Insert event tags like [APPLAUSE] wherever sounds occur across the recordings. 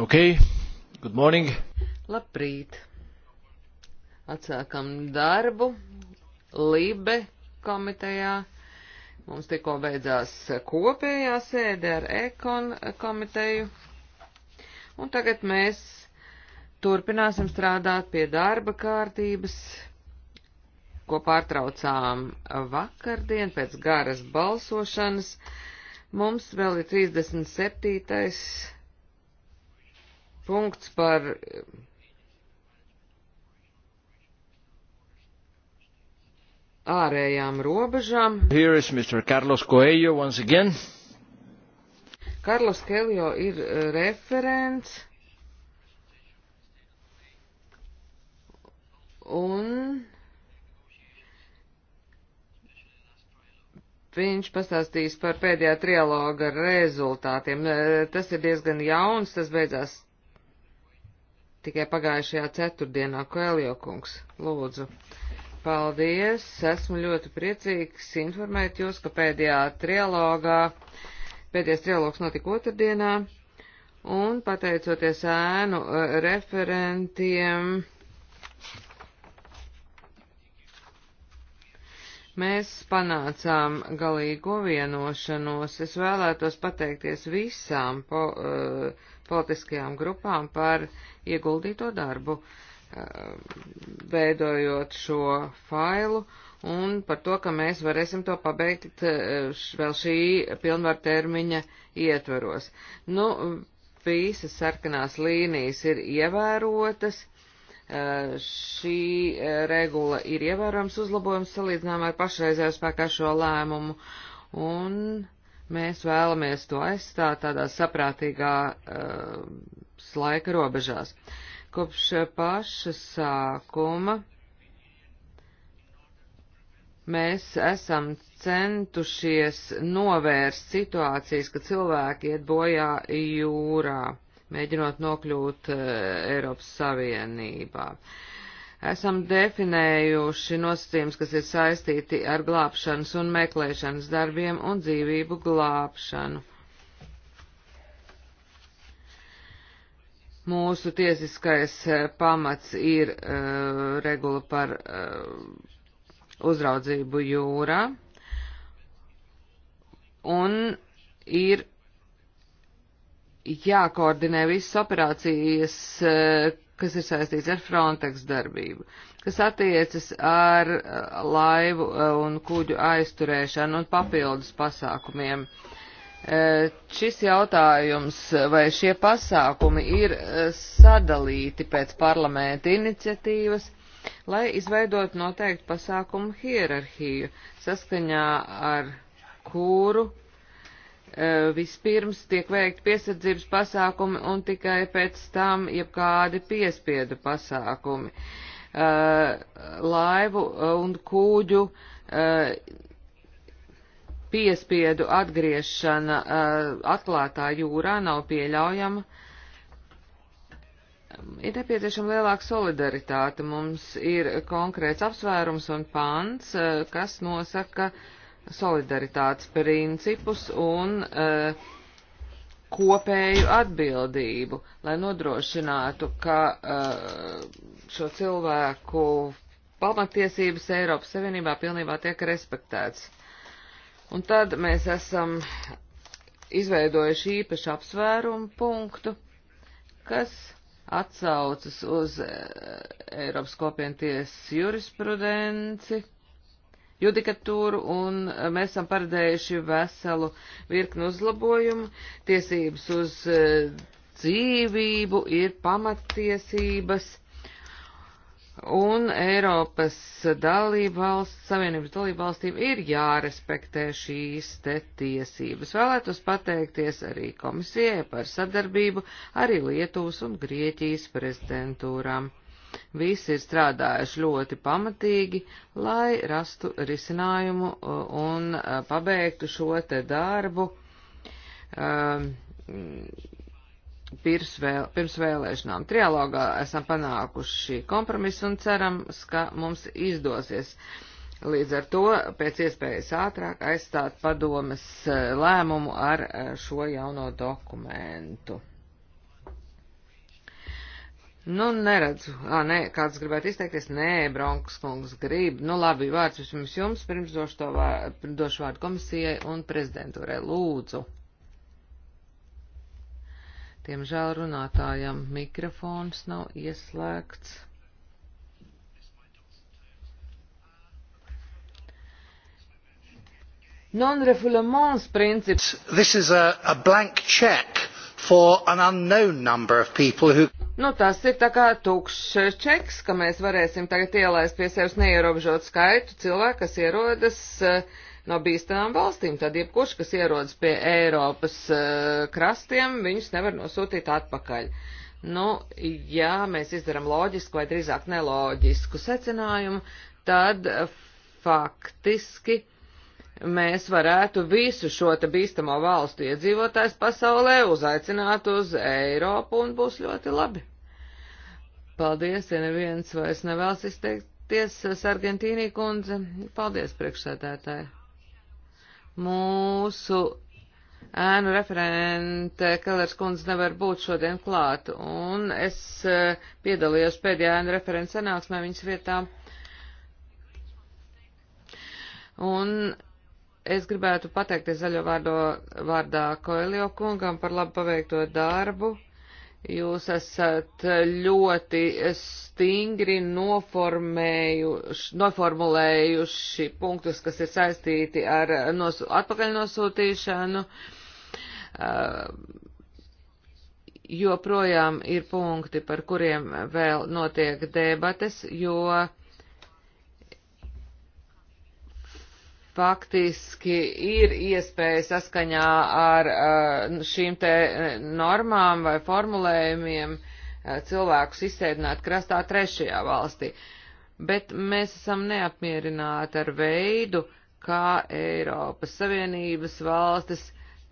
Ok, good morning. Labrīt. Atsākam darbu Libe komitejā. Mums tikko beidzās kopējā sēde ar Ekon komiteju. Un tagad mēs turpināsim strādāt pie darba kārtības, ko pārtraucām vakardien pēc garas balsošanas. Mums vēl ir 37 punkts par eh, ārējām robežām. Here is Mr. Carlos Coelho once again. Karlos Keljo ir eh, referents. Un viņš pastāstīs par pēdējā trialoga rezultātiem. Eh, tas ir diezgan jauns, tas beidzās tikai pagājušajā ceturtdienā, Koelio kungs, lūdzu. Paldies, esmu ļoti priecīgs informēt jūs, ka pēdējā trialogā, pēdējais trialogs notika otrdienā, un pateicoties ēnu eh, referentiem, Mēs panācām galīgo vienošanos. Es vēlētos pateikties visām po, uh, politiskajām grupām par ieguldīto darbu, eh, veidojot šo failu un par to, ka mēs varēsim to pabeigt eh, vēl šī pilnvar termiņa ietvaros. Nu, visas sarkanās līnijas ir ievērotas, eh, šī regula ir ievērojams uzlabojums salīdzinājumā ar pašreizējo spēkā šo lēmumu, un Mēs vēlamies to aizstāt tādā saprātīgā uh, um, laika robežās. Kopš paša sākuma mēs esam centušies novērst situācijas, ka cilvēki iet bojā jūrā, mēģinot nokļūt uh, Eiropas Savienībā. Uh, esam definējuši nosacījums, kas ir saistīti ar glābšanas un meklēšanas darbiem un dzīvību glābšanu. Mūsu tiesiskais e, pamats ir uh, regula par uh, uzraudzību jūrā un ir jākoordinē visas operācijas, uh, kas ir saistīts ar Frontex darbību, kas attiecas ar uh, laivu uh, un kuģu aizturēšanu un papildus pasākumiem. Uh, šis jautājums, vai šie pasākumi ir sadalīti pēc parlamenta iniciatīvas, lai izveidot noteiktu pasākumu hierarhiju, saskaņā ar kuru uh, E, vispirms tiek veikti piesardzības pasākumi un tikai pēc tam jebkādi piespiedu pasākumi. E, laivu e, un kūģu piespiedu atgriešana atklātā jūrā nav pieļaujama. Ir nepieciešama lielāka solidaritāte. Mums ir konkrēts apsvērums un pants, kas nosaka, ka solidaritātes principus un uh, kopēju atbildību, lai nodrošinātu, ka uh, šo cilvēku pamatiesības Eiropas Savienībā pilnībā tiek respektēts. Un tad mēs esam izveidojuši īpašu apsvērumu punktu, kas atsaucas uz eh, Eiropas kopienties jurisprudenci, judikatūru, un mēs esam paredzējuši veselu virknu uzlabojumu. Tiesības uz e, dzīvību ir pamattiesības, un Eiropas dalībvalsts, Savienības dalībvalstīm ir jārespektē šīs te tiesības. Vēlētos pateikties arī komisijai par sadarbību, arī Lietuvas un Grieķijas prezidentūrām. Visi ir strādājuši ļoti pamatīgi, lai rastu risinājumu uh, un uh, pabeigtu šo te darbu um, pirms, vēl, pirms vēlēšanām. Trialogā esam panākuši kompromisu un cerams, ka mums izdosies līdz ar to pēc iespējas ātrāk aizstāt padomes uh, lēmumu ar šo jauno dokumentu. Nu, neredzu. Ā, nē, kāds gribētu izteikties? Nē, Bronks kungs grib. Nu, labi, vārds vispirms jums, pirms došu, to vār, došu vārdu komisijai un prezidentūrai. Lūdzu. Tiemžēl runātājam mikrofons nav ieslēgts. Non-refoulements princips. This is a, a blank check for an unknown number of people who Nu, tas ir tā kā tukšs čeks, ka mēs varēsim tagad ielaist pie sevis neierobežot skaitu cilvēku, kas ierodas eh, no bīstamām valstīm. Tad jebkurš, kas ierodas pie Eiropas eh, krastiem, viņus nevar nosūtīt atpakaļ. Nu, ja mēs izdaram loģisku vai drīzāk neloģisku secinājumu, tad eh, faktiski uh, mēs varētu visu šo te bīstamo valstu iedzīvotājs pasaulē uzaicināt uz Eiropu un būs ļoti labi. Paldies, ja neviens vairs nevēlas izteikties, Sargentīnī kundze. Paldies, priekšsēdētāji. Mūsu ēnu referente Kellers kundze nevar būt šodien klāt, un es eh, piedalījos pēdējā ēnu referente sanāksmē viņas vietā. Un Es gribētu pateikties zaļo vārdo, vārdā Koelio kungam par labu paveikto darbu. Jūs esat ļoti stingri noformulējuši punktus, kas ir saistīti ar nosu, atpakaļnosūtīšanu. Uh, joprojām ir punkti, par kuriem vēl notiek debates, jo uh, faktiski ir iespēja saskaņā ar eh, šīm te eh, normām vai formulējumiem eh, cilvēkus izsēdināt krastā trešajā valstī. Bet mēs esam neapmierināti ar veidu, kā Eiropas Savienības valstis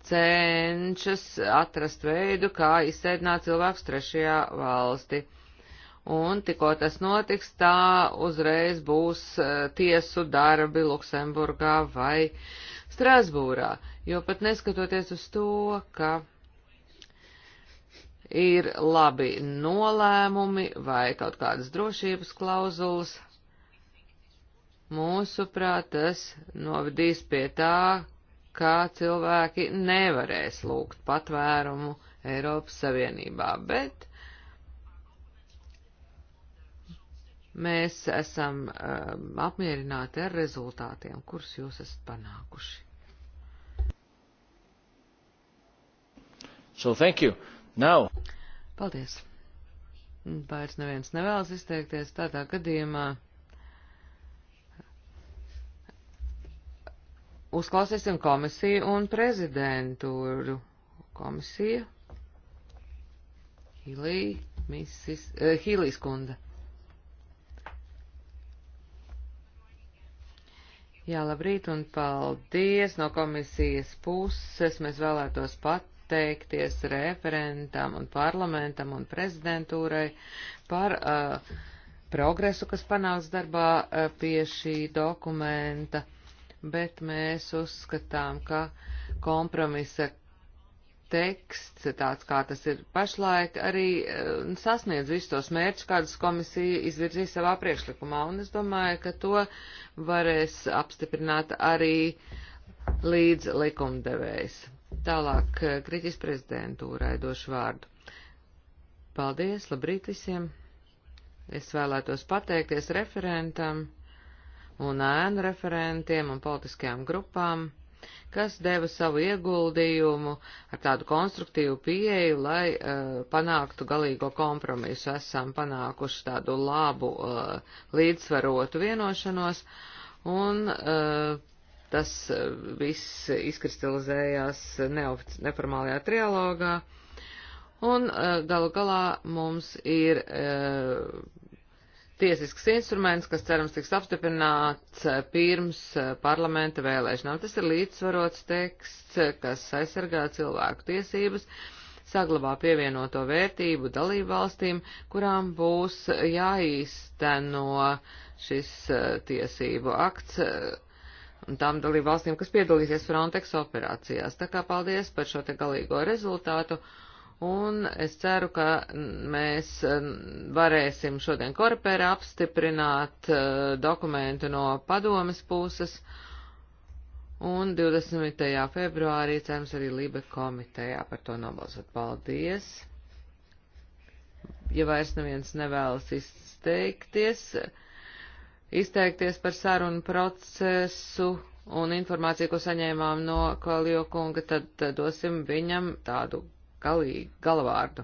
cenšas atrast veidu, kā izsēdināt cilvēkus trešajā valstī. Un tikko tas notiks, tā uzreiz būs e, tiesu darbi Luksemburgā vai Strasbūrā, jo pat neskatoties uz to, ka ir labi nolēmumi vai kaut kādas drošības klauzulas, mūsuprāt, tas novedīs pie tā, kā cilvēki nevarēs lūgt patvērumu Eiropas Savienībā, bet Mēs esam um, apmierināti ar rezultātiem, kurus jūs esat panākuši. So thank you. Now. Paldies. Vairs neviens nevēlas izteikties tādā gadījumā. Uzklausīsim komisiju un prezidentūru. Komisija. Hilī, misis, uh, Hilīs kunda. Jā, labrīt un paldies no komisijas puses. Mēs vēlētos pateikties referentam un parlamentam un prezidentūrai par uh, progresu, kas panāks darbā uh, pie šī dokumenta, bet mēs uzskatām, ka kompromisa teksts, tāds kā tas ir pašlaik, arī eh, sasniedz visus tos mērķus, kādus komisija izvirzīja savā priekšlikumā, un es domāju, ka to varēs apstiprināt arī līdz likumdevējs. Tālāk Kritis eh, prezidentūrai došu vārdu. Paldies, labrīt visiem! Es vēlētos pateikties referentam un ēnu referentiem un politiskajām grupām kas deva savu ieguldījumu ar tādu konstruktīvu pieeju, lai uh, panāktu galīgo kompromisu. Esam panākuši tādu labu uh, līdzsvarotu vienošanos, un uh, tas viss izkristalizējās neofic, neformālajā trialogā. Un uh, galu galā mums ir uh, tiesisks instruments, kas cerams tiks apstiprināts eh, pirms eh, parlamenta vēlēšanām. Tas ir līdzsvarots teksts, eh, kas aizsargā cilvēku tiesības, saglabā pievienoto vērtību dalību valstīm, kurām būs jāīsteno šis tiesību akts un tām dalību valstīm, kas piedalīsies Frontex operācijās. Tā kā paldies par šo te galīgo rezultātu Un es ceru, ka mēs eh, varēsim šodien korpērā apstiprināt eh, dokumentu no padomas puses. Un 20. februārī cerams arī Lībe komitejā par to nobalsot. Paldies! Ja vairs neviens nevēlas izteikties, izteikties par sarunu procesu un informāciju, ko saņēmām no Kalio kunga, tad dosim viņam tādu galī, galvārdu.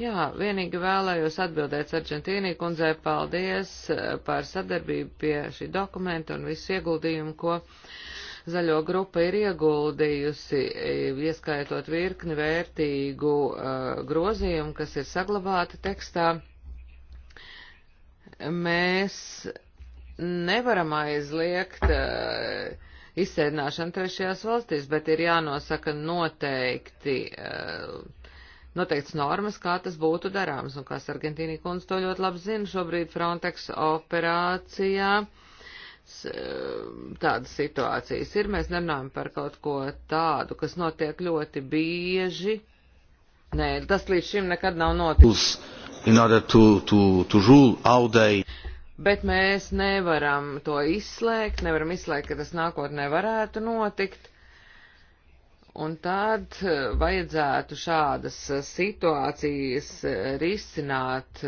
Jā, vienīgi vēlējos atbildēt Sargentīnī kundzei paldies eh, par sadarbību pie šī dokumenta un visu ieguldījumu, ko zaļo grupa ir ieguldījusi, eh, ieskaitot virkni vērtīgu uh, grozījumu, kas ir saglabāti tekstā. Mēs nevaram aizliegt uh, izsēdināšanu trešajās valstīs, bet ir jānosaka noteikti, eh, noteikts normas, kā tas būtu darāms, un kā Sargentīnī kundze to ļoti labi zina, šobrīd Frontex operācijā eh, tādas situācijas ir, mēs nerunājam par kaut ko tādu, kas notiek ļoti bieži. Nē, tas līdz šim nekad nav noticis. To, to, to bet mēs nevaram to izslēgt, nevaram izslēgt, ka tas nākotnē varētu notikt. Un tad eh, vajadzētu šādas eh, situācijas eh, risināt,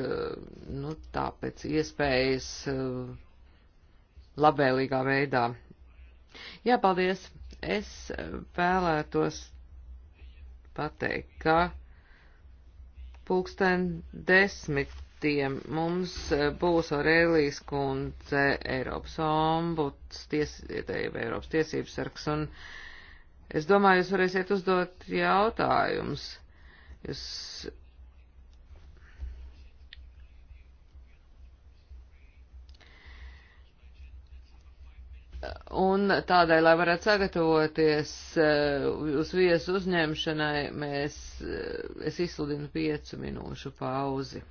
nu, tāpēc iespējas labvēlīgā veidā. Jā, paldies. Es vēlētos pateikt, ka pulksten desmit punktiem mums eh, būs Aurēlijas kundze, Eiropas ombuds, tiesība, Eiropas tiesības sargs, un es domāju, jūs varēsiet uzdot jautājumus. Jūs Un tādēļ, lai varētu sagatavoties eh, uz viesu uzņemšanai, mēs, eh, es izsludinu piecu minūšu pauzi.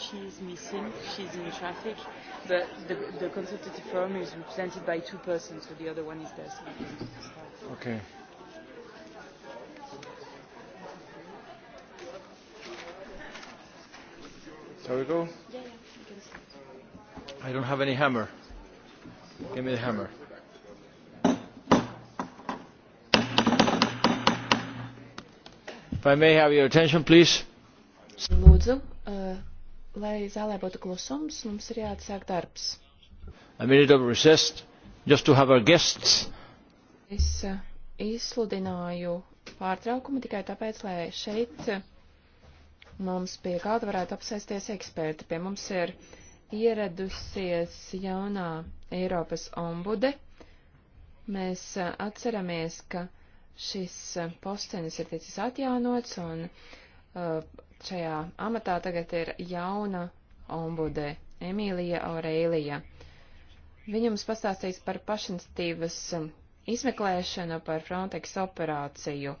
she's missing, she's in traffic, but the, the consultative firm is represented by two persons, so the other one is there. So okay. Shall we go? Yeah, yeah, you can start. I don't have any hammer. Give me the hammer. If I may have your attention, please. Lūdzu, uh, Lai zālē būtu klusums, mums ir jāatsāk darbs. Es uh, izsludināju pārtraukumu tikai tāpēc, lai šeit uh, mums pie galda varētu apsēsties eksperti. Pie mums ir ieradusies jaunā Eiropas ombude. Mēs uh, atceramies, ka šis postenis ir ticis atjaunots un uh, šajā amatā tagad ir jauna ombude Emīlija Aurēlija. Viņa mums pastāstīs par pašinstīvas um, izmeklēšanu par Frontex operāciju.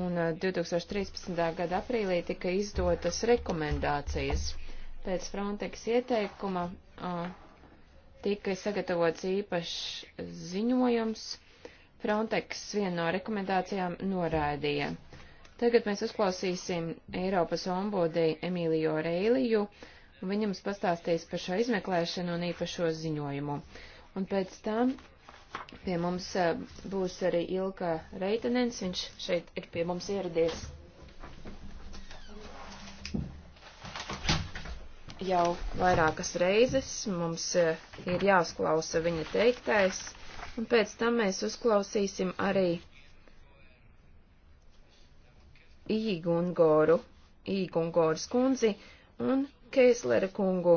Un 2013. Uh, gada aprīlī tika izdotas rekomendācijas. Pēc Frontex ieteikuma uh, tika sagatavots īpašs ziņojums. Frontex vienu no rekomendācijām noraidīja. Tagad mēs uzklausīsim Eiropas ombudi Emīliju Reiliju, un viņa mums pastāstīs par šo izmeklēšanu un īpašo ziņojumu. Un pēc tam pie mums eh, būs arī Ilka Reitenens, viņš šeit ir pie mums ieradies jau vairākas reizes, mums eh, ir jāuzklausa viņa teiktais, un pēc tam mēs uzklausīsim arī Īgungoru, Īgungoras kundzi un Keislera kungu.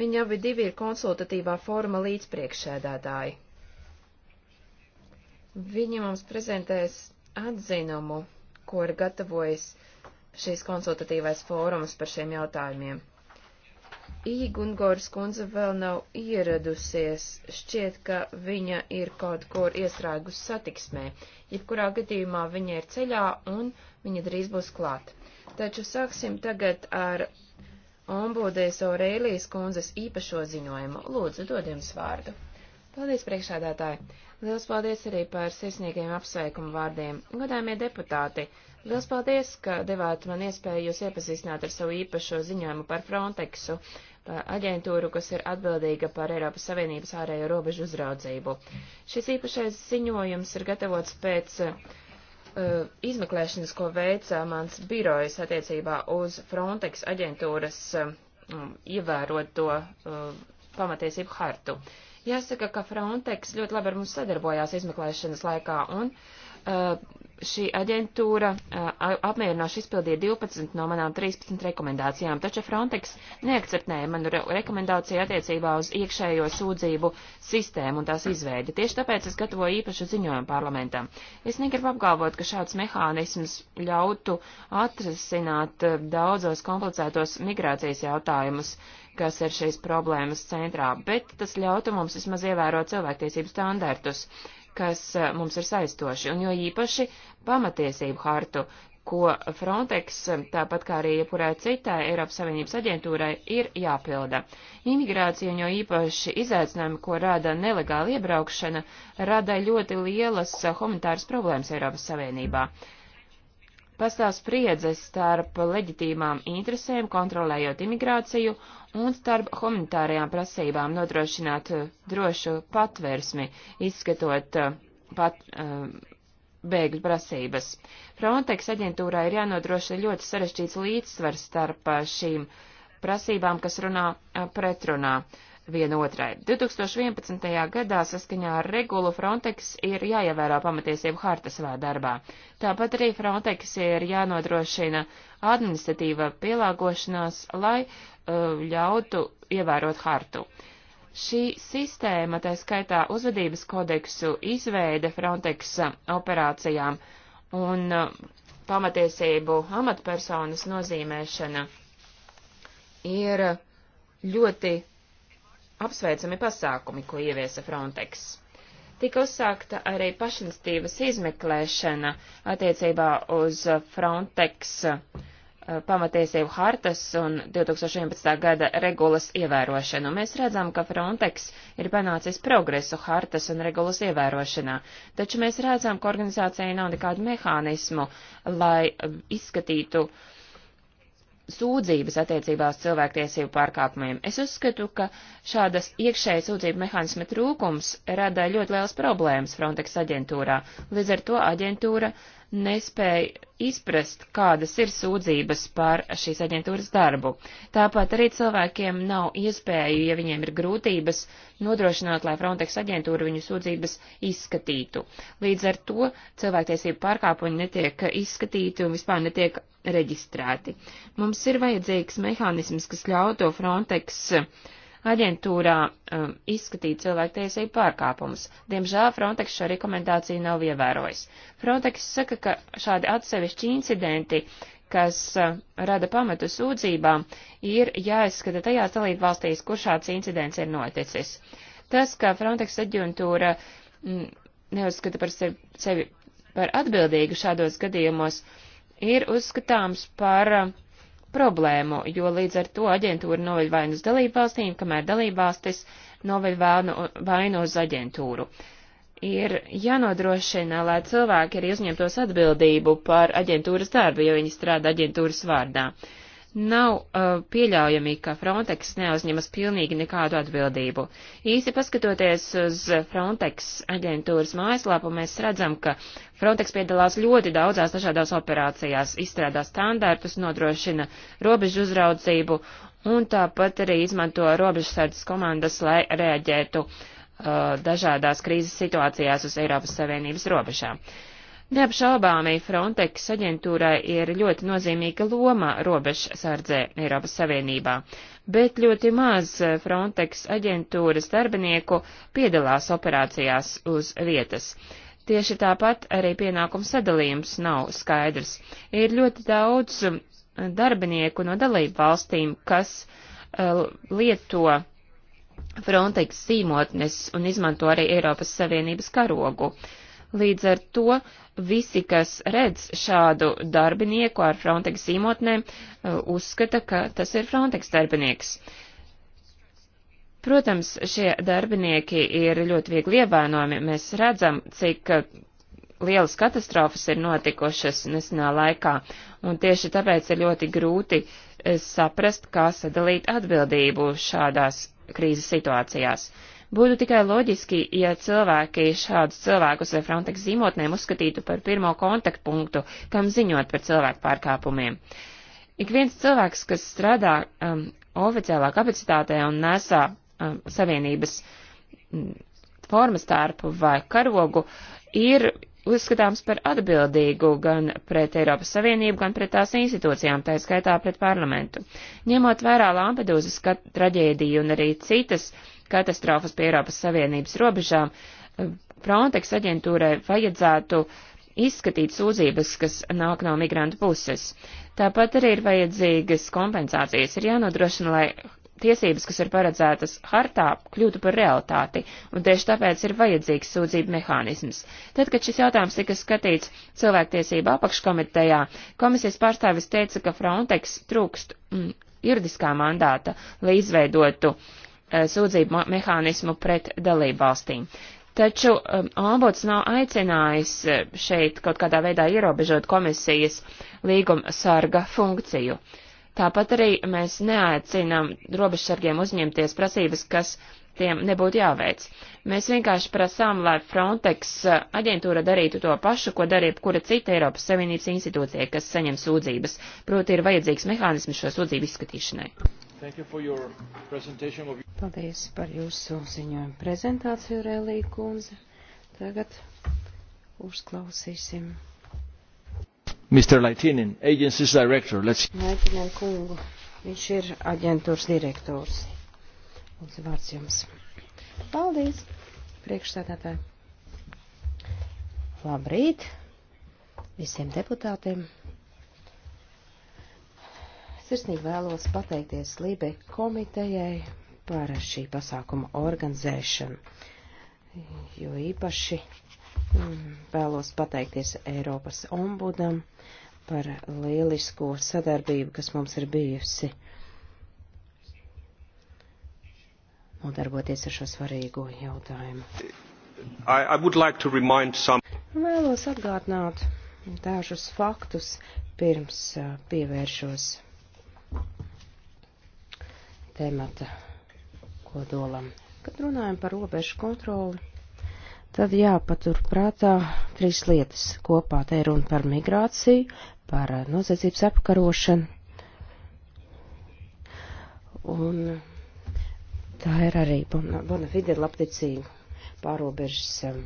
Viņi abi divi ir konsultatīvā forma līdzpriekšēdētāji. Viņi mums prezentēs atzinumu, ko ir gatavojis šīs konsultatīvais fórums par šiem jautājumiem. Īgungoras kundze vēl nav ieradusies, šķiet, ka viņa ir kaut kur iestrēgus satiksmē. Jebkurā gadījumā viņa ir ceļā un viņa drīz būs klāt. Taču sāksim tagad ar ombūdēs Aurēlijas kundzes īpašo ziņojumu. Lūdzu, dod jums vārdu. Paldies, priekšādātāji! Liels paldies arī par sirsnīgiem apsveikumu vārdiem. Godājumie deputāti! Liels paldies, ka devāt man iespēju jūs iepazīstināt ar savu īpašo ziņojumu par Frontexu, par aģentūru, kas ir atbildīga par Eiropas Savienības ārējo robežu uzraudzību. Šis īpašais ziņojums ir gatavots pēc uh, izmeklēšanas, ko veica mans birojs attiecībā uz Frontex aģentūras uh, ievēroto uh, pamatiesību hartu. Jāsaka, ka Frontex ļoti labi ar mums sadarbojās izmeklēšanas laikā un uh, Eh, šī aģentūra eh, apmierinoši izpildīja 12 no manām 13 rekomendācijām, taču Frontex neakceptēja manu re rekomendāciju attiecībā uz iekšējo sūdzību sistēmu un tās izveidi. Tieši tāpēc es gatavoju īpašu ziņojumu parlamentam. Es negribu apgalvot, ka šāds mehānisms ļautu atrasināt eh, daudzos komplicētos migrācijas jautājumus, kas ir šīs problēmas centrā, bet tas ļautu mums vismaz ievērot cilvēktiesību standartus kas eh, mums ir saistoši, un jo īpaši pamatiesību hartu, ko Frontex, eh, tāpat kā arī jebkurai citai Eiropas Savienības aģentūrai, ir jāpilda. Imigrācija un jo īpaši izaicinājumi, ko rada nelegāla iebraukšana, rada ļoti lielas eh, humanitāras problēmas Eiropas Savienībā pastāv spriedzes starp leģitīmām interesēm kontrolējot imigrāciju un starp humanitārajām prasībām nodrošināt uh, drošu patversmi, izskatot uh, pat, uh, bēgļu prasības. Frontex aģentūrai ir jānodrošina ļoti sarežģīts līdzsvars starp šīm prasībām, kas runā pretrunā. Uh, vienotrai. 2011. gadā saskaņā ar regulu Frontex ir jāievēro pamatiesību harta savā darbā. Tāpat arī Frontex ir jānodrošina administratīva pielāgošanās, lai uh, ļautu ievērot hartu. Šī sistēma, tā skaitā uzvedības kodeksu, izveida Frontex uh, operācijām un uh, pamatiesību amatpersonas nozīmēšana ir ļoti apsveicami pasākumi, ko ieviesa Frontex. Tika uzsākta arī pašinstīvas izmeklēšana attiecībā uz Frontex uh, pamatiesību hartas un 2011. gada regulas ievērošanu. Mēs redzam, ka Frontex ir panācis progresu hartas un regulas ievērošanā, taču mēs redzam, ka organizācijai nav nekādu mehānismu, lai izskatītu uh, sūdzības attiecībā uz cilvēktiesību pārkāpumiem. Es uzskatu, ka šādas iekšēja sūdzību mehānisma trūkums rada ļoti liels problēmas Frontex aģentūrā. Līdz ar to aģentūra uh, nespēja izprast, kādas ir sūdzības par šīs aģentūras darbu. Tāpat arī cilvēkiem nav iespēju, ja viņiem ir grūtības, nodrošināt, lai Frontex aģentūra viņu sūdzības izskatītu. Līdz ar to cilvēktiesību pārkāpumi netiek izskatīti un vispār netiek reģistrēti. Mums ir vajadzīgs mehānisms, kas ļautu Frontex uh, aģentūrā um, izskatīt cilvēktiesību pārkāpumus. Diemžēl Frontex šo rekomendāciju nav ievērojis. Frontex saka, ka šādi atsevišķi incidenti, kas uh, rada pamatu sūdzībām, ir jāizskata tajās dalībvalstīs, kur šāds incidents ir noticis. Tas, ka Frontex aģentūra mm, neuzskata par sevi, sevi par atbildīgu šādos gadījumos, ir uzskatāms par uh, problēmu, jo līdz ar to aģentūra noveļ vainu uz dalībvalstīm, kamēr dalībvalstis noveļ nu, vainu uz aģentūru. Ir jānodrošina, lai cilvēki arī uzņemtos atbildību par aģentūras darbu, ja viņi strādā aģentūras vārdā. Uh, Nav uh, pieļaujami, ka Frontex neuzņemas pilnīgi nekādu atbildību. Īsi paskatoties uz Frontex aģentūras mājaslapu, mēs redzam, ka Frontex piedalās ļoti daudzās dažādās operācijās, izstrādā standārtus, nodrošina robežu uzraudzību un tāpat arī izmanto robežsardzes komandas, lai reaģētu uh, dažādās krīzes situācijās uz Eiropas Savienības robežām. Uh, Neapšaubāmī Frontex aģentūrai ir ļoti nozīmīga loma robežsardzē Eiropas Savienībā, bet ļoti maz Frontex aģentūras darbinieku piedalās operācijās uz vietas. Tieši tāpat arī pienākums sadalījums nav skaidrs. Ir ļoti daudz darbinieku no dalību valstīm, kas eh, lieto Frontex zīmotnes un izmanto arī Eiropas Savienības karogu. Uh, Līdz ar to visi, kas redz šādu darbinieku ar Frontex īmotnēm, eh, uzskata, ka tas ir Frontex darbinieks. Protams, šie darbinieki ir ļoti viegli ievainojami. Mēs redzam, cik eh, lielas katastrofas ir notikušas nesenā laikā, un tieši tāpēc ir ļoti grūti eh, saprast, kā sadalīt atbildību šādās krīzes situācijās. Uh, Būtu tikai loģiski, ja cilvēki šādus cilvēkus vai Frontex zīmotnēm uzskatītu par pirmo kontaktpunktu, kam ziņot par cilvēku pārkāpumiem. Ik viens cilvēks, kas strādā um, oficiālā kapacitātē un nesā um, savienības um, formas tārpu vai karogu, ir uzskatāms par atbildīgu gan pret Eiropas Savienību, gan pret tās institūcijām, tā skaitā pret parlamentu. Ņemot vērā Lampedūzas traģēdiju un arī citas katastrofas pie Eiropas Savienības robežām, eh, Frontex aģentūrai vajadzētu izskatīt sūdzības, kas nāk no migrantu puses. Tāpat arī ir vajadzīgas kompensācijas. Ir jānodrošina, lai tiesības, kas ir paredzētas hartā, kļūtu par realitāti, un tieši tāpēc ir vajadzīgs sūdzību mehānisms. Tad, kad šis jautājums tika skatīts cilvēktiesība apakškomitejā, komisijas pārstāvis teica, ka Frontex trūkst mm, juridiskā mandāta, lai izveidotu Eh, sūdzību mehānismu pret dalībvalstīm. Taču eh, ombuds nav aicinājis eh, šeit kaut kādā veidā ierobežot komisijas līguma sarga funkciju. Tāpat arī mēs neaicinām robežsargiem uzņemties prasības, kas tiem nebūtu jāveic. Mēs vienkārši prasām, lai Frontex aģentūra darītu to pašu, ko darīja jebkura cita Eiropas Savienības institūcija, kas saņem sūdzības. Proti ir vajadzīgs mehānisms šo sūdzību izskatīšanai. Of... Paldies par jūsu ziņojumu prezentāciju, Relī kundze. Tagad uzklausīsim. Mr. Laitinen, agencies director, let's... Laitinen kungu, viņš ir aģentūras direktors. Lūdzu, vārds jums. Paldies, priekšstādātāji. Labrīt visiem deputātiem. Sirsnīgi vēlos pateikties Lībe komitejai par šī pasākuma organizēšanu, jo īpaši mm, vēlos pateikties Eiropas ombudam par lielisko sadarbību, kas mums ir bijusi nodarboties ar šo svarīgo jautājumu. I, I like some... Vēlos atgādināt dažus faktus pirms uh, pievēršos temata kodolam. Kad runājam par robežu kontroli, tad jāpatur prātā trīs lietas kopā. Te ir runa par migrāciju, par eh, noziedzības apkarošanu. Un tā ir arī Bonafide bon, labticīga pārobežas eh,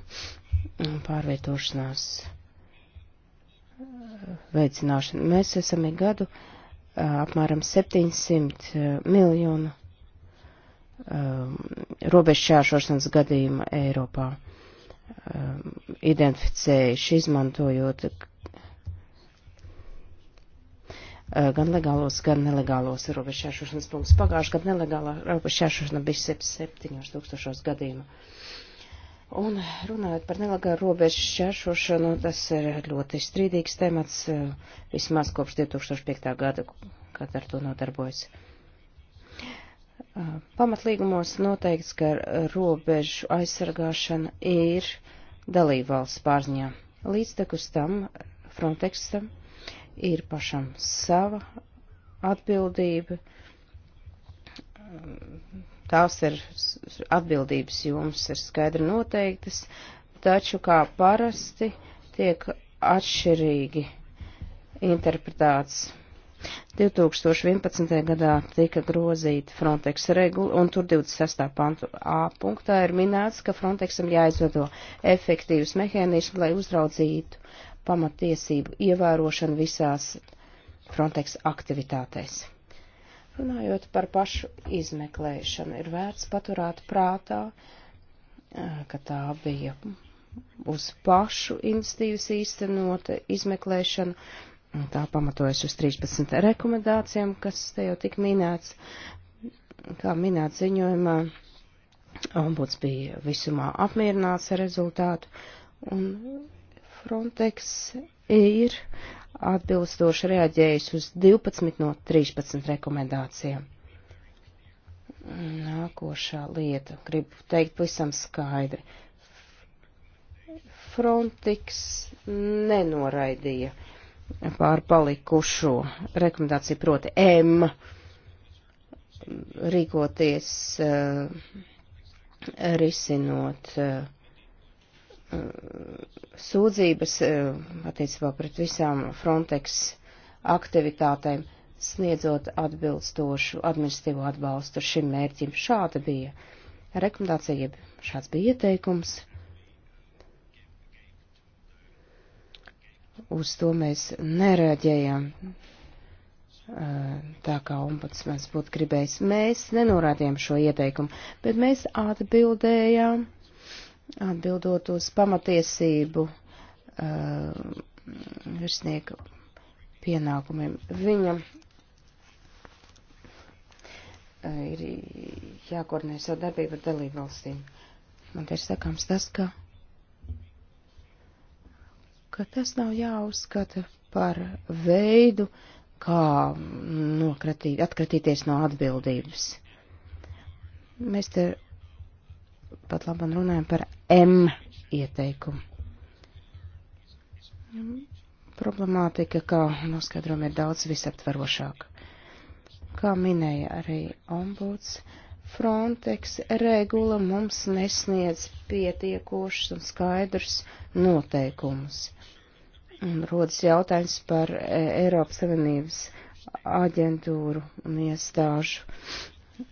pārvietošanās eh, veicināšana. Mēs esam ik gadu uh, apmēram 700 eh, miljonu um, eh, robežšķēršošanas gadījuma Eiropā um, identificējuši, izmantojot uh, gan legālos, gan nelegālos robežšķēršošanas punktus. Pagājuši gadu nelegālā robežšķēršana bija 7 tūkstošos gadījumu. Un runājot par nelegālu robežu šķēršošanu, tas ir ļoti strīdīgs temats, eh, vismaz kopš 2005. gada, kad ar to nodarbojas. Eh, pamatlīgumos noteikts, ka robežu aizsargāšana ir dalībvalsts pārziņā. Līdztekus tam Frontexam ir pašam sava atbildība Tās ir atbildības jums, ir skaidri noteiktas, taču kā parasti tiek atšķirīgi interpretāts. 2011. gadā tika grozīta Frontex regula, un tur 26. pantu A punktā ir minēts, ka Frontexam jāizveido efektīvs mehānisms, lai uzraudzītu pamatiesību ievērošanu visās Frontex aktivitātēs. Runājot par pašu izmeklēšanu, ir vērts paturēt prātā, ka tā bija uz pašu institīvas īstenota izmeklēšana. Tā pamatojas uz 13 rekomendācijām, kas te jau tik minēts, kā minēts ziņojumā. Ombuds bija visumā apmierināts ar rezultātu un Frontex ir atbilstoši reaģējis uz 12 no 13 rekomendācijām. Nākošā lieta, gribu teikt pavisam skaidri. Frontex nenoraidīja pārpalikušo rekomendāciju proti M rīkoties, eh, risinot eh, Uh, sūdzības uh, attiecībā pret visām Frontex aktivitātēm, sniedzot atbilstošu administratīvo atbalstu šim mērķim. Šāda bija rekomendācija, jeb šāds bija ieteikums. Uz to mēs nereaģējām uh, tā kā ombudsmens būtu gribējis. Mēs nenorādījām šo ieteikumu, bet mēs atbildējām Atbildot uz pamatiesību uh, virsnieku pienākumiem, viņam uh, ir jākoordinē savu darbību ar dalību valstīm. Man te ir sakāms tas, ka, ka tas nav jāuzskata par veidu, kā nokratīt, atkratīties no atbildības. Mēs te pat labam runājam par M ieteikumu. Problemātika, kā noskaidrojam, ir daudz visaptverošāka. Kā minēja arī ombuds, Frontex regula mums nesniedz pietiekošus un skaidrus noteikumus. Un rodas jautājums par e, Eiropas Savienības aģentūru un iestāžu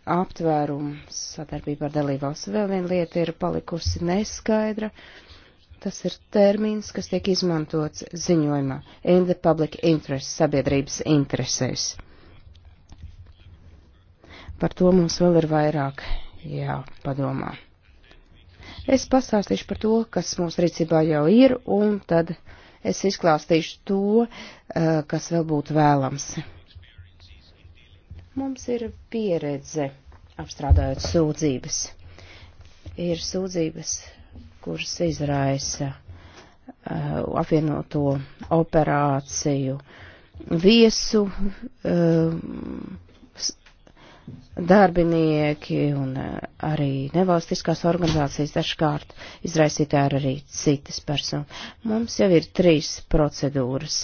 aptvērumu sadarbību ar dalībās. Vēl viena lieta ir palikusi neskaidra. Tas ir termins, kas tiek izmantots ziņojumā in the public interest, sabiedrības interesēs. Par to mums vēl ir vairāk jāpadomā. Es pastāstīšu par to, kas mūsu rīcībā jau ir, un tad es izklāstīšu to, eh, kas vēl būtu vēlams. Mums ir pieredze apstrādājot sūdzības. Ir sūdzības, kuras izraisa uh, apvienoto operāciju viesu uh, darbinieki un uh, arī nevalstiskās organizācijas dažkārt izraisītāji arī citas personas. Mums jau ir trīs procedūras.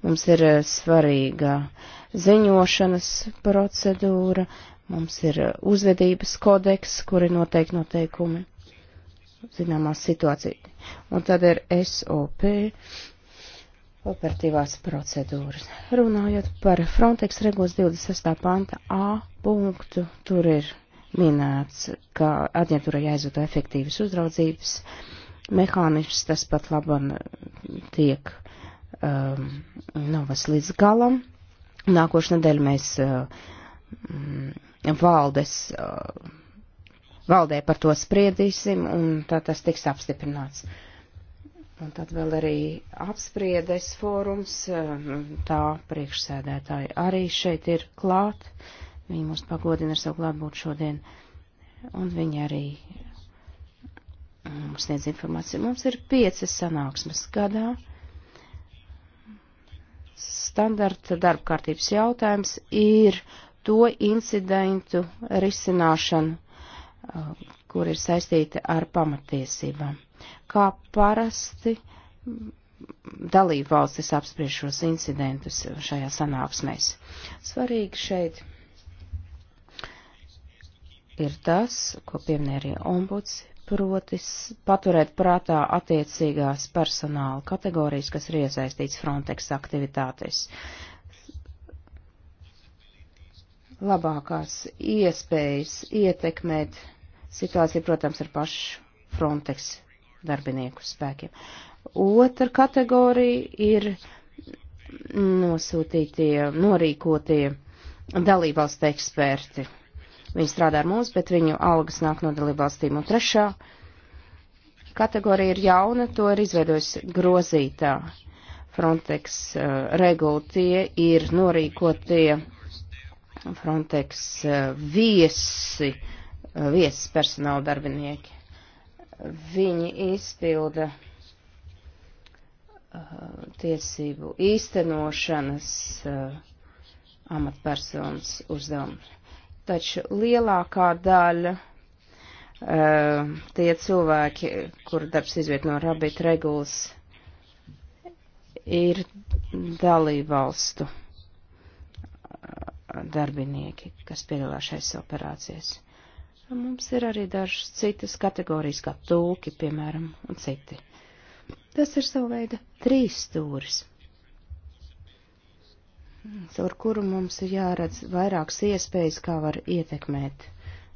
Mums ir uh, svarīga uh, ziņošanas procedūra, mums ir uzvedības kodeks, kur ir noteikti noteikumi zināmā situācija. Un tad ir SOP, operatīvās procedūras. Runājot par Frontex regulas 26. panta A punktu, tur ir minēts, ka aģentūra jāizvada efektīvas uzraudzības mehānisms, tas pat labam tiek um, novas līdz galam. Nākošu nedēļu mēs eh, valdes, eh, valdē par to spriedīsim, un tā tas tiks apstiprināts. Un tad vēl arī apspriedes fórums, eh, tā priekšsēdētāji arī šeit ir klāt. Viņi mūs pagodina ar savu klātbūtu šodien, un viņi arī mums sniedz informāciju. Mums ir piecas sanāksmes gadā standarta darba kārtības jautājums ir to incidentu risināšana, uh, kur ir saistīta ar pamatiesībām. Kā parasti dalību valstis apspriež šos incidentus šajā sanāksmēs. Svarīgi šeit ir tas, ko pieminē arī ombuds, proti paturēt prātā attiecīgās personāla kategorijas, kas ir iesaistīts Frontex aktivitātes. Labākās iespējas ietekmēt situāciju, protams, ar pašu Frontex darbinieku spēkiem. Otra kategorija ir nosūtītie, norīkotie dalībvalstu eksperti Viņi strādā ar mums, bet viņu algas nāk no dalībvalstīm. Un trešā kategorija ir jauna, to ir izveidojusi grozītā Frontex uh, regula. Tie ir norīkotie Frontex uh, viesi, uh, eh, viesas personāla darbinieki. Viņi izpilda uh, tiesību īstenošanas uh, amatpersonas uzdevumus taču lielākā daļa uh, tie cilvēki, kur darbs izviet no rabīt regulas, ir dalībvalstu eh, darbinieki, kas piedalās šais operācijas. Mums ir arī dažas citas kategorijas, kā tūki, piemēram, un citi. Tas ir sava veida trīs stūris caur kuru mums ir jāredz vairākas iespējas, kā var ietekmēt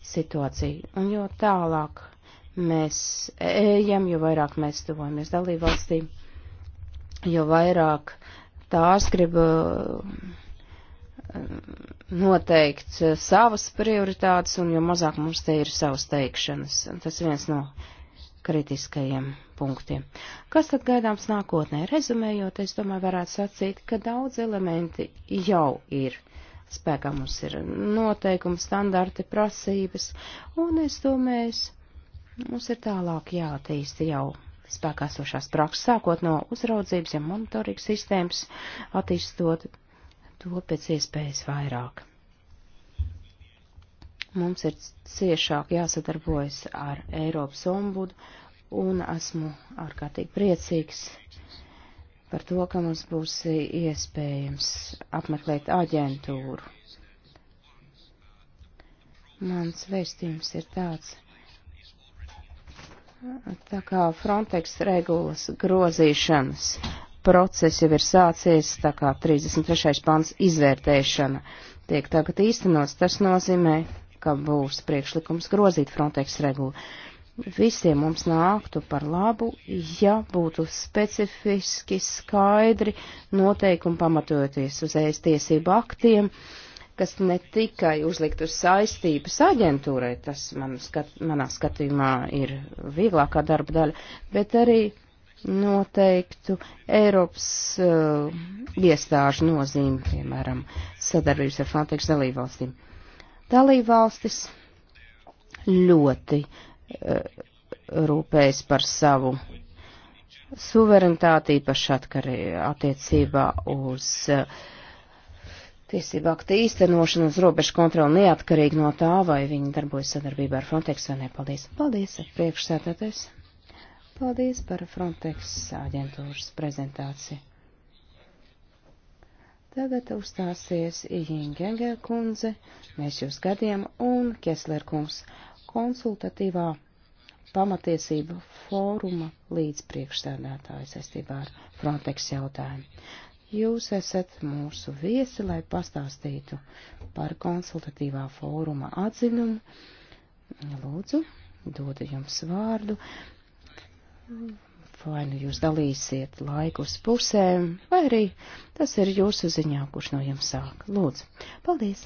situāciju. Un jo tālāk mēs ejam, jo vairāk mēs tuvojamies dalībvalstīm, jo vairāk tās grib eh, noteikt savas prioritātes, un jo mazāk mums te ir savas teikšanas. Tas viens no kritiskajiem punktiem. Kas tad gaidāms nākotnē? Rezumējot, es domāju, varētu sacīt, ka daudz elementi jau ir spēkā mums ir noteikumi, standarti, prasības, un es domāju, mums ir tālāk jātīsta jau spēkā sošās prakses, sākot no uzraudzības, ja monitoringa sistēmas, attīstot to pēc iespējas vairāk. Mums ir ciešāk jāsadarbojas ar Eiropas ombudu, un esmu ārkārtīgi priecīgs par to, ka mums būs iespējams apmeklēt aģentūru. Mans vēstījums ir tāds. Tā kā Frontex regulas grozīšanas process jau ir sācies, tā kā 33. pants izvērtēšana tiek tagad īstenots, tas nozīmē, ka būs priekšlikums grozīt Frontex regulu. Visiem mums nāktu par labu, ja būtu specifiski skaidri noteikumi pamatojoties uz ēstiesību aktiem, kas ne tikai uzlikt uz saistības aģentūrai, tas man skat, manā skatījumā ir vieglākā darba daļa, bet arī noteiktu Eiropas uh, iestāžu nozīmi, piemēram, sadarbības ar Frontex dalībvalstīm. Dalībvalstis ļoti uh, rūpējas par savu suverenitāti, īpaši atkarī attiecībā uz uh, tiesību aktu īstenošanu, uz robežu kontroli neatkarīgi no tā, vai viņi darbojas sadarbībā ar Frontex vai ne. Paldies. Paldies, priekšsētātais. Paldies par Frontex aģentūras prezentāciju. Tagad uzstāsies Iņģeļa kundze, mēs jūs gadiem un Kesler kungs konsultatīvā pamatiesību fóruma līdzpriekšsēdētāja saistībā ar Frontex jautājumu. Jūs esat mūsu viesi, lai pastāstītu par konsultatīvā fóruma atzinumu. Lūdzu, dodu jums vārdu vai nu jūs dalīsiet laiku uz pusēm, vai arī tas ir jūsu ziņā, kurš no jums sāk. Lūdzu, paldies!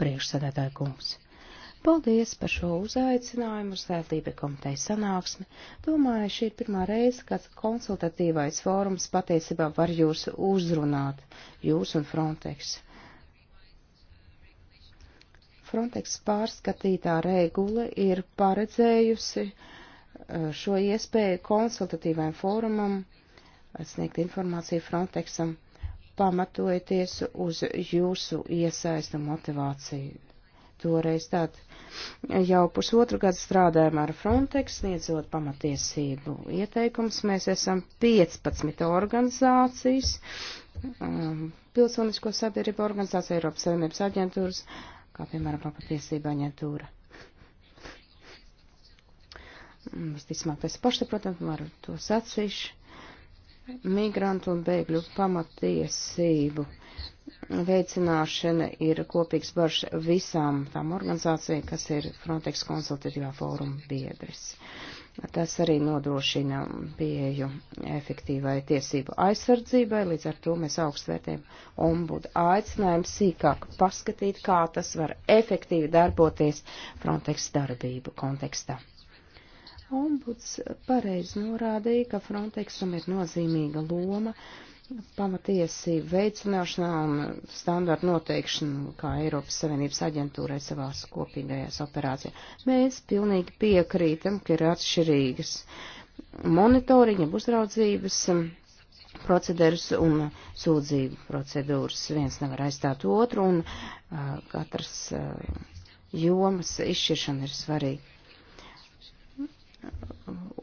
Priekšsēdētāja kungs. Paldies par šo uzaicinājumu uz Sētlībe komiteja sanāksmi. Domāju, šī ir pirmā reize, kad konsultatīvais fórums patiesībā var jūs uzrunāt, jūs un Frontex. Frontex pārskatītā regula ir paredzējusi uh, Eh, šo iespēju konsultatīvajam fórumam eh, sniegt informāciju Frontexam, pamatojoties uz jūsu iesaistu motivāciju. Toreiz tād jau pusotru gadu strādājam ar Frontex, sniedzot pamatiesību ieteikums. Mēs esam 15 organizācijas, um, pilsonisko sabiedrību organizācija, Eiropas Savienības aģentūras, kā piemēram pamatiesība aģentūra visticamāk pēc pašsaprotam, varu to sacīšu, migrantu un bēgļu pamatiesību veicināšana ir kopīgs barš visām tām organizācijām, kas ir Frontex konsultatīvā fóruma biedris. Tas arī nodrošina pieju efektīvai tiesību aizsardzībai, līdz ar to mēs augstvērtējam ombudu aicinājumu sīkāk paskatīt, kā tas var efektīvi darboties Frontex darbību kontekstā. Ombuds pareizi norādīja, ka Frontexam ir nozīmīga loma pamatiesību veicināšanā un standartu noteikšanu kā Eiropas Savienības aģentūrai savās kopīgajās operācijās. Mēs pilnīgi piekrītam, ka ir atšķirīgas monitoriņa, uzraudzības procedūras un sūdzību procedūras. Viens nevar aizstāt otru un uh, katras uh, jomas izšķiršana ir svarīga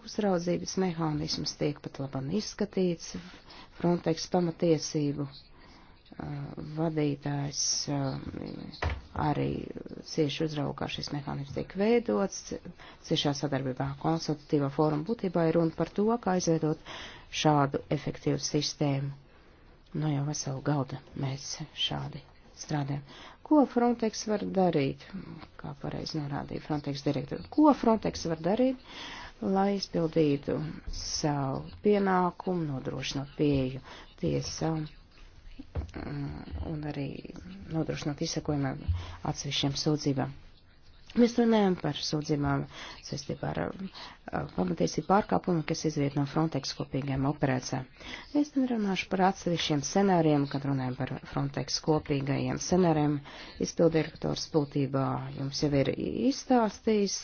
uzraudzības mehānisms tiek pat labam izskatīts. Frontex pamatiesību vadītājs arī cieši uzraugā šis mehānisms tiek veidots. Ciešā sadarbībā konsultatīvā fóruma būtībā ir runa par to, kā izveidot šādu efektīvu sistēmu. No nu, jau veselu galdu mēs šādi strādājam. Ko Frontex var darīt? Kā pareizi norādīja Frontex direktora. Ko Frontex var darīt, lai izpildītu savu pienākumu, nodrošinot pieju tiesām mm, un arī nodrošinot izsakojumiem atsevišķiem sūdzībām? Mēs runājam par sūdzībām saistībā ar pamatiesību pārkāpumu, kas izriet no Frontex kopīgiem operācijām. Es nerunāšu par atsevišķiem scenāriem, kad runājam par Frontex kopīgajiem scenāriem. Izpildirektors būtībā jums jau ir izstāstījis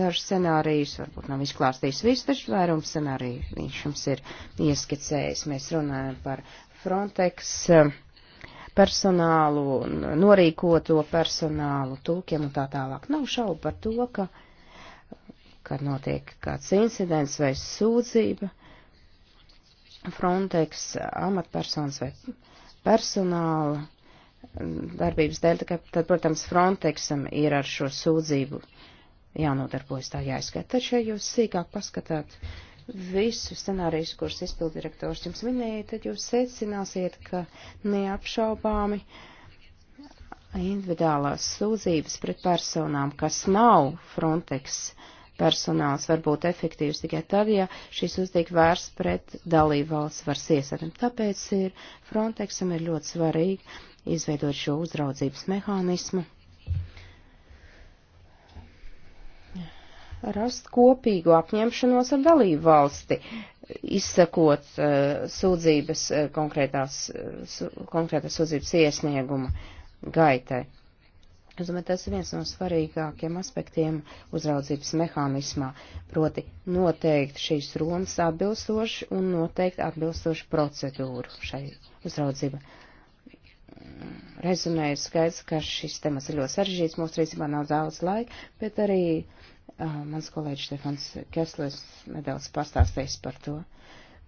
dažus scenārijus, varbūt nav izklāstījis visu, taču vairums scenāriju viņš jums ir ieskicējis. Mēs runājam par Frontex. Uh, personālu, norīkoto personālu, tulkiem un tā tālāk. Nav šaubu par to, ka, kad notiek kāds incidents vai sūdzība, Frontex amatpersonas vai personāla darbības dēļ, tad, protams, Frontexam ir ar šo sūdzību jānodarbojas tā jāizskata. Taču, ja jūs sīkāk paskatāt visu scenāriju, kurus izpildirektors jums minēja, tad jūs secināsiet, ka neapšaubāmi individuālās sūdzības pret personām, kas nav Frontex personāls, var būt efektīvs tikai tad, ja šīs uztiek vērsts pret dalību valsts varas iestādēm. Tāpēc ir Frontexam ir ļoti svarīgi izveidot šo uzraudzības mehānismu rast kopīgu apņemšanos ar dalību valsti, izsakot uh, eh, sūdzības uh, konkrētās, eh, su, konkrētās sūdzības iesnieguma gaitai. Es domāju, tas ir viens no svarīgākiem aspektiem uzraudzības mehānismā, proti noteikt šīs runas atbilstoši un noteikt atbilstoši procedūru šai uzraudzībai rezonēja skaidrs, ka šis temats ir ļoti sarežģīts, mums rīcībā nav daudz laika, bet arī Uh, mans kolēģis Stefans Kesslers nedaudz pastāstīs par to.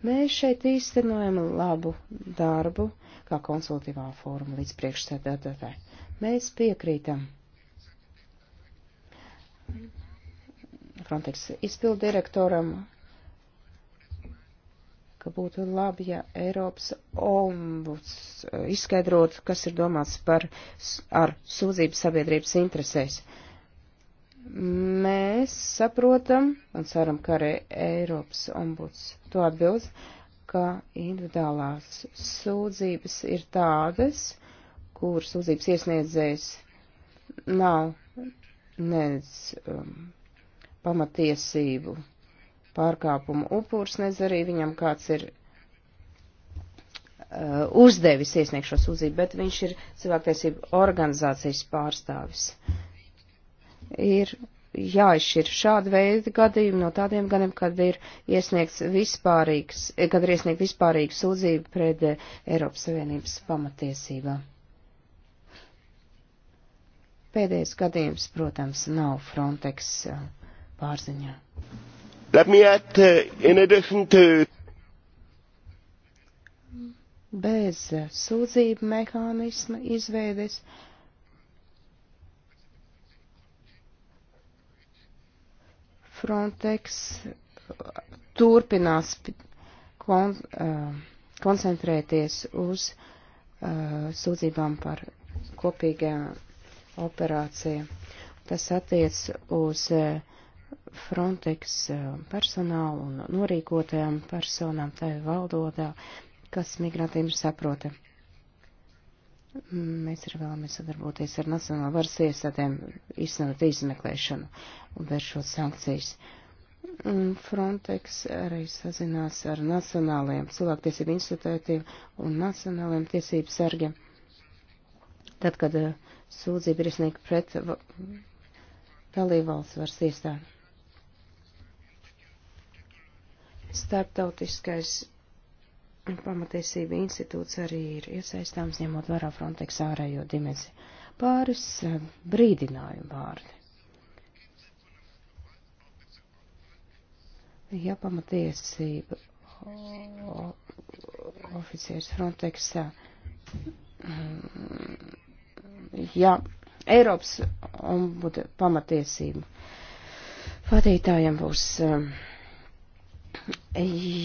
Mēs šeit īstenojam labu darbu, kā konsultīvā fóruma līdz priekšsēdētāji. Mēs piekrītam Frontex izpildirektoram, ka būtu labi, ja Eiropas ombuds uh, izskaidrotu, kas ir domāts par, ar sūdzību sabiedrības interesēs. Uh, Mēs saprotam un ceram, ka arī Eiropas ombuds to atbild, ka individuālās sūdzības ir tādas, kur sūdzības iesniedzējs nav nec um, pamatiesību pārkāpumu upurs, nec arī viņam kāds ir uh, uzdevis iesniegšo sūdzību, bet viņš ir cilvēktiesību organizācijas pārstāvis. Uh, ir jāizšķir šāda veida gadījumi no tādiem gadiem, kad ir iesniegts vispārīgs, kad ir iesniegt vispārīga sūdzība pret eh, Eiropas Savienības pamatiesībām. Pēdējais gadījums, protams, nav Frontex eh, pārziņā. Add, uh, to... Bez sūdzību mehānisma izveides uh, Frontex turpinās kon, uh, koncentrēties uz uh, sūdzībām par kopīgām operācijām. Tas attiec uz uh, Frontex uh, personālu un norīkotajām personām, tai valdodā, kas migrantiem ir saprotami Mēs arī vēlamies sadarboties ar Nacionālo varas iestādēm, izsnot izmeklēšanu un vēršot sankcijas. Frontex arī sazinās ar Nacionālajiem cilvēktiesību institūtiem un Nacionālajiem tiesību sargiem. Tad, kad eh, sūdzība ir izsniegta pret dalībvalsts varas iestādi. Starptautiskais Nu, pamatiesība institūts arī ir iesaistāms, ņemot vērā Frontex ārējo dimensiju. Pāris eh, brīdinājumu vārdi. Ja pamatiesība oficieris Frontexā, eh, mm, ja Eiropas ombuda pamatiesību vadītājiem būs. Um,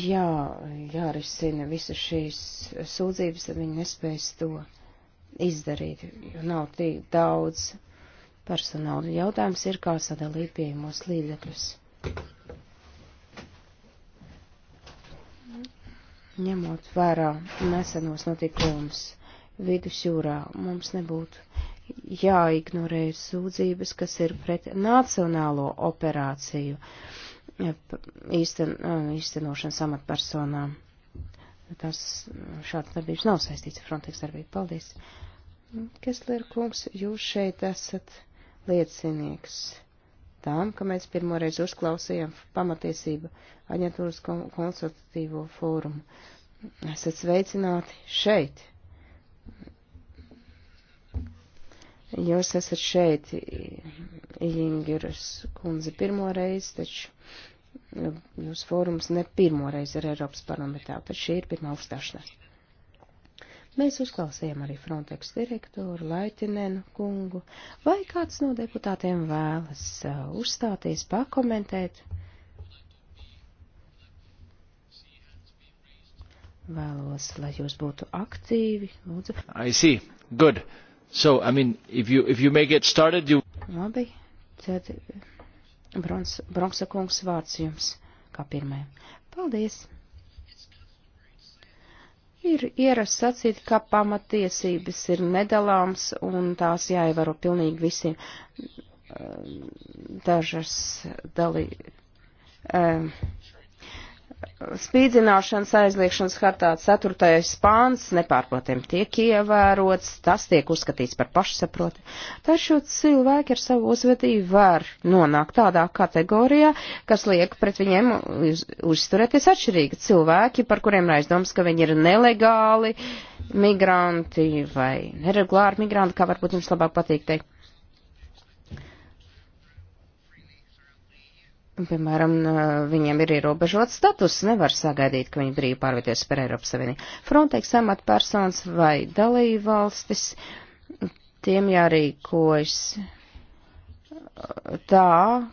jā, jārisina visas šīs sūdzības, tad viņi nespēs to izdarīt, jo nav tik daudz personāla. Jautājums ir, kā sadalīt pieejamos līdzekļus. Ņemot vērā nesenos notikumus vidusjūrā, mums nebūtu jāignorē sūdzības, kas ir pret nacionālo operāciju. Uh, īsten, īstenošanas amatpersonām. Tas šāds darbības nav saistīts ar Frontex darbību. Paldies! Kesler kungs, jūs šeit esat liecinieks tām, ka mēs pirmoreiz uzklausījām pamatiesību aģentūras konsultatīvo fórumu. Esat sveicināti šeit! Jūs esat šeit, Ingiras kundze, pirmo reizi, taču nu, jūs fórums ne pirmo reizi ir Eiropas parlamentā, taču šī ir pirmā uzstāšanās. Mēs uzklausījām arī Frontex direktoru Laitinenu kungu. Vai kāds no deputātiem vēlas uh, uzstāties, pakomentēt? Vēlos, lai jūs būtu aktīvi, lūdzu. I see. Good. So, I mean, if you, if you may get started, you... Labi, tad Brons, Bronksa kungs vārds jums kā pirmajam. Paldies! Ir ierasts sacīt, ka pamatiesības ir nedalāms un tās jāievaro pilnīgi visiem. Dažas dalī, Spīdzināšanas aizliekšanas hartā 4. pāns nepārprotam tiek ievērots, tas tiek uzskatīts par pašsaproti. Taču cilvēki ar savu uzvedību var nonākt tādā kategorijā, kas liek pret viņiem uz, uzturēties atšķirīgi. Cilvēki, par kuriem ir aizdoms, ka viņi ir nelegāli migranti vai neregulāri migranti, kā varbūt jums labāk patīk teikt. Piemēram, viņiem ir ierobežots status, nevar sagaidīt, ka viņi brīvi pārvieties par Eiropas Savienību. Frontex amatpersonas vai dalībvalstis, tiem jārīkojas uh, tā,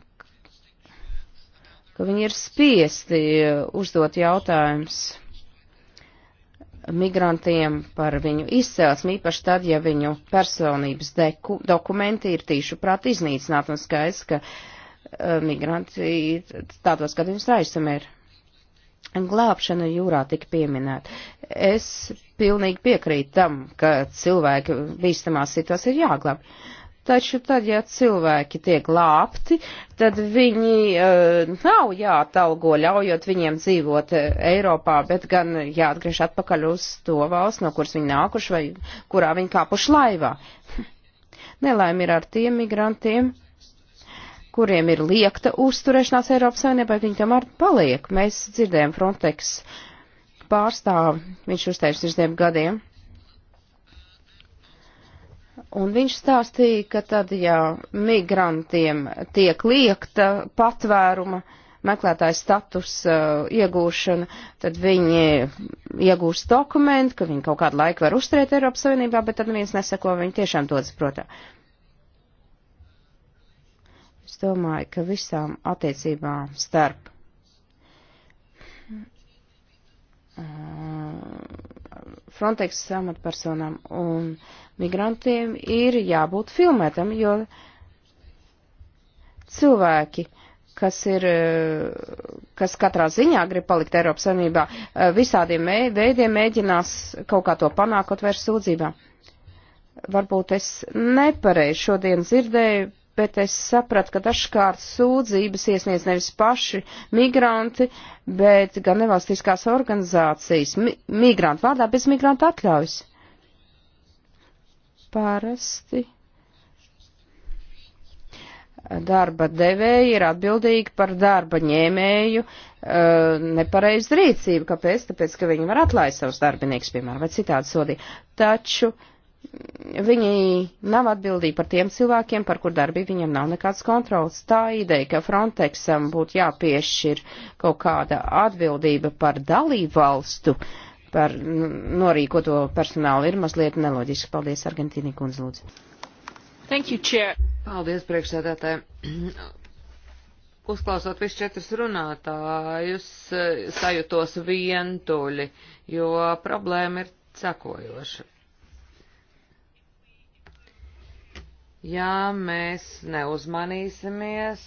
ka viņi ir spiesti uh, uzdot jautājumus migrantiem par viņu izcelsmi, īpaši tad, ja viņu personības deku, dokumenti ir tīšu prāt iznīcināti un skaidrs, ka uh, Uh, migranti tādos gadījumos aizsamēr. Glābšana jūrā tika pieminēta. Es pilnīgi piekrītu tam, ka cilvēki bīstamās situācijās ir jāglāb. Taču tad, ja cilvēki tiek glābti, tad viņi uh, nav jāatalgo, ļaujot viņiem dzīvot uh, Eiropā, bet gan jāatgriež atpakaļ uz to valsts, no kuras viņi nākuši vai kurā viņi kāpuši laivā. [LAUGHS] Nelaim ir ar tiem migrantiem, kuriem ir liekta uzturēšanās Eiropas Savienībā, viņi tomēr paliek. Mēs dzirdējam Frontex pārstāvu, viņš uzteicis pirms diviem gadiem. Un viņš stāstīja, ka tad, ja migrantiem tiek liekta patvēruma meklētāja status uh, iegūšana, tad viņi iegūst dokumentu, ka viņi kaut kādu laiku var uzturēt Eiropas Savienībā, bet tad neviens neseko, viņi tiešām dodas protā. Uh, Es domāju, ka visām attiecībām starp Frontex amatpersonām un migrantiem ir jābūt filmētam, jo cilvēki, kas ir, kas katrā ziņā grib palikt Eiropas Savienībā, visādiem veidiem mēģinās kaut kā to panākot vairs sūdzībā. Varbūt es nepareizi šodien dzirdēju bet es sapratu, ka dažkārt sūdzības iesniedz nevis paši migranti, bet gan nevalstiskās organizācijas mi migrantu vārdā bez migrantu atļaujas. Parasti darba devēji ir atbildīgi par darba ņēmēju uh, nepareizu rīcību. Kāpēc? Tāpēc, ka viņi var atlaist savus darbiniekus, piemēram, vai citādi sodīt. Taču uh, viņi nav atbildīgi par tiem cilvēkiem, par kur darbību viņiem nav nekāds kontrols. Tā ideja, ka Frontexam būtu jāpiešķir kaut kāda atbildība par dalību valstu, par norīkoto personālu, ir mazliet neloģiski. Paldies, Argentīni kundze, lūdzu. Thank you, chair. Paldies, priekšsēdētāji. [CLEARS THROAT] Uzklausot visus četrus runātājus, eh, sajūtos vientuļi, jo problēma ir cekojoša Ja mēs neuzmanīsimies,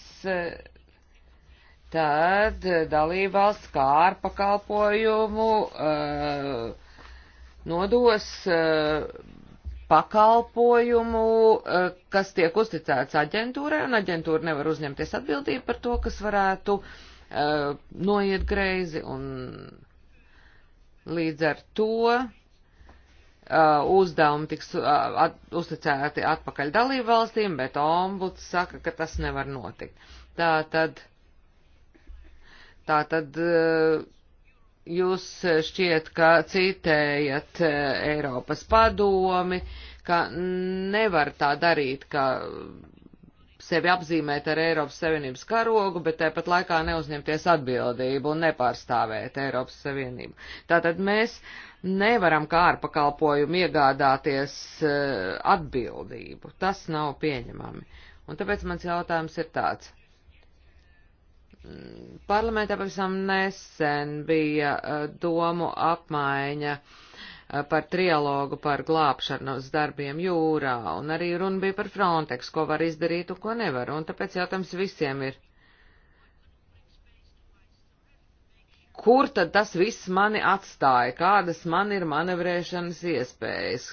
tad dalībvalsts kā ar eh, eh, pakalpojumu uh, eh, nodos uh, pakalpojumu, uh, kas tiek uzticēts aģentūrai, un aģentūra nevar uzņemties atbildību par to, kas varētu noiet greizi, un līdz ar to Uh, uzdevumi tiks uh, at, uzticēti atpakaļ dalību valstīm, bet ombuds saka, ka tas nevar notikt. Tā tad, tā tad uh, jūs šķiet, ka citējat Eiropas padomi, ka nevar tā darīt, ka sevi apzīmēt ar Eiropas Savienības karogu, bet tāpat laikā neuzņemties atbildību un nepārstāvēt Eiropas Savienību. Tātad mēs uh, nevaram kā ar pakalpojumu iegādāties e, atbildību. Tas nav pieņemami. Un tāpēc mans jautājums ir tāds. Parlamentā pavisam nesen bija e, domu apmaiņa e, par trialogu par glābšanas darbiem jūrā, un arī runa bija par Frontex, ko var izdarīt un ko nevar, un tāpēc jautājums visiem ir kur tad tas viss mani atstāja, kādas man ir manevrēšanas iespējas,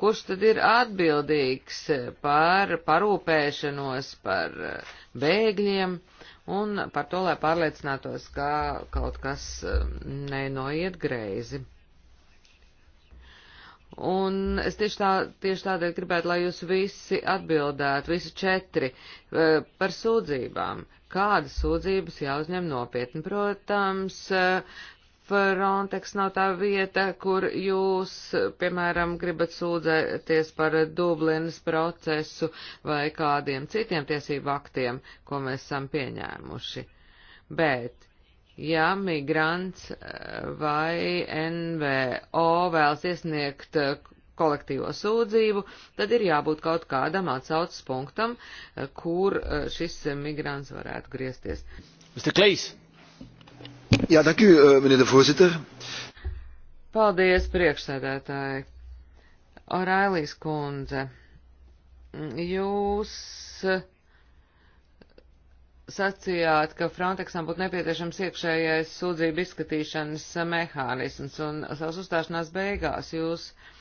kurš tad ir atbildīgs par parūpēšanos par eh, bēgļiem un par to, lai pārliecinātos, ka kaut kas eh, nenoiet greizi. Un es tieši, tā, tieši tādēļ gribētu, lai jūs visi atbildētu, visi četri, eh, par sūdzībām kādas sūdzības jāuzņem nopietni. Protams, Frontex nav tā vieta, kur jūs, piemēram, gribat sūdzēties par Dublinas procesu vai kādiem citiem tiesību aktiem, ko mēs esam pieņēmuši. Bet, ja migrants eh, vai NVO vēlas iesniegt kolektīvo sūdzību, tad ir jābūt kaut kādam atsaucas punktam, eh, kur eh, šis eh, migrants varētu griezties. Mr. Klejs. Jā, dank u, meneer de voorzitter. Paldies, priekšsēdētāji. Orailijas kundze, jūs sacījāt, ka Frontexam būtu nepieciešams iekšējais sūdzību izskatīšanas mehānisms, un savas uzstāšanās beigās jūs uh,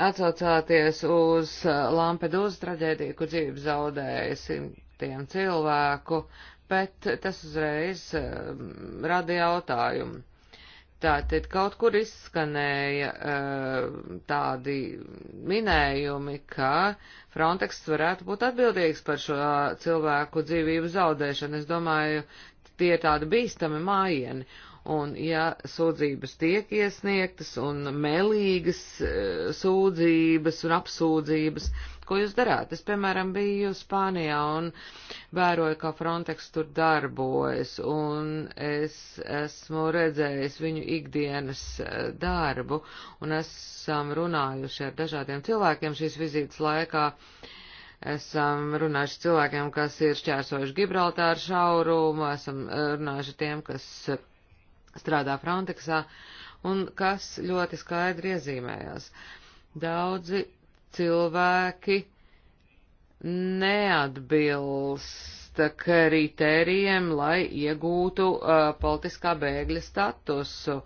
Atcaucāties uz uh, Lampedūzas traģēdiju, kur dzīves zaudēja simtiem cilvēku, bet tas uzreiz um, rada jautājumu. Tātad kaut kur izskanēja uh, tādi minējumi, ka Frontex varētu būt atbildīgs par šo uh, cilvēku dzīvību zaudēšanu. Es domāju, tie ir tādi bīstami mājieni. Un ja sūdzības tiek iesniegtas un melīgas e, sūdzības un apsūdzības, ko jūs darāt? Es, piemēram, biju Spānijā un vēroju, kā Frontex tur darbojas, un es esmu redzējis viņu ikdienas e, darbu, un esam runājuši ar dažādiem cilvēkiem šīs vizītes laikā esam runājuši cilvēkiem, kas ir šķērsojuši Gibraltāru šaurumu, esam e, runājuši tiem, kas strādā Frontexā un kas ļoti skaidri iezīmējās. Daudzi cilvēki neatbilst kritērijiem, lai iegūtu uh, politiskā bēgļa statusu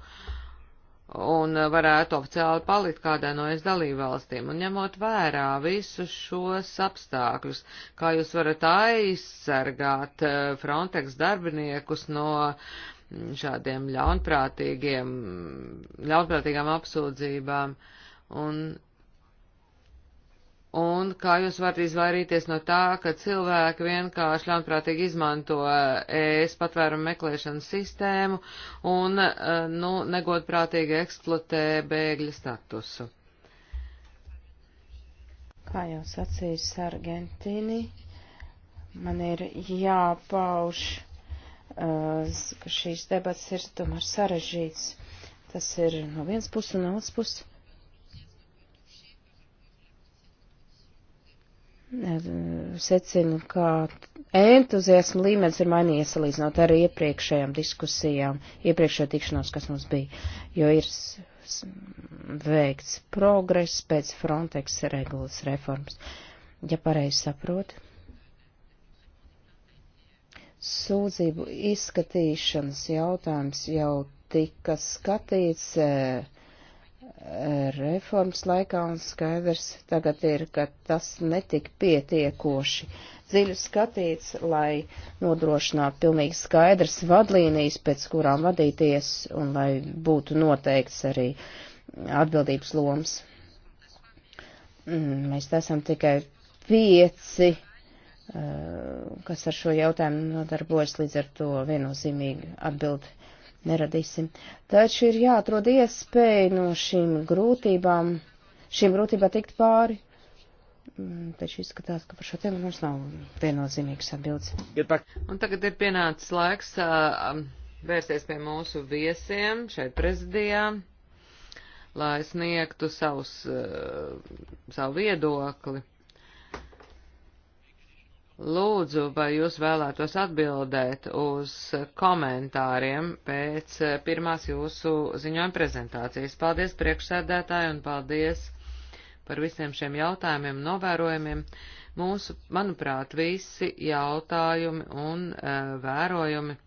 un uh, varētu oficiāli palikt kādā no es dalībvalstīm. Un ņemot vērā visus šos apstākļus, kā jūs varat aizsargāt uh, Frontex darbiniekus no uh, šādiem ļaunprātīgiem, ļaunprātīgām apsūdzībām. Un, un kā jūs varat izvairīties no tā, ka cilvēki vienkārši ļaunprātīgi izmanto ES patvērumu meklēšanas sistēmu un, eh, nu, negodprātīgi eksploatē bēgļa statusu? Kā jau sacīja Sargentīni, man ir jāpauž ka šīs debats ir tomēr sarežģīts. Tas ir no vienas puses un no otras puses. Secinu, ka entuziasma līmenis ir mainījies salīdzinot ar iepriekšējām diskusijām, iepriekšējā tikšanos, kas mums bija, jo ir veikts progress pēc Frontex regulas reformas. Ja pareizi saprotu, Sūdzību izskatīšanas jautājums jau tika skatīts e, e, reformas laikā un skaidrs tagad ir, ka tas netika pietiekoši dziļi skatīts, lai nodrošinātu pilnīgi skaidrs vadlīnijas, pēc kurām vadīties un lai būtu noteikts arī atbildības lomas. Mm, mēs esam tikai pieci Eh, kas ar šo jautājumu nodarbojas, līdz ar to viennozīmīgi atbildi neradīsim. Taču ir jāatrod iespēja no šīm grūtībām, šīm grūtībām tikt pāri. Mm, taču izskatās, ka par šo tēmu mums nav viennozīmīgas atbildes. Un tagad ir pienācis laiks uh, vērsties pie mūsu viesiem šeit prezidijā, lai sniegtu savus, uh, savu viedokli. Lūdzu, vai jūs vēlētos atbildēt uz komentāriem pēc pirmās jūsu ziņojuma prezentācijas? Paldies priekšsēdētāji un paldies par visiem šiem jautājumiem, novērojumiem. Mūsu, manuprāt, visi jautājumi un uh, vērojumi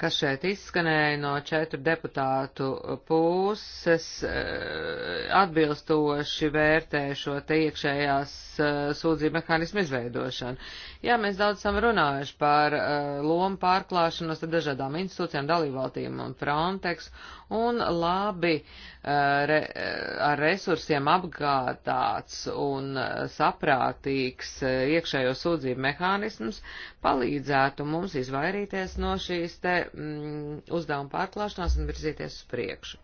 kas šeit izskanēja no četru deputātu puses, e, atbilstoši vērtē šo te iekšējās e, sūdzību mehānismu izveidošanu. Jā, mēs daudz esam runājuši par e, lomu pārklāšanos ar dažādām institūcijām, dalībvaltīm un Frontex, un labi eh, re, eh, ar resursiem apgādāts un eh, saprātīgs iekšējo sūdzību mehānisms palīdzētu mums izvairīties no šīs te mm, uzdevuma pārklāšanās un virzīties uz priekšu.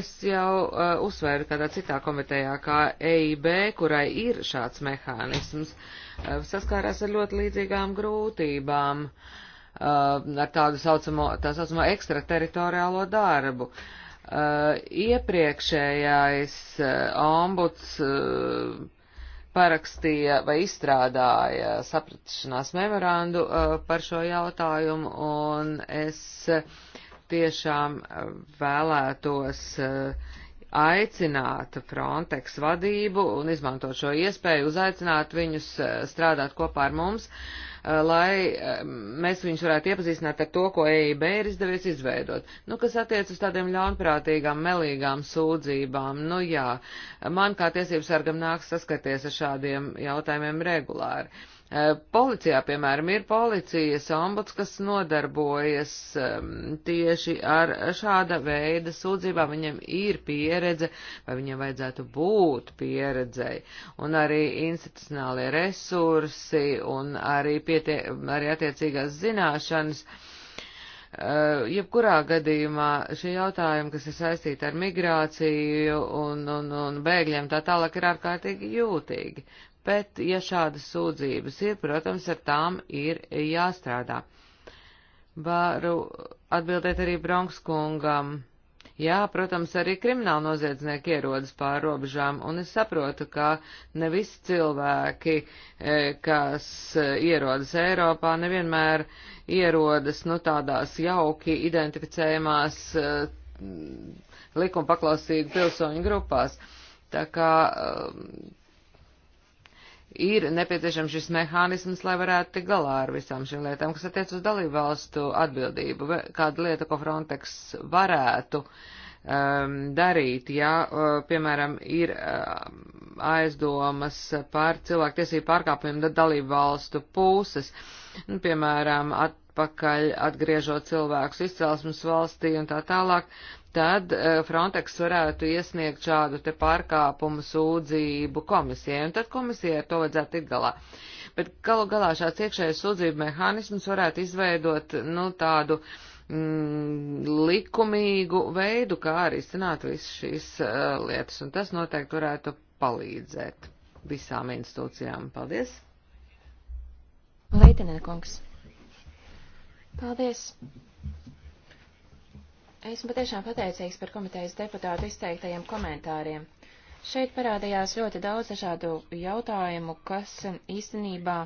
Es jau uh, uzsvēru kādā citā komitejā, kā EIB, kurai ir šāds mehānisms, uh, saskārās ar ļoti līdzīgām grūtībām. Uh, Uh, ar tādu saucamo, tā saucamo ekstrateritoriālo darbu. Uh, iepriekšējais uh, ombuds parakstīja vai izstrādāja sapratīšanās memorandu par šo jautājumu, un es tiešām vēlētos aicināt Frontex vadību un izmantot šo iespēju, uzaicināt viņus strādāt kopā ar mums. Uh, Eh, lai mēs viņus varētu iepazīstināt ar to, ko EIB ir izdevies izveidot. Nu, kas attiec uz tādiem ļaunprātīgām, melīgām sūdzībām, nu jā, man kā tiesības sargam nāks saskaties ar šādiem jautājumiem regulāri. Eh, policijā, piemēram, ir policijas ombuds, kas nodarbojas tieši ar šāda veida sūdzībām. Viņam ir pieredze, vai viņam vajadzētu būt pieredzei, un arī institucionālie resursi, un arī, pietie, arī attiecīgās zināšanas. Eh, jebkurā gadījumā šie jautājumi, kas ir saistīti ar migrāciju un, un, un bēgļiem, tā tālāk ir ārkārtīgi jūtīgi bet, ja šādas sūdzības ir, protams, ar tām ir jāstrādā. Varu atbildēt arī Bronks kungam. Jā, protams, arī krimināli noziedznieki ierodas pār robežām, un es saprotu, ka ne visi cilvēki, e, kas e, ierodas Eiropā, nevienmēr ierodas, nu, tādās jauki identificējumās e, likuma paklausīgu pilsoņu grupās. Tā kā ir nepieciešams šis mehānisms, lai varētu tikt galā ar visām šīm lietām, kas attiec uz dalību valstu atbildību. Kāda lieta, ko Frontex varētu um, darīt, ja, uh, piemēram, ir uh, aizdomas par cilvēktiesību pārkāpumiem dalību valstu puses, nu, piemēram, atpakaļ atgriežot cilvēkus izcelsmes valstī un tā tālāk, tad eh, Frontex varētu iesniegt šādu te pārkāpumu sūdzību komisijai, un tad komisijai ar to vajadzētu tikt galā. Bet galu galā šāds iekšējais sūdzību mehānisms varētu izveidot, nu, tādu mm, likumīgu veidu, kā arī izcināt visas šīs uh, lietas, un tas noteikti varētu palīdzēt visām institūcijām. Paldies! Leitenē kungs. Paldies! Esmu patiešām pateicīgs par komitejas deputātu izteiktajiem komentāriem. Šeit parādījās ļoti daudz dažādu jautājumu, kas īstenībā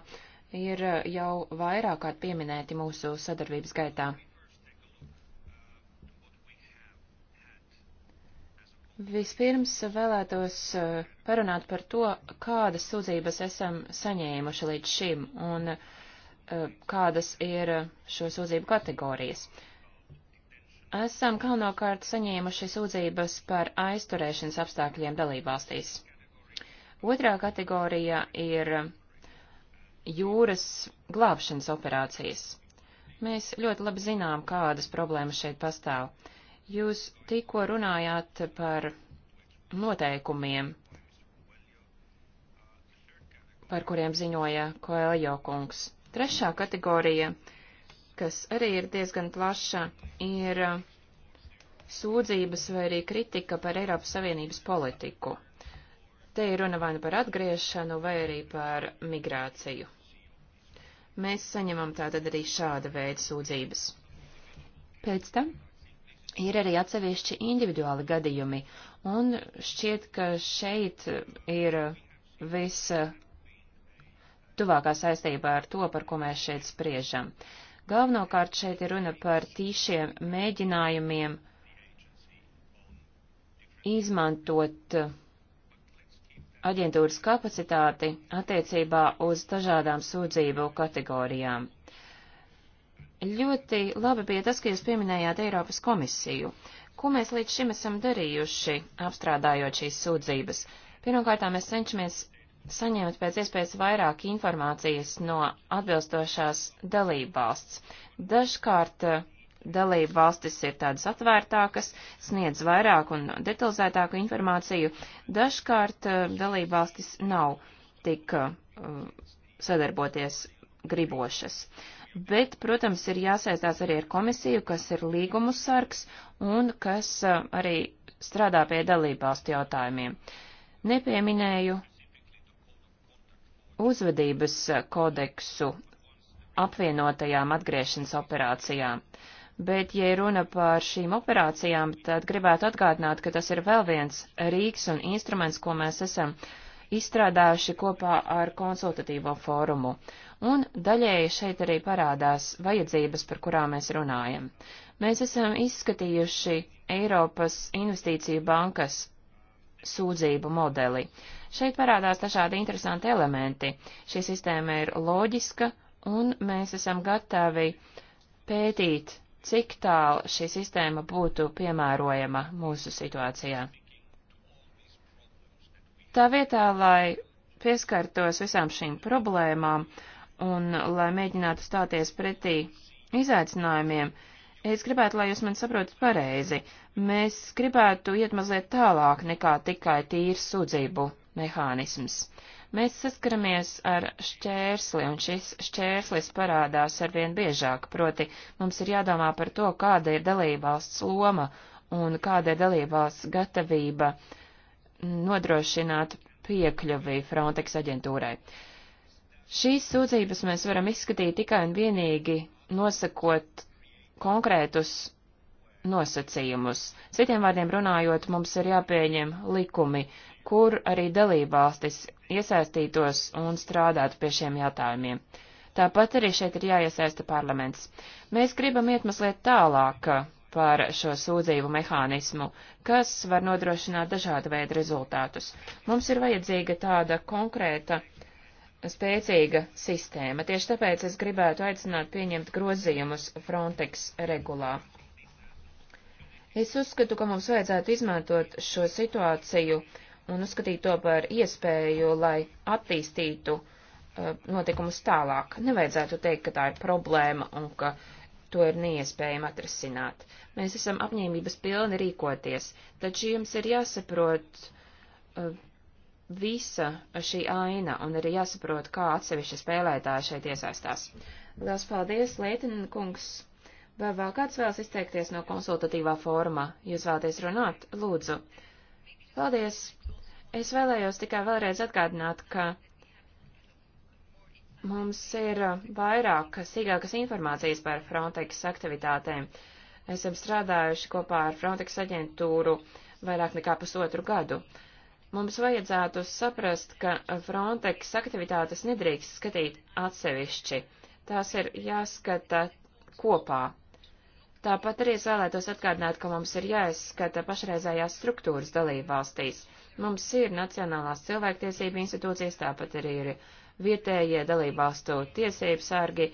ir jau vairāk kārt pieminēti mūsu sadarbības gaitā. Vispirms vēlētos eh, parunāt par to, kādas sūdzības esam saņēmuši līdz šim un eh, kādas ir šo sūdzību kategorijas. Esam galvenokārt saņēmuši sūdzības par aizturēšanas apstākļiem dalībvalstīs. Otrā kategorija ir jūras glābšanas operācijas. Mēs ļoti labi zinām, kādas problēmas šeit pastāv. Jūs tikko runājāt par noteikumiem, par kuriem ziņoja Koeljo kungs. Trešā kategorija kas arī ir diezgan plaša, ir uh, sūdzības vai arī kritika par Eiropas Savienības politiku. Te ir runa vai nu par atgriešanu, vai arī par migrāciju. Mēs saņemam tātad arī šāda veida sūdzības. Pēc tam ir arī atsevišķi individuāli gadījumi, un šķiet, ka šeit ir viss tuvākā saistībā ar to, par ko mēs šeit spriežam. Uh, Galvenokārt šeit ir runa par tīšiem mēģinājumiem izmantot aģentūras kapacitāti attiecībā uz dažādām sūdzību kategorijām. Ļoti labi bija tas, ka jūs pieminējāt Eiropas komisiju. Ko mēs līdz šim esam darījuši, apstrādājot šīs sūdzības? Pirmkārt, mēs cenšamies saņemt pēc iespējas vairāk informācijas no atbilstošās dalību valsts. Dažkārt eh, dalību valstis ir tādas atvērtākas, sniedz vairāk un detalizētāku informāciju, dažkārt eh, dalību valstis nav tik eh, sadarboties gribošas. Bet, protams, ir jāsaistās arī ar komisiju, kas ir līgumu sargs un kas arī strādā pie dalībvalstu jautājumiem. Nepieminēju uzvedības eh, kodeksu apvienotajām atgriešanas operācijām. Bet, ja runa par šīm operācijām, tad gribētu atgādināt, ka tas ir vēl viens rīks un instruments, ko mēs esam izstrādājuši kopā ar konsultatīvo fórumu. Un daļēji šeit arī parādās vajadzības, par kurām mēs runājam. Mēs esam izskatījuši Eiropas investīciju bankas sūdzību modeli. Šeit parādās dažādi interesanti elementi. Šī sistēma ir loģiska, un mēs esam gatavi pētīt, cik tālu šī sistēma būtu piemērojama mūsu situācijā. Tā vietā, lai pieskartos visām šīm problēmām un lai mēģinātu stāties pretī izaicinājumiem, Es gribētu, lai jūs man saprotat pareizi. Mēs gribētu iet mazliet tālāk nekā tikai tīrs sūdzību mehānisms. Mēs saskaramies ar šķērsli, un šis šķērslis parādās arvien biežāk, proti mums ir jādomā par to, kāda ir dalībvalsts loma un kāda ir dalībvalsts gatavība nodrošināt piekļuvi Frontex aģentūrai. Šīs sūdzības mēs varam izskatīt tikai un vienīgi nosakot konkrētus nosacījumus. Citiem vārdiem runājot, mums ir jāpieņem likumi, kur arī dalībvalstis iesaistītos un strādātu pie šiem jautājumiem. Tāpat arī šeit ir jāiesaista parlaments. Mēs gribam iet mazliet tālāk par šo sūdzību mehānismu, kas var nodrošināt dažādu veidu rezultātus. Mums ir vajadzīga tāda konkrēta uh, spēcīga sistēma. Tieši tāpēc es gribētu aicināt pieņemt grozījumus Frontex regulā. Es uzskatu, ka mums vajadzētu izmantot šo situāciju un uzskatīt to par iespēju, lai attīstītu uh, notikumus tālāk. Nevajadzētu teikt, ka tā ir problēma un ka to ir neiespējami atrisināt. Mēs esam apņēmības pilni rīkoties, taču jums ir jāsaprot, uh, visa šī aina un arī jāsaprot, kā atsevišķi spēlētāji šeit iesaistās. Lielas paldies, Leitina kungs! Vai vēl kāds vēlas izteikties no konsultatīvā fóruma? Jūs vēlaties runāt? Lūdzu. Paldies. Es vēlējos tikai vēlreiz atgādināt, ka mums ir vairāk sīkākas informācijas par Frontex aktivitātēm. Esam strādājuši kopā ar Frontex aģentūru vairāk nekā pusotru gadu. Uh, Mums vajadzētu saprast, ka Frontex aktivitātes nedrīkst skatīt atsevišķi. Tās ir jāskata kopā. Tāpat arī es vēlētos atgādināt, ka mums ir jāizskata pašreizējās struktūras dalībvalstīs. Mums ir Nacionālās cilvēktiesība institūcijas, tāpat arī ir vietējie dalībvalstu tiesību sārgi.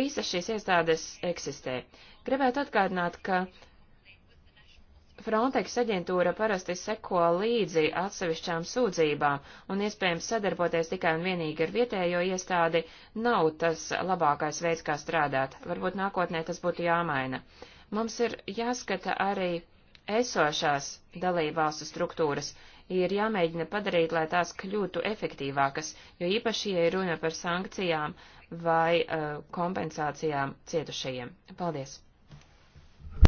Visas šīs iestādes eksistē. Gribētu atgādināt, ka Frontex aģentūra parasti seko līdzi atsevišķām sūdzībām, un iespējams sadarboties tikai un vienīgi ar vietējo iestādi nav tas labākais veids, kā strādāt. Varbūt nākotnē tas būtu jāmaina. Mums ir jāskata arī esošās dalībvalstu struktūras, ir jāmēģina padarīt, lai tās kļūtu efektīvākas, jo īpaši, ja ir runa par sankcijām vai uh, kompensācijām cietušajiem. Paldies!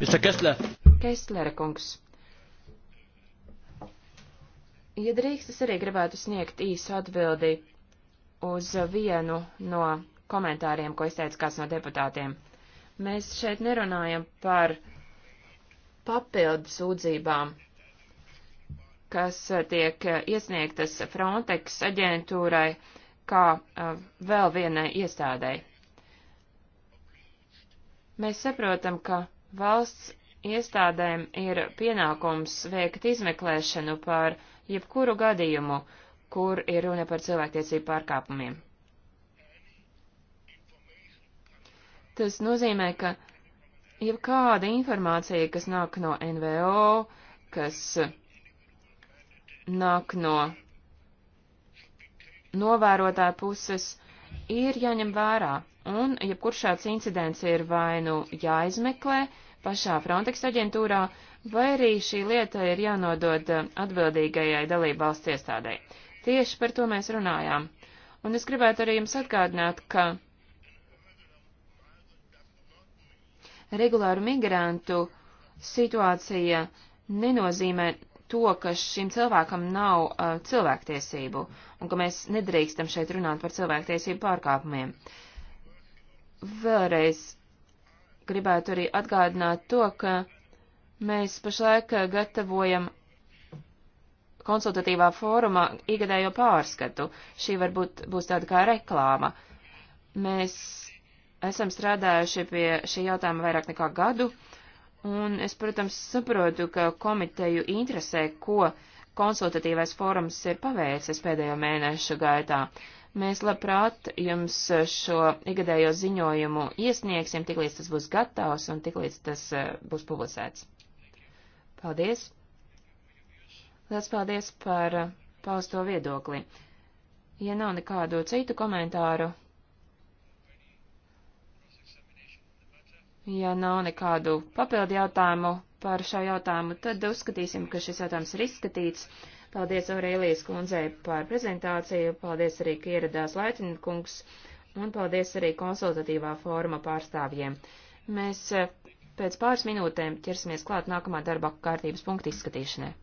Mr. Kessler. Kesslera kungs. Ja drīkst, es arī gribētu sniegt īsu atbildi uz vienu no komentāriem, ko izteica kāds no deputātiem. Mēs šeit nerunājam par papildu sūdzībām, kas tiek iesniegtas Frontex aģentūrai kā uh, vēl vienai iestādēji. Mēs saprotam, ka valsts iestādēm ir pienākums veikt izmeklēšanu par jebkuru gadījumu, kur ir runa par cilvēktiesību pārkāpumiem. Tas nozīmē, ka jebkāda informācija, kas nāk no NVO, kas nāk no novērotāja puses, ir jāņem vērā, un jebkurš šāds incidents ir vai nu jāizmeklē, pašā Frontex aģentūrā, vai arī šī lieta ir jānodod eh, atbildīgajai dalībvalsts iestādē. Tieši par to mēs runājām. Un es gribētu arī jums atgādināt, ka regulāru migrantu situācija nenozīmē to, ka šim cilvēkam nav uh, cilvēktiesību un ka mēs nedrīkstam šeit runāt par cilvēktiesību pārkāpumiem. Vēlreiz gribētu arī atgādināt to, ka mēs pašlaik eh, gatavojam konsultatīvā fórumā ikgadējo pārskatu. Šī varbūt būs tāda kā reklāma. Mēs esam strādājuši pie šī jautājuma vairāk nekā gadu, un es, protams, saprotu, ka komiteju interesē, ko konsultatīvais fórums ir paveicis pēdējo mēnešu gaitā. Uh, Mēs labprāt jums šo igadējo ziņojumu iesniegsim, tiklīdz tas būs gatavs un tiklīdz tas eh, būs publicēts. Paldies! Lielas paldies par eh, pausto viedokli. Ja nav nekādu citu komentāru, ja nav nekādu papildu jautājumu par šo jautājumu, tad uzskatīsim, ka šis jautājums ir izskatīts. Paldies Aurēlijas kundzei par prezentāciju, paldies arī, ka ieradās Laitinkungs, un paldies arī konsultatīvā fóruma pārstāvjiem. Mēs eh, pēc pāris minūtēm ķersimies klāt nākamā darba kārtības punkta izskatīšanai.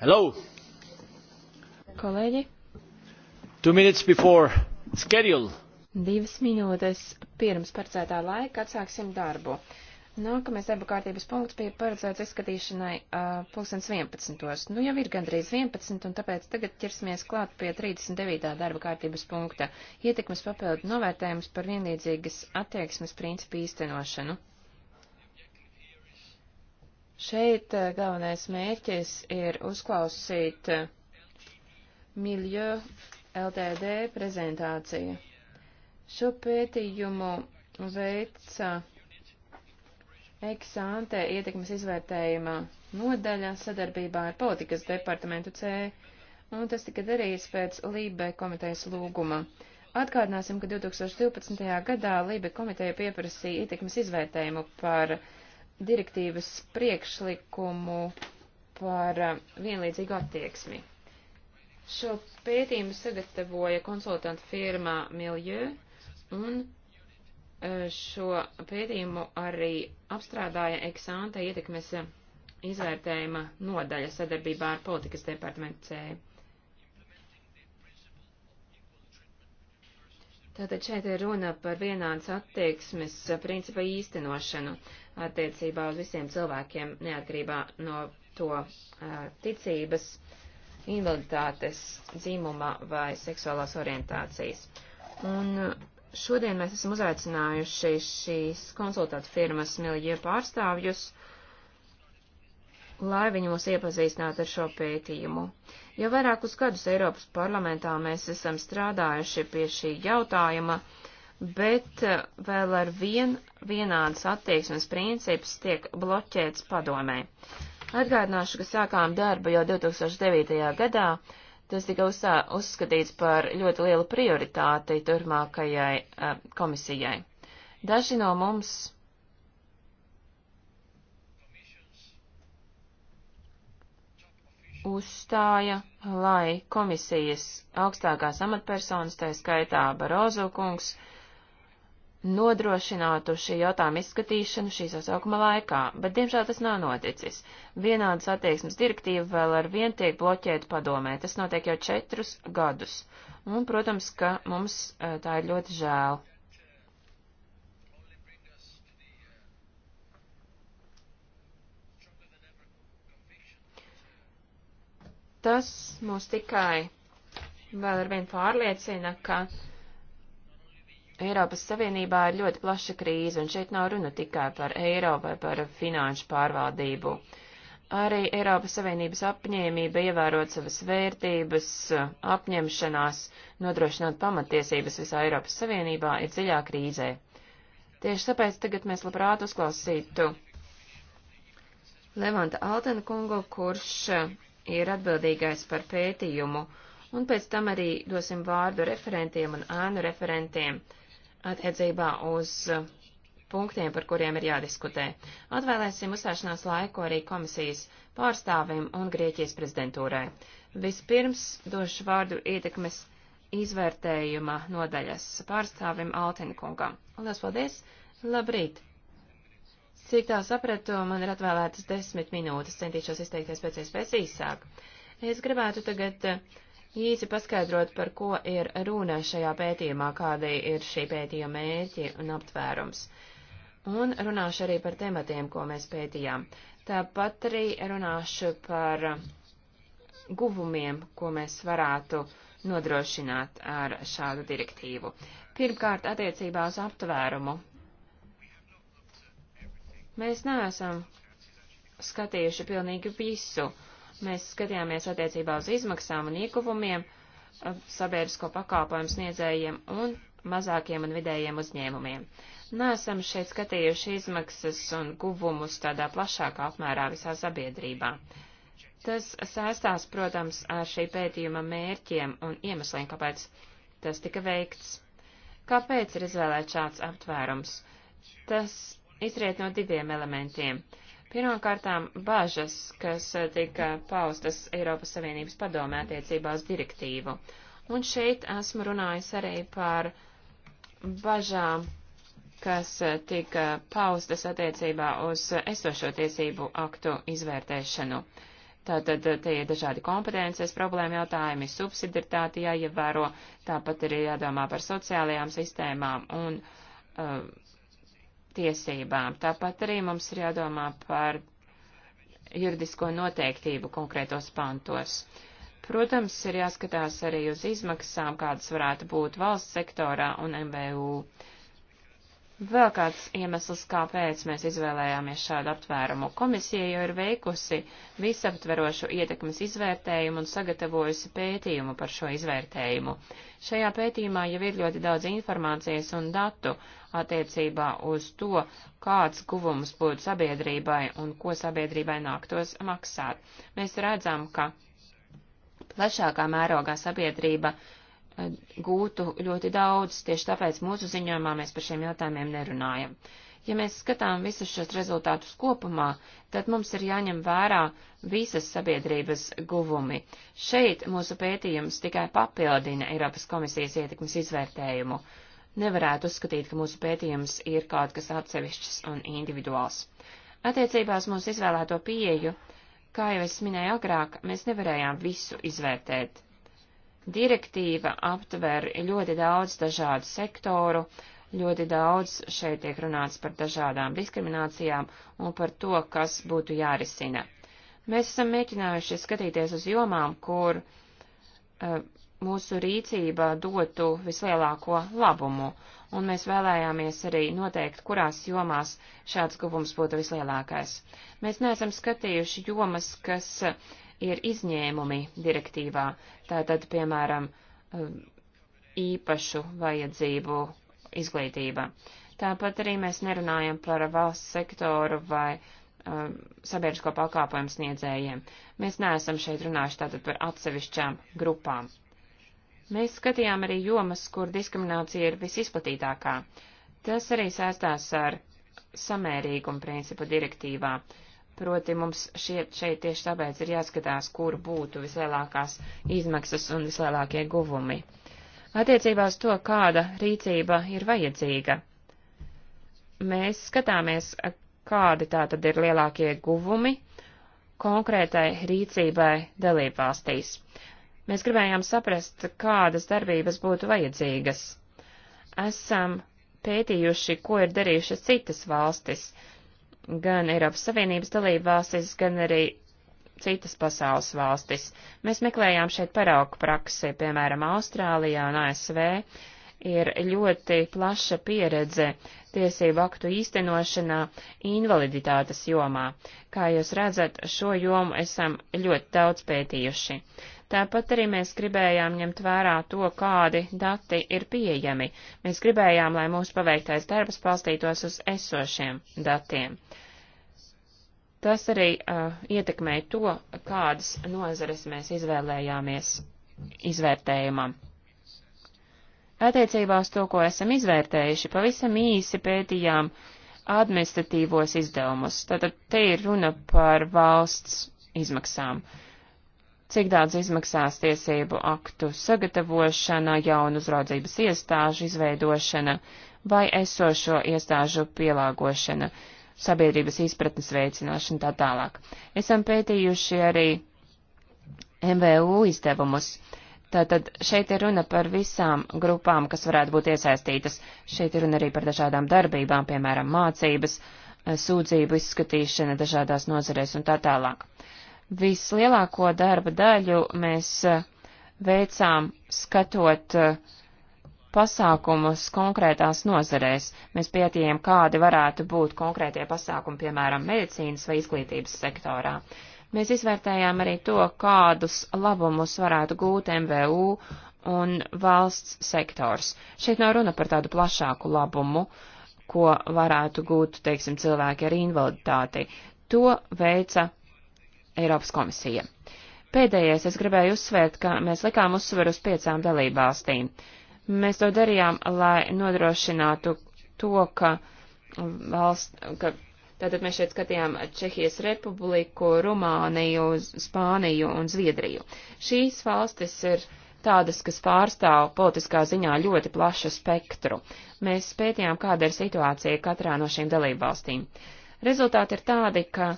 Hello. Kolēģi. Two minutes before schedule. Divas minūtes pirms paredzētā laika atsāksim darbu. Nākamais darba kārtības punkts bija paredzēts izskatīšanai uh, 2011. Nu jau ir gandrīz 11, un tāpēc tagad ķersimies klāt pie 39. darba kārtības punkta - ietekmes papildu novērtējums par vienlīdzīgas attieksmes principu īstenošanu. Šeit eh, galvenais mērķis ir uzklausīt eh, Miljo LTD prezentāciju. Šo pētījumu veica eksāntē ietekmes izvērtējuma nodaļa sadarbībā ar politikas departamentu C, un tas tika darīts pēc Lībe komitejas lūguma. Atgādināsim, ka 2012. gadā Lībe komiteja pieprasīja ietekmes izvērtējumu par uh, direktīvas priekšlikumu par eh, vienlīdzīgu attieksmi. Šo pētījumu sagatavoja konsultanta firmā Miljö, un eh, šo pētījumu arī apstrādāja eksānta ietekmes izvērtējuma nodaļa sadarbībā ar politikas departamentu C. Tātad šeit ir runa par vienādas attieksmes eh, principa īstenošanu attiecībā uz visiem cilvēkiem, neatkarībā no to uh, ticības, invaliditātes, dzimuma vai seksuālās orientācijas. Un eh, šodien mēs esam uzaicinājuši šīs konsultātu firmas Miljie pārstāvjus lai viņi mūs iepazīstinātu ar šo pētījumu. Jau vairākus gadus Eiropas parlamentā mēs esam strādājuši pie šī jautājuma, bet eh, vēl ar vien vienādas attieksmes princips tiek bloķēts padomē. Atgādināšu, ka sākām darbu jau 2009. gadā, tas tika uzsā, uzskatīts par ļoti lielu prioritāti turmākajai uh, komisijai. Daži no mums uzstāja, lai komisijas augstākās amatpersonas, tā skaitā Barozo kungs, nodrošinātu šī jautājuma izskatīšanu šī sasaukuma laikā, bet diemžēl tas nav noticis. Vienādas attieksmes direktīva vēl ar vien tiek bloķēta padomē, tas notiek jau četrus gadus, un, protams, ka mums eh, tā ir ļoti žēl. Tas mūs tikai vēl ar vien pārliecina, ka Eiropas Savienībā ir ļoti plaša krīze, un šeit nav runa tikai par eiro vai par finanšu pārvaldību. Arī Eiropas Savienības apņēmība ievērot savas vērtības, apņemšanās, nodrošināt pamatiesības visā Eiropas Savienībā ir dziļā krīzē. Tieši tāpēc tagad mēs labprāt uzklausītu Levanta Altena kungu, kurš ir atbildīgais par pētījumu, un pēc tam arī dosim vārdu referentiem un ēnu referentiem attiecībā uz punktiem, par kuriem ir jādiskutē. Atvēlēsim uzstāšanās laiku arī komisijas pārstāvim un Grieķijas prezidentūrai. Vispirms došu vārdu ietekmes izvērtējuma nodaļas pārstāvim Altinkungam. Lielas paldies! Labrīt! Cik tā sapratu, man ir atvēlētas desmit minūtes, centīšos izteikties pēc iespējas īsāk. Es gribētu tagad eh, īsi paskaidrot, par ko ir runa šajā pētījumā, kāda ir šī pētījuma mērķi un aptvērums. Un runāšu arī par tematiem, ko mēs pētījām. Tāpat arī runāšu par guvumiem, ko mēs varētu nodrošināt ar šādu direktīvu. Pirmkārt, attiecībā uz aptvērumu Mēs neesam skatījuši pilnīgi visu. Mēs skatījāmies attiecībā uz izmaksām un ieguvumiem eh, sabiedrisko pakāpojumu sniedzējiem un mazākiem un vidējiem uzņēmumiem. Nesam šeit skatījuši izmaksas un guvumus tādā plašākā apmērā visā sabiedrībā. Tas saistās, protams, ar šī pētījuma mērķiem un iemesliem, kāpēc tas tika veikts. Kāpēc ir izvēlēts šāds aptvērums? Tas izriet no diviem elementiem. Pirmkārtām bažas, kas eh, tika paustas Eiropas Savienības padomē attiecībā uz direktīvu. Un šeit esmu runājis arī par bažām, kas eh, tika paustas attiecībā uz esošo tiesību aktu izvērtēšanu. Tātad eh, te ir dažādi kompetences, problēma jautājumi, subsidiaritāte jāievēro, tāpat ir jādomā par sociālajām sistēmām un uh, tiesībām. Tāpat arī mums ir jādomā par juridisko noteiktību konkrētos pantos. Protams, ir jāskatās arī uz izmaksām, kādas varētu būt valsts sektorā un MVU. Uh, Vēl kāds iemesls, kāpēc mēs izvēlējāmies šādu aptvērumu. Komisija jau ir veikusi visaptverošu ietekmes izvērtējumu un sagatavojusi pētījumu par šo izvērtējumu. Šajā pētījumā jau ir ļoti daudz informācijas un datu attiecībā uz to, kāds guvums būtu sabiedrībai un ko sabiedrībai nāktos maksāt. Mēs redzam, ka plašākā mērogā sabiedrība gūtu ļoti daudz, tieši tāpēc mūsu ziņojumā mēs par šiem jautājumiem nerunājam. Ja mēs skatām visus šos rezultātus kopumā, tad mums ir jāņem vērā visas sabiedrības guvumi. Šeit mūsu pētījums tikai papildina Eiropas komisijas ietekmes izvērtējumu. Nevarētu uzskatīt, ka mūsu pētījums ir kaut kas atsevišķs un individuāls. Attiecībās mūsu izvēlēto pieeju, kā jau es minēju agrāk, mēs nevarējām visu izvērtēt. Direktīva aptver ļoti daudz dažādu sektoru, ļoti daudz šeit tiek runāts par dažādām diskriminācijām un par to, kas būtu jārisina. Mēs esam mēģinājuši skatīties uz jomām, kur uh, mūsu rīcība dotu vislielāko labumu, un mēs vēlējāmies arī noteikt, kurās jomās šāds guvums būtu vislielākais. Mēs neesam skatījuši jomas, kas ir izņēmumi direktīvā. Tātad, piemēram, um, īpašu vajadzību izglītība. Tāpat arī mēs nerunājam par valsts sektoru vai um, sabiedrisko pakāpojumu sniedzējiem. Mēs neesam šeit runājuši tātad par atsevišķām grupām. Mēs skatījām arī jomas, kur diskriminācija ir visizplatītākā. Tas arī sēstās ar samērīgumu principu direktīvā. Uh, Proti mums šiet, šeit tieši tāpēc ir jāskatās, kur būtu vislielākās izmaksas un vislielākie guvumi. Attiecībās to, kāda rīcība ir vajadzīga. Mēs skatāmies, kādi tā tad ir lielākie guvumi konkrētai rīcībai dalībvalstīs. Mēs gribējām saprast, kādas darbības būtu vajadzīgas. Esam pētījuši, ko ir darījušas citas valstis, gan Eiropas Savienības dalību valstis, gan arī citas pasaules valstis. Mēs meklējām šeit paraugu praksi, piemēram, Austrālijā un ASV ir ļoti plaša pieredze tiesību aktu īstenošanā invaliditātes jomā. Kā jūs redzat, šo jomu esam ļoti daudz pētījuši. Tāpat arī mēs gribējām ņemt vērā to, kādi dati ir pieejami. Mēs gribējām, lai mūsu paveiktais darbs palstītos uz esošiem datiem. Tas arī uh, ietekmēja to, kādas nozares mēs izvēlējāmies izvērtējumam. Attiecībā uz to, ko esam izvērtējuši, pavisam īsi pētījām administratīvos izdevumus. Tātad te ir runa par valsts izmaksām. Uh, cik daudz izmaksās tiesību aktu sagatavošana, jaunu uzraudzības iestāžu izveidošana vai esošo iestāžu pielāgošana, sabiedrības izpratnes veicināšana tā tālāk. Esam pētījuši arī MVU izdevumus. Tātad šeit ir runa par visām grupām, kas varētu būt iesaistītas. Šeit ir runa arī par dažādām darbībām, piemēram, mācības, sūdzību izskatīšana dažādās nozarēs un tā tālāk. Uh, Vislielāko darba daļu mēs eh, veicām skatot eh, pasākumus konkrētās nozarēs. Mēs pētījām, kādi varētu būt konkrētie pasākumi, piemēram, medicīnas vai izglītības sektorā. Mēs izvērtējām arī to, kādus labumus varētu gūt MVU un valsts sektors. Šeit nav runa par tādu plašāku labumu, ko varētu gūt, teiksim, cilvēki ar invaliditāti. To veica Eiropas komisija. Pēdējais es gribēju uzsvērt, ka mēs likām uzsveru uz piecām dalībvalstīm. Mēs to darījām, lai nodrošinātu to, ka valsts, ka tātad mēs šeit skatījām Čehijas republiku, Rumāniju, Spāniju un Zviedriju. Šīs valstis ir tādas, kas pārstāv politiskā ziņā ļoti plašu spektru. Mēs pētījām, kāda ir situācija katrā no šīm dalībvalstīm. Rezultāti ir tādi, ka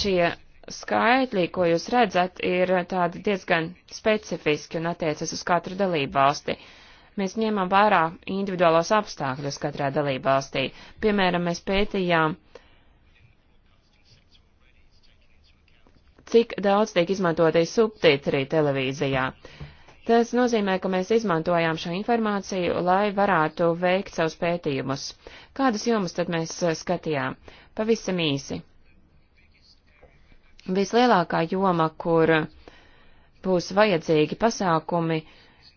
šie skaitļi, ko jūs redzat, ir tādi diezgan specifiski un attiecas uz katru dalību valsti. Mēs ņēmām vērā individuālos apstākļus katrā dalību valstī. Piemēram, mēs pētījām, cik daudz tiek izmantoti subtitri televīzijā. Tas nozīmē, ka mēs izmantojām šo informāciju, lai varētu veikt savus pētījumus. Kādas jomas tad mēs skatījām? Pavisam īsi vislielākā joma, kur būs vajadzīgi pasākumi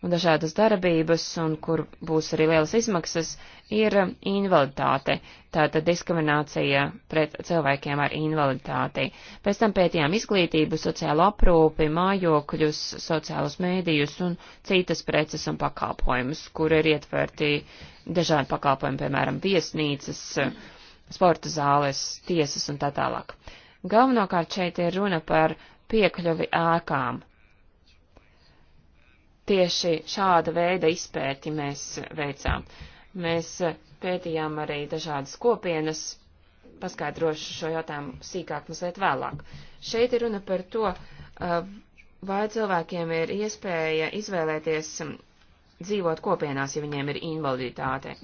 un dažādas darbības, un kur būs arī lielas izmaksas, ir invaliditāte, tātad diskriminācija pret cilvēkiem ar invaliditāti. Pēc tam pētījām izglītību, sociālo aprūpi, mājokļus, sociālus mēdījus un citas preces un pakalpojumus, kur ir ietverti dažādi pakalpojumi, piemēram, viesnīcas, sporta zāles, tiesas un tā tālāk. Galvenokārt šeit ir runa par piekļuvi ēkām. Tieši šāda veida izpēti mēs veicām. Mēs pētījām arī dažādas kopienas, paskaidrošu šo jautājumu sīkāk mazliet vēlāk. Šeit ir runa par to, uh, vai cilvēkiem ir iespēja izvēlēties mm, dzīvot kopienās, ja viņiem ir invaliditāte.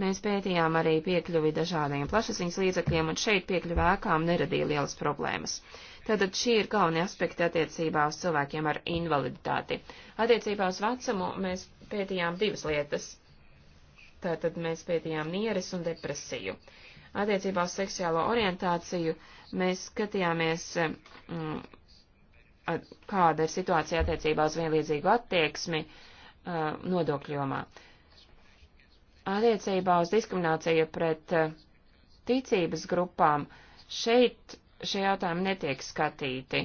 Mēs pētījām arī piekļuvi dažādiem plašasiņas līdzekļiem, un šeit piekļuvi ēkām neradīja lielas problēmas. Tātad šie ir galvenie aspekti attiecībā uz cilvēkiem ar invaliditāti. Attiecībā uz vecumu mēs pētījām divas lietas. Tātad mēs pētījām nieres un depresiju. Attiecībā uz seksuālo orientāciju mēs skatījāmies, mm, kāda ir situācija attiecībā uz vienlīdzīgu attieksmi uh, nodokļu jomā attiecībā uz diskrimināciju pret eh, ticības grupām šeit šie jautājumi netiek skatīti.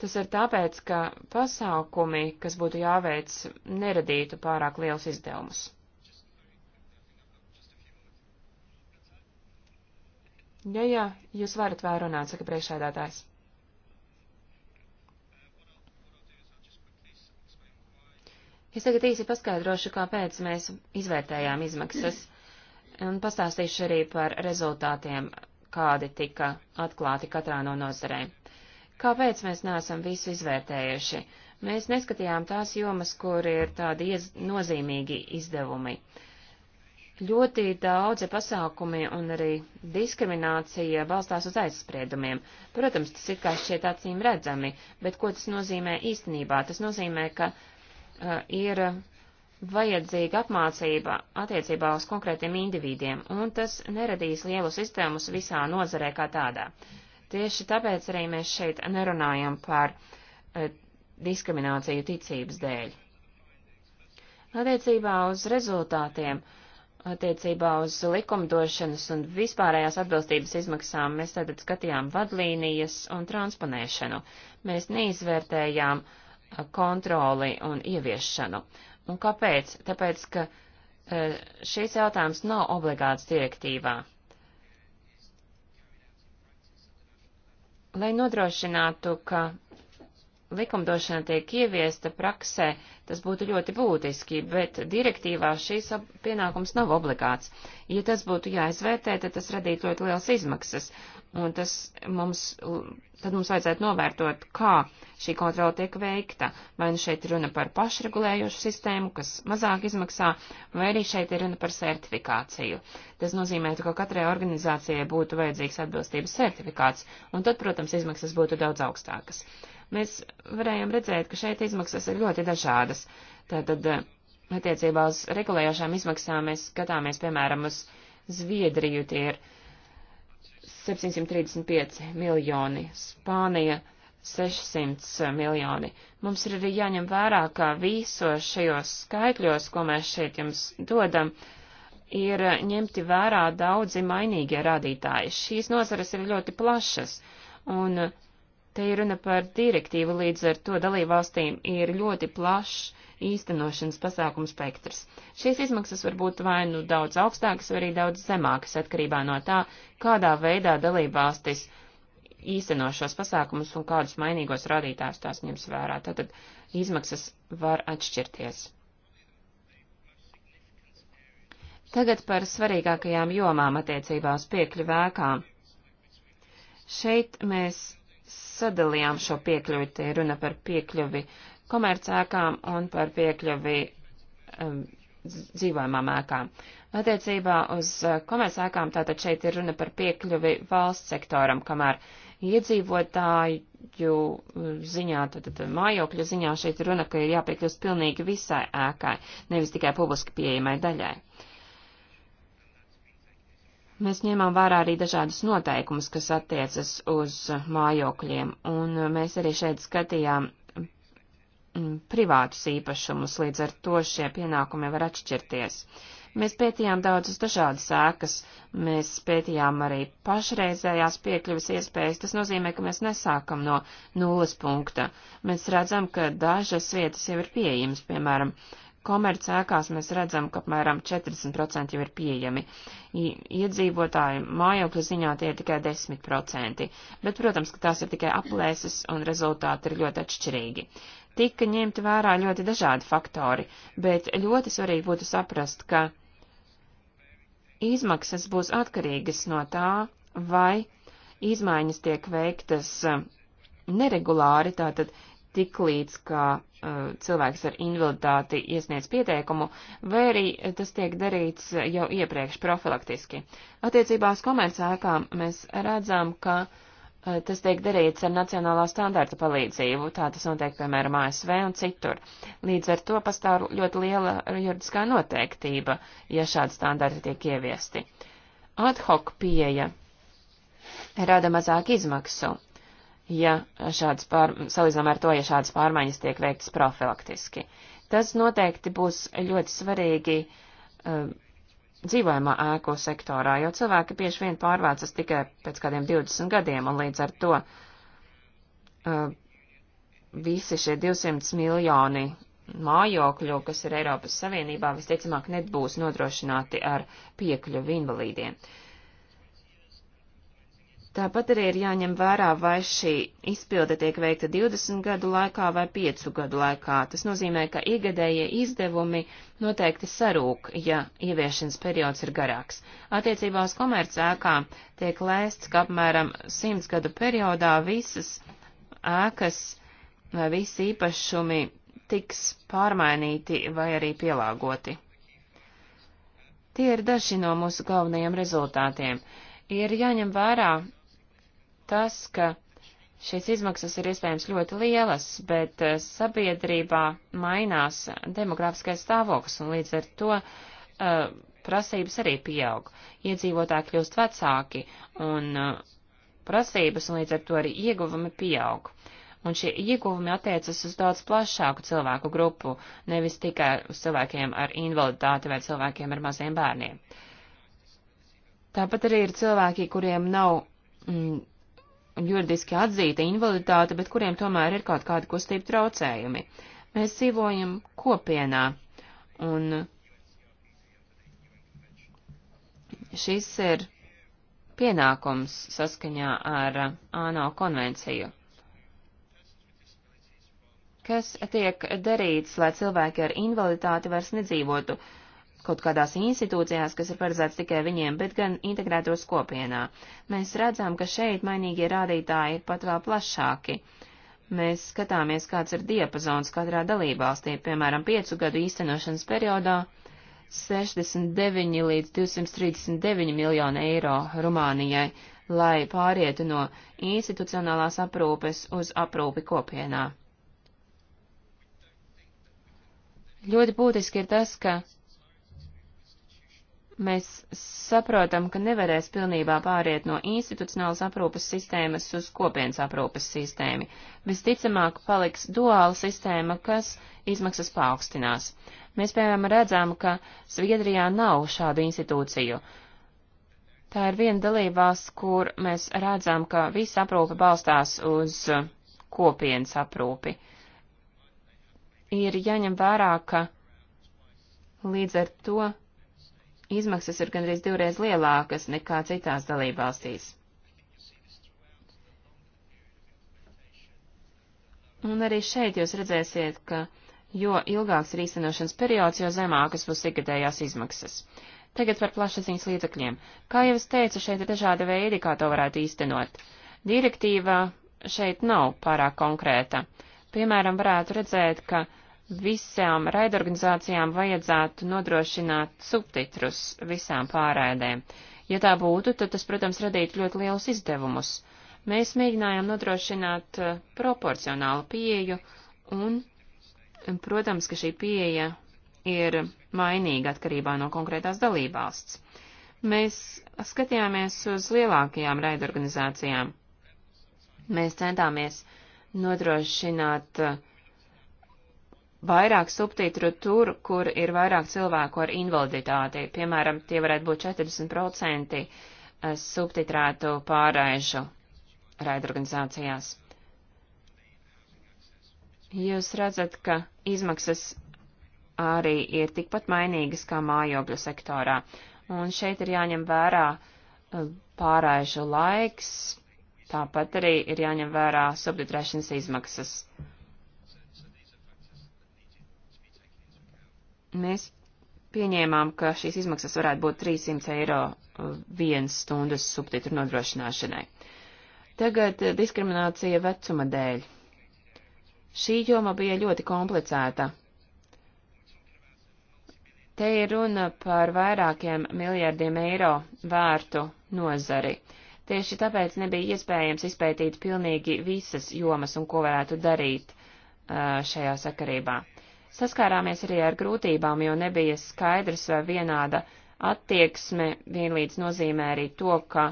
Tas ir tāpēc, ka pasākumi, kas būtu jāveic, neradītu pārāk liels izdevumus. Jā, jā, jūs varat vēl runāt, saka priekšēdātājs. Es tagad īsi paskaidrošu, kāpēc mēs izvērtējām izmaksas un pastāstīšu arī par rezultātiem, kādi tika atklāti katrā no nozarēm. Kāpēc mēs neesam visu izvērtējuši? Mēs neskatījām tās jomas, kur ir tādi iez, nozīmīgi izdevumi. Ļoti daudzi pasākumi un arī diskriminācija balstās uz aizspriedumiem. Protams, tas ir kā šķiet acīm redzami, bet ko tas nozīmē īstenībā? Tas nozīmē, ka Uh, ir vajadzīga apmācība attiecībā uz konkrētiem individiem, un tas neradīs lielu sistēmus visā nozarē kā tādā. Tieši tāpēc arī mēs šeit nerunājam par e, diskrimināciju ticības dēļ. Attiecībā uz rezultātiem, attiecībā uz likumdošanas un vispārējās atbilstības izmaksām mēs tātad skatījām vadlīnijas un transponēšanu. Mēs neizvērtējām uh, kontroli un ieviešanu. Un kāpēc? Tāpēc, ka e, šīs jautājums nav obligāts direktīvā. Lai nodrošinātu, ka likumdošana tiek ieviesta praksē, tas būtu ļoti būtiski, bet direktīvā šīs pienākums nav obligāts. Ja tas būtu jāizvērtē, tad tas radītu ļoti liels izmaksas, un tas mums, tad mums vajadzētu novērtot, kā šī kontrola tiek veikta. Vai nu šeit runa par pašregulējošu sistēmu, kas mazāk izmaksā, vai arī šeit ir runa par sertifikāciju. Tas nozīmētu, ka katrai organizācijai būtu vajadzīgs atbilstības sertifikāts, un tad, protams, izmaksas būtu daudz augstākas mēs varējām redzēt, ka šeit izmaksas ir ļoti dažādas. Tātad, eh, attiecībā uz regulējošām izmaksām mēs skatāmies, piemēram, uz Zviedriju, tie ir 735 miljoni, Spānija 600 miljoni. Mums ir arī jāņem vērā, ka visos šajos skaitļos, ko mēs šeit jums dodam, ir ņemti vērā daudzi mainīgie rādītāji. Šīs nozares ir ļoti plašas, un uh, Te ir runa par direktīvu, līdz ar to dalībvalstīm ir ļoti plašs īstenošanas pasākumu spektrs. Šīs izmaksas var būt vai nu daudz augstākas, vai arī daudz zemākas, atkarībā no tā, kādā veidā dalībvalstis īsteno šos pasākumus un kādus mainīgos rādītājus tās ņems vērā. Tātad izmaksas var atšķirties. Tagad par svarīgākajām jomām attiecībā uz piekļuvēkām. Šeit mēs sadalījām šo piekļuvi, te runa par piekļuvi komercēkām un par piekļuvi um, dzīvojamām ēkām. Attiecībā uz uh, komercēkām tātad šeit ir runa par piekļuvi valsts sektoram, kamēr iedzīvotāju uh, ziņā, tātad mājokļu ziņā šeit ir runa, ka ir jāpiekļūst pilnīgi visai ēkai, nevis tikai publiski pieejamai daļai. Mēs ņēmām vērā arī dažādas noteikumus, kas attiecas uz mājokļiem, un mēs arī šeit skatījām mm, privātus īpašumus, līdz ar to šie pienākumi var atšķirties. Mēs pētījām daudzas dažādas ēkas, mēs pētījām arī pašreizējās piekļuvis iespējas, tas nozīmē, ka mēs nesākam no nulles punkta. Mēs redzam, ka dažas vietas jau ir pieejamas, piemēram, Komerc ēkās mēs redzam, ka apmēram 40% jau ir pieejami. Iedzīvotāju mājokļu ziņā tie ir tikai 10%, bet, protams, ka tās ir tikai aplēses un rezultāti ir ļoti atšķirīgi. Tika ņemti vērā ļoti dažādi faktori, bet ļoti svarīgi būtu saprast, ka izmaksas būs atkarīgas no tā, vai izmaiņas tiek veiktas neregulāri, tātad tik līdz, kā uh, eh, cilvēks ar invaliditāti iesniedz pieteikumu, vai arī tas tiek darīts jau iepriekš profilaktiski. Attiecībās komercēkām mēs redzam, ka uh, tas tiek darīts ar nacionālā standarta palīdzību, tā tas notiek, piemēram, ASV un citur. Līdz ar to pastāv ļoti liela juridiskā noteiktība, ja šādi standarti tiek ieviesti. Ad hoc pieeja rada mazāk izmaksu, ja šādas pār, salīdzinām ar to, ja šādas pārmaiņas tiek veiktas profilaktiski. Tas noteikti būs ļoti svarīgi uh, dzīvojamā ēku sektorā, jo cilvēki bieži vien pārvācas tikai pēc kādiem 20 gadiem, un līdz ar to uh, visi šie 200 miljoni mājokļu, kas ir Eiropas Savienībā, visticamāk nebūs nodrošināti ar piekļuvi invalīdiem. Uh, Tāpat arī ir jāņem vērā, vai šī izpilde tiek veikta 20 gadu laikā vai 5 gadu laikā. Tas nozīmē, ka igadējie izdevumi noteikti sarūk, ja ieviešanas periods ir garāks. Attiecībā uz komercēkām tiek lēsts, ka apmēram 100 gadu periodā visas ēkas vai visi īpašumi tiks pārmainīti vai arī pielāgoti. Tie ir daži no mūsu galvenajiem rezultātiem. Ir jāņem vērā tas, ka šīs izmaksas ir iespējams ļoti lielas, bet eh, sabiedrībā mainās demografiskais stāvoklis un līdz ar to uh, prasības arī pieaug. Iedzīvotāji kļūst vecāki un uh, prasības un līdz ar to arī ieguvumi pieaug. Un šie ieguvumi attiecas uz daudz plašāku cilvēku grupu, nevis tikai uz cilvēkiem ar invaliditāti vai cilvēkiem ar maziem bērniem. Tāpat arī ir cilvēki, kuriem nav mm, juridiski atzīta invaliditāte, bet kuriem tomēr ir kaut kādi kustību traucējumi. Mēs dzīvojam kopienā, un šis ir pienākums saskaņā ar ANO konvenciju. Kas tiek darīts, lai cilvēki ar invaliditāti vairs nedzīvotu kaut kādās institūcijās, kas ir paredzēts tikai viņiem, bet gan integrētos kopienā. Mēs redzam, ka šeit mainīgie rādītāji ir pat vēl plašāki. Mēs skatāmies, kāds ir diapazons katrā dalībvalstī, piemēram, piecu gadu īstenošanas periodā 69 līdz 239 miljonu eiro Rumānijai, lai pārietu no institucionālās aprūpes uz aprūpi kopienā. Ļoti būtiski ir tas, ka Mēs saprotam, ka nevarēs pilnībā pāriet no institucionālas aprūpes sistēmas uz kopienas aprūpes sistēmu. Visticamāk paliks duāla sistēma, kas izmaksas paaugstinās. Mēs, piemēram, redzam, ka Zviedrijā nav šādu institūciju. Tā ir viena dalībās, kur mēs redzam, ka visa aprūpe balstās uz kopienas aprūpi. Ir jāņem vērā, ka līdz ar to izmaksas ir gandrīz divreiz lielākas nekā citās dalībvalstīs. Un arī šeit jūs redzēsiet, ka jo ilgāks ir īstenošanas periods, jo zemākas būs ikgadējās izmaksas. Tagad par plašsaziņas līdzekļiem. Kā jau es teicu, šeit ir dažādi veidi, kā to varētu īstenot. Direktīva šeit nav pārāk konkrēta. Piemēram, varētu redzēt, ka visām raidorganizācijām vajadzētu nodrošināt subtitrus visām pārraidēm. Ja tā būtu, tad tas, protams, radītu ļoti lielus izdevumus. Mēs mēģinājām nodrošināt uh, proporcionālu pieeju, un, protams, ka šī pieeja ir mainīga atkarībā no konkrētās dalībvalsts. Mēs skatījāmies uz lielākajām raidorganizācijām. Mēs centāmies nodrošināt uh, vairāk subtitru tur, kur ir vairāk cilvēku ar invaliditāti. Piemēram, tie varētu būt 40% eh, subtitrētu pārraižu raidorganizācijās. Jūs redzat, ka izmaksas arī ir tikpat mainīgas kā mājokļu sektorā. Un šeit ir jāņem vērā eh, pārraižu laiks, tāpat arī ir jāņem vērā subtitrēšanas izmaksas. Uh, Mēs pieņēmām, ka šīs izmaksas varētu būt 300 eiro uh, vienas stundas subtitru nodrošināšanai. Tagad uh, diskriminācija vecuma dēļ. Šī joma bija ļoti komplicēta. Te ir runa par vairākiem miljardiem eiro vērtu nozari. Tieši tāpēc nebija iespējams izpētīt pilnīgi visas jomas un ko varētu darīt uh, šajā sakarībā. Saskārāmies arī ar grūtībām, jo nebija skaidrs vai vienāda attieksme vienlīdz nozīmē arī to, ka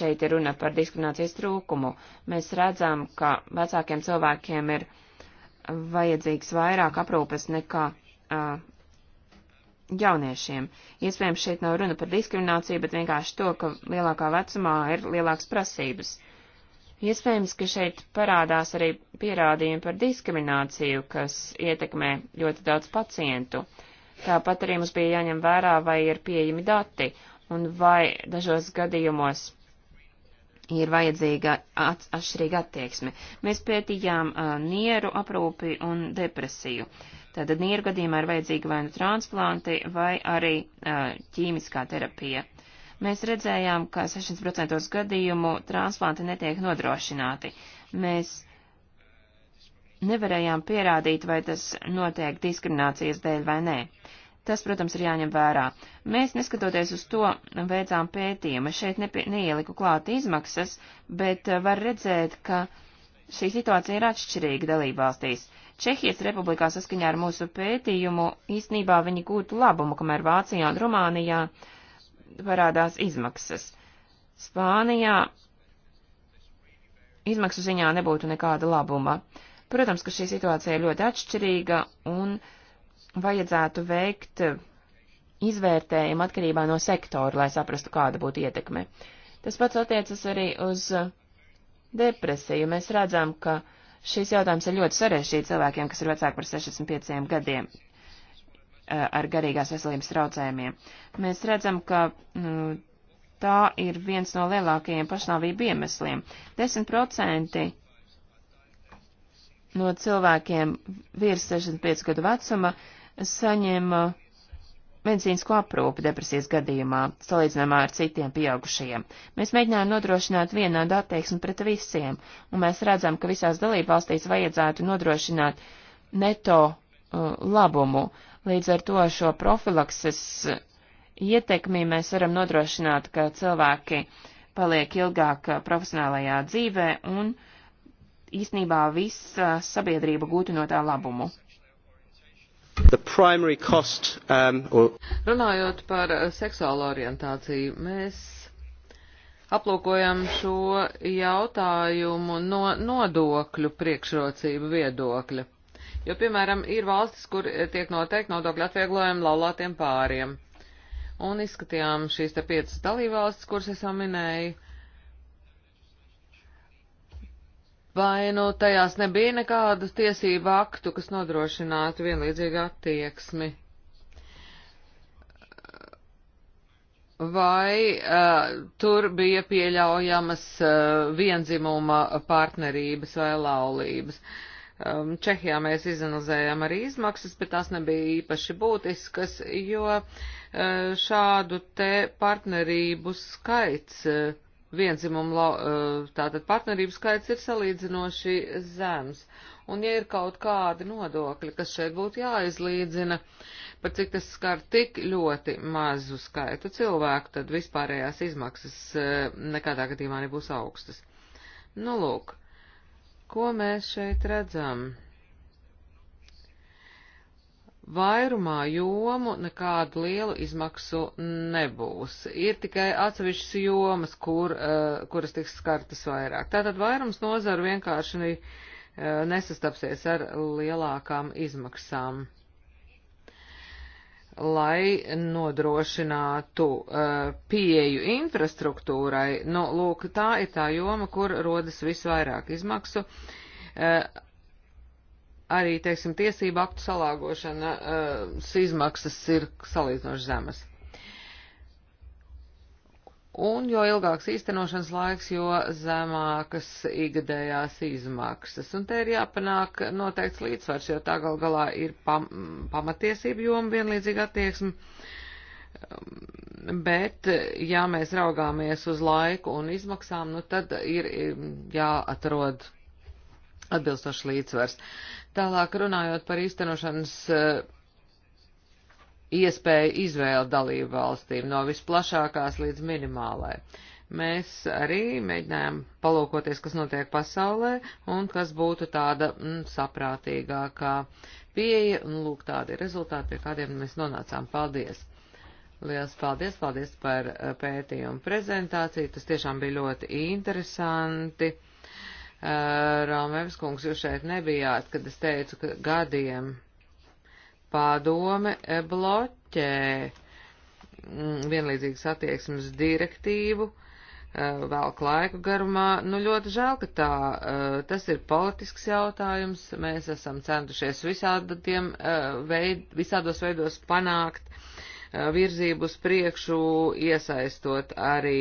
šeit ir runa par diskriminācijas trūkumu. Mēs redzam, ka vecākiem cilvēkiem ir vajadzīgs vairāk aprūpes nekā uh, jauniešiem. Iespējams, šeit nav runa par diskrimināciju, bet vienkārši to, ka lielākā vecumā ir lielākas prasības. Uh, Iespējams, ka šeit parādās arī pierādījumi par diskrimināciju, kas ietekmē ļoti daudz pacientu. Tāpat arī mums bija jāņem vērā, vai ir pieejami dati un vai dažos gadījumos ir vajadzīga at atšķirīga attieksme. Mēs pētījām uh, nieru aprūpi un depresiju. Tātad nieru gadījumā ir vajadzīga vai nu transplanti, vai arī uh, ķīmiskā terapija. Uh, Mēs redzējām, ka 6% gadījumu transplanti netiek nodrošināti. Mēs nevarējām pierādīt, vai tas notiek diskriminācijas dēļ vai nē. Tas, protams, ir jāņem vērā. Mēs, neskatoties uz to, veicām pētījumu. Šeit nepie, neieliku klāt izmaksas, bet eh, var redzēt, ka šī situācija ir atšķirīga dalībvalstīs. Čehijas republikā saskaņā ar mūsu pētījumu īstenībā viņi gūtu labumu, kamēr Vācijā un Rumānijā uh, parādās izmaksas. Spānijā izmaksu ziņā nebūtu nekāda labuma. Protams, ka šī situācija ir ļoti atšķirīga un vajadzētu veikt izvērtējumu atkarībā no sektora, lai saprastu, kāda būtu ietekme. Tas pats attiecas arī uz depresiju. Mēs redzam, ka šis jautājums ir ļoti sarežģīts cilvēkiem, kas ir vecāki par 65 gadiem. Eh, ar garīgās veselības traucējumiem. Mēs redzam, ka nu, tā ir viens no lielākajiem pašnāvību iemesliem. 10% no cilvēkiem virs 65 gadu vecuma saņem eh, medicīnisko aprūpi depresijas gadījumā, salīdzinājumā ar citiem pieaugušajiem. Mēs mēģinājām nodrošināt vienādu attieksmi pret visiem, un mēs redzam, ka visās dalībvalstīs vajadzētu nodrošināt neto uh, labumu Līdz ar to šo profilakses ietekmi mēs varam nodrošināt, ka cilvēki paliek ilgāk profesionālajā dzīvē un īsnībā visa sabiedrība gūtu no tā labumu. Cost, um, or... Runājot par uh, seksuālo orientāciju, mēs aplūkojam šo jautājumu no nodokļu priekšrocību viedokļa. Jo, piemēram, ir valstis, kur tiek noteikti nodokļu atvieglojumi laulātiem pāriem. Un izskatījām šīs te piecas dalībvalstis, kuras es jau minēju. Vai nu tajās nebija nekādu tiesību aktu, kas nodrošinātu vienlīdzīgu attieksmi? Vai uh, tur bija pieļaujamas uh, vienzimuma partnerības vai laulības? Uh, Um, Čehijā mēs izanalizējām arī izmaksas, bet tās nebija īpaši būtiskas, jo uh, šādu te partnerību skaits, uh, vienzimumu, uh, tātad partnerību skaits ir salīdzinoši zems. Un ja ir kaut kādi nodokļi, kas šeit būtu jāizlīdzina, par cik tas skar tik ļoti mazu skaitu cilvēku, tad vispārējās izmaksas nekādā gadījumā nebūs augstas. Nu, lūk, Ko mēs šeit redzam? Vairumā jomu nekādu lielu izmaksu nebūs. Ir tikai atsevišķas jomas, kur, uh, kuras tiks skartas vairāk. Tātad vairums nozaru vienkārši uh, nesastapsies ar lielākām izmaksām lai nodrošinātu uh, eh, pieju infrastruktūrai. Nu, lūk, tā ir tā joma, kur rodas visvairāk izmaksu. Uh, arī, teiksim, tiesību aktu salāgošanas uh, eh, izmaksas ir salīdzinoši zemes un jo ilgāks īstenošanas laiks, jo zemākas ikgadējās izmaksas. Un te ir jāpanāk noteikts līdzsvars, jo tā gal galā ir pam pamatiesība joma vienlīdzīga attieksme. Um, bet, ja mēs raugāmies uz laiku un izmaksām, nu tad ir um, jāatrod atbilstošs līdzsvars. Tālāk runājot par īstenošanas uh, iespēju izvēle dalību valstīm no visplašākās līdz minimālai. Mēs arī mēģinājām palūkoties, kas notiek pasaulē un kas būtu tāda mm, saprātīgākā pieeja, un lūk, tādi rezultāti, pie kādiem mēs nonācām. Paldies! Liels paldies, paldies par eh, pētījumu prezentāciju, tas tiešām bija ļoti interesanti. Uh, eh, Rāmēvis kungs, jūs šeit nebijāt, kad es teicu, ka gadiem Padome e, bloķē mm, vienlīdzīgas attieksmes direktīvu e, vēl laiku garumā. Nu, ļoti žēl, ka tā, e, tas ir politisks jautājums. Mēs esam centušies visādiem, veid, visādos veidos panākt virzību uz priekšu, iesaistot arī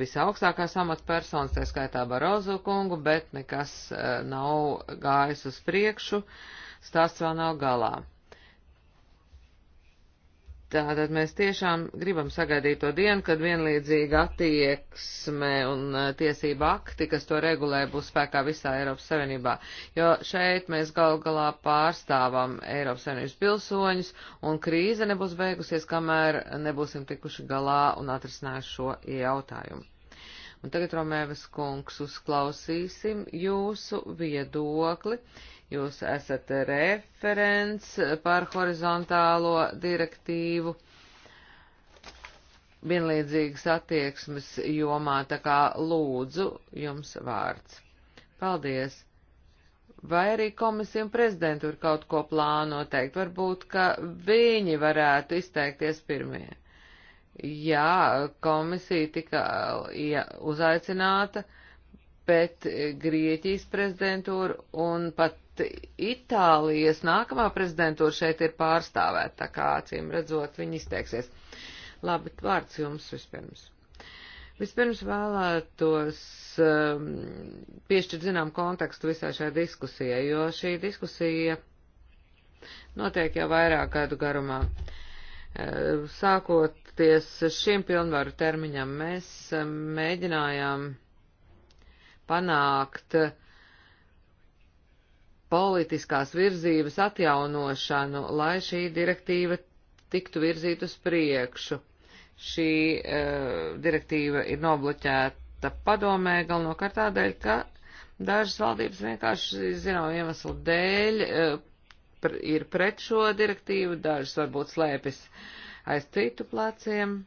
visaugstākās amatpersonas, tā skaitā Barozu kungu, bet nekas nav gājis uz priekšu. Uh, stāsts vēl nav galā. Tātad mēs tiešām gribam sagaidīt to dienu, kad vienlīdzīga attieksme un e, tiesība akti, kas to regulē, būs spēkā visā Eiropas Savienībā, jo šeit mēs gal galā pārstāvam Eiropas Savienības pilsoņus, un krīze nebūs beigusies, kamēr nebūsim tikuši galā un atrisinājuši šo jautājumu. Un tagad, Romēvis kungs, uzklausīsim jūsu viedokli. Uh, Jūs esat referents par horizontālo direktīvu vienlīdzīgas attieksmes jomā, tā kā lūdzu jums vārds. Paldies! Vai arī komisija un prezidentu ir kaut ko plāno teikt? Varbūt, ka viņi varētu izteikties pirmie. Jā, komisija tika ja, uzaicināta, bet Grieķijas prezidentūra un pat Itālijas nākamā prezidentūra šeit ir pārstāvēta, tā kā acīm redzot, viņi izteiksies. Labi, vārds jums vispirms. Vispirms vēlētos um, piešķirt zinām kontekstu visā šajā diskusijā, jo šī diskusija notiek jau vairāk gadu garumā. Uh, sākoties šim pilnvaru termiņam, mēs um, mēģinājām panākt uh, politiskās virzības atjaunošanu, lai šī direktīva tiktu virzīt uz priekšu. Šī uh, direktīva ir nobloķēta padomē galvenokārt tādēļ, ka dažas valdības vienkārši, zinām, iemeslu dēļ uh, pr ir pret šo direktīvu, dažas varbūt slēpjas aiz citu pleciem.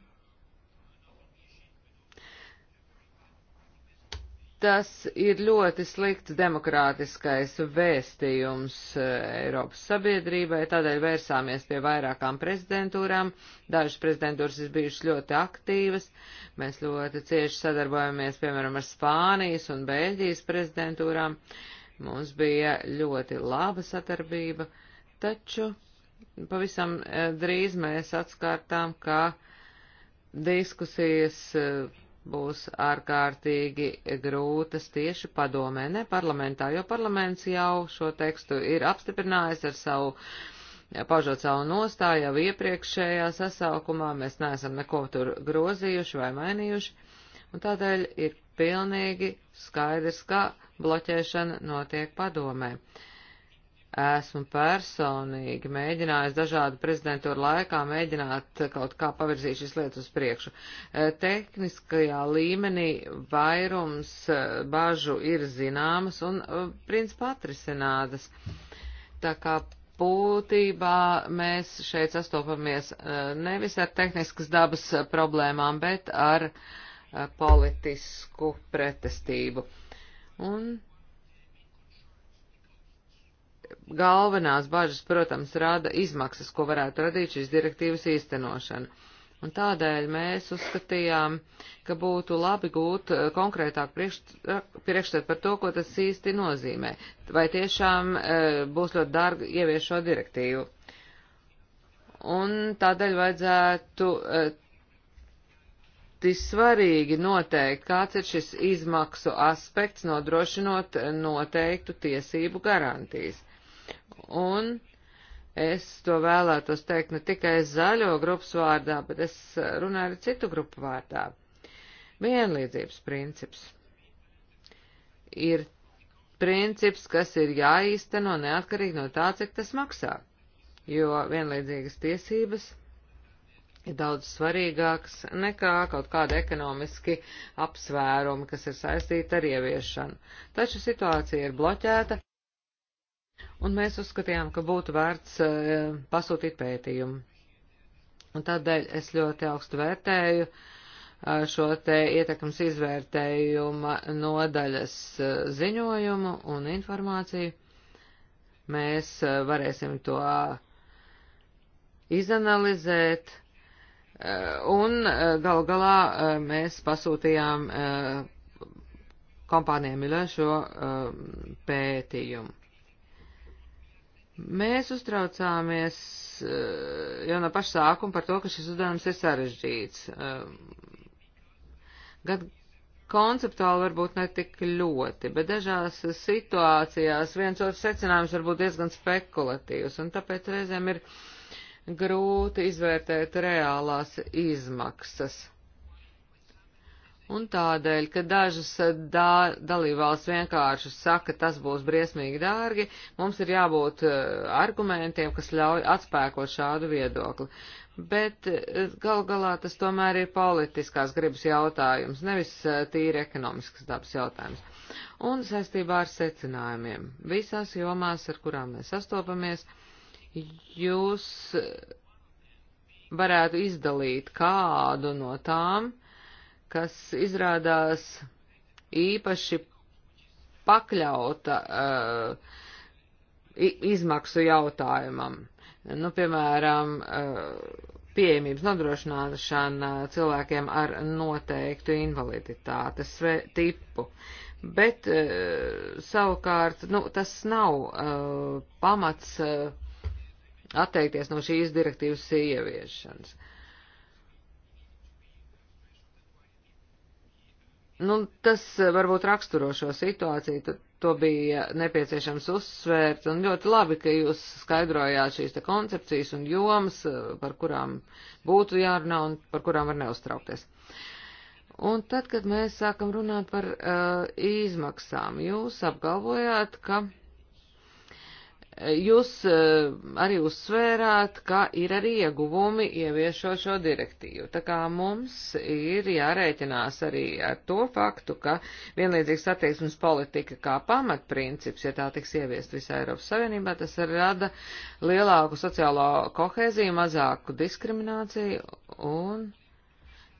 Tas ir ļoti slikts demokrātiskais vēstījums eh, Eiropas sabiedrībai, tādēļ vērsāmies pie vairākām prezidentūrām. Dažas prezidentūras ir bijušas ļoti aktīvas. Mēs ļoti cieši sadarbojamies, piemēram, ar Spānijas un Bēļģijas prezidentūrām. Mums bija ļoti laba satarbība, taču pavisam eh, drīz mēs atskārtām, ka diskusijas eh, būs ārkārtīgi grūtas tieši padomē, ne parlamentā, jo parlaments jau šo tekstu ir apstiprinājis ar savu, paužot savu nostāju jau iepriekšējā sasaukumā, mēs neesam neko tur grozījuši vai mainījuši, un tādēļ ir pilnīgi skaidrs, ka bloķēšana notiek padomē. Uh, esmu personīgi mēģinājis dažādu prezidentūru laikā mēģināt kaut kā pavirzīt šīs lietas uz priekšu. E, Tehniskajā līmenī vairums e, bažu ir zināmas un e, principā atrisinātas. Tā kā būtībā mēs šeit sastopamies nevis ar tehniskas dabas problēmām, bet ar politisku pretestību. Un galvenās bažas, protams, rada izmaksas, ko varētu radīt šīs direktīvas īstenošana. Un tādēļ mēs uzskatījām, ka būtu labi gūt eh, konkrētāk priekšstatu par to, ko tas īsti nozīmē. Vai tiešām e, būs ļoti dārgi ievies šo direktīvu. Un tādēļ vajadzētu e, eh, ļoti svarīgi noteikt, kāds ir šis izmaksu aspekts, nodrošinot noteiktu tiesību garantijas un es to vēlētos teikt ne tikai zaļo grupas vārdā, bet es runāju arī citu grupu vārdā. Vienlīdzības princips ir princips, kas ir jāīsteno neatkarīgi no tā, cik tas maksā, jo vienlīdzīgas tiesības ir daudz svarīgāks nekā kaut kāda ekonomiski apsvērumi, kas ir saistīta ar ieviešanu. Taču situācija ir bloķēta, Un mēs uzskatījām, ka būtu vērts e, pasūtīt pētījumu. Un tādēļ es ļoti augstu vērtēju e, šo te ietekmes izvērtējuma nodaļas e, ziņojumu un informāciju. Mēs e, varēsim to izanalizēt, e, un e, gal galā mēs pasūtījām kompānijai Milē šo pētījumu. Mēs uztraucāmies eh, jau no paša sākuma par to, ka šis uzdevums ir sarežģīts. Eh, Gad konceptuāli varbūt ne tik ļoti, bet dažās situācijās viens otrs secinājums var būt diezgan spekulatīvs, un tāpēc reizēm ir grūti izvērtēt reālās izmaksas. Un tādēļ, ka dažas eh, dā, dalībvalsts vienkārši saka, tas būs briesmīgi dārgi, mums ir jābūt uh, argumentiem, kas ļauj atspēkot šādu viedokli. Bet uh, gal galā tas tomēr ir politiskās gribas jautājums, nevis uh, tīri ekonomiskas dabas jautājums. Un saistībā ar secinājumiem. Visās jomās, ar kurām mēs sastopamies, jūs varētu izdalīt kādu no tām, kas izrādās īpaši pakļauta uh, izmaksu jautājumam. Nu, piemēram, uh, pieejamības nodrošināšana cilvēkiem ar noteiktu invaliditātes tipu. Bet uh, savukārt, nu, tas nav uh, pamats uh, atteikties no šīs direktīvas ieviešanas. Uh, Nu, tas eh, varbūt raksturo šo situāciju, tad to bija nepieciešams uzsvērt, un ļoti labi, ka jūs skaidrojāt šīs te koncepcijas un jomas, eh, par kurām būtu jārunā un par kurām var neuztraukties. Un tad, kad mēs sākam runāt par uh, izmaksām, jūs apgalvojāt, ka Jūs eh, arī uzsvērāt, ka ir arī ieguvumi ieviešo šo direktīvu. Tā kā mums ir jārēķinās arī ar to faktu, ka vienlīdzīgas attieksmes politika kā pamatprincips, ja tā tiks ieviest visā Eiropas Savienībā, tas rada lielāku sociālo kohēziju, mazāku diskrimināciju un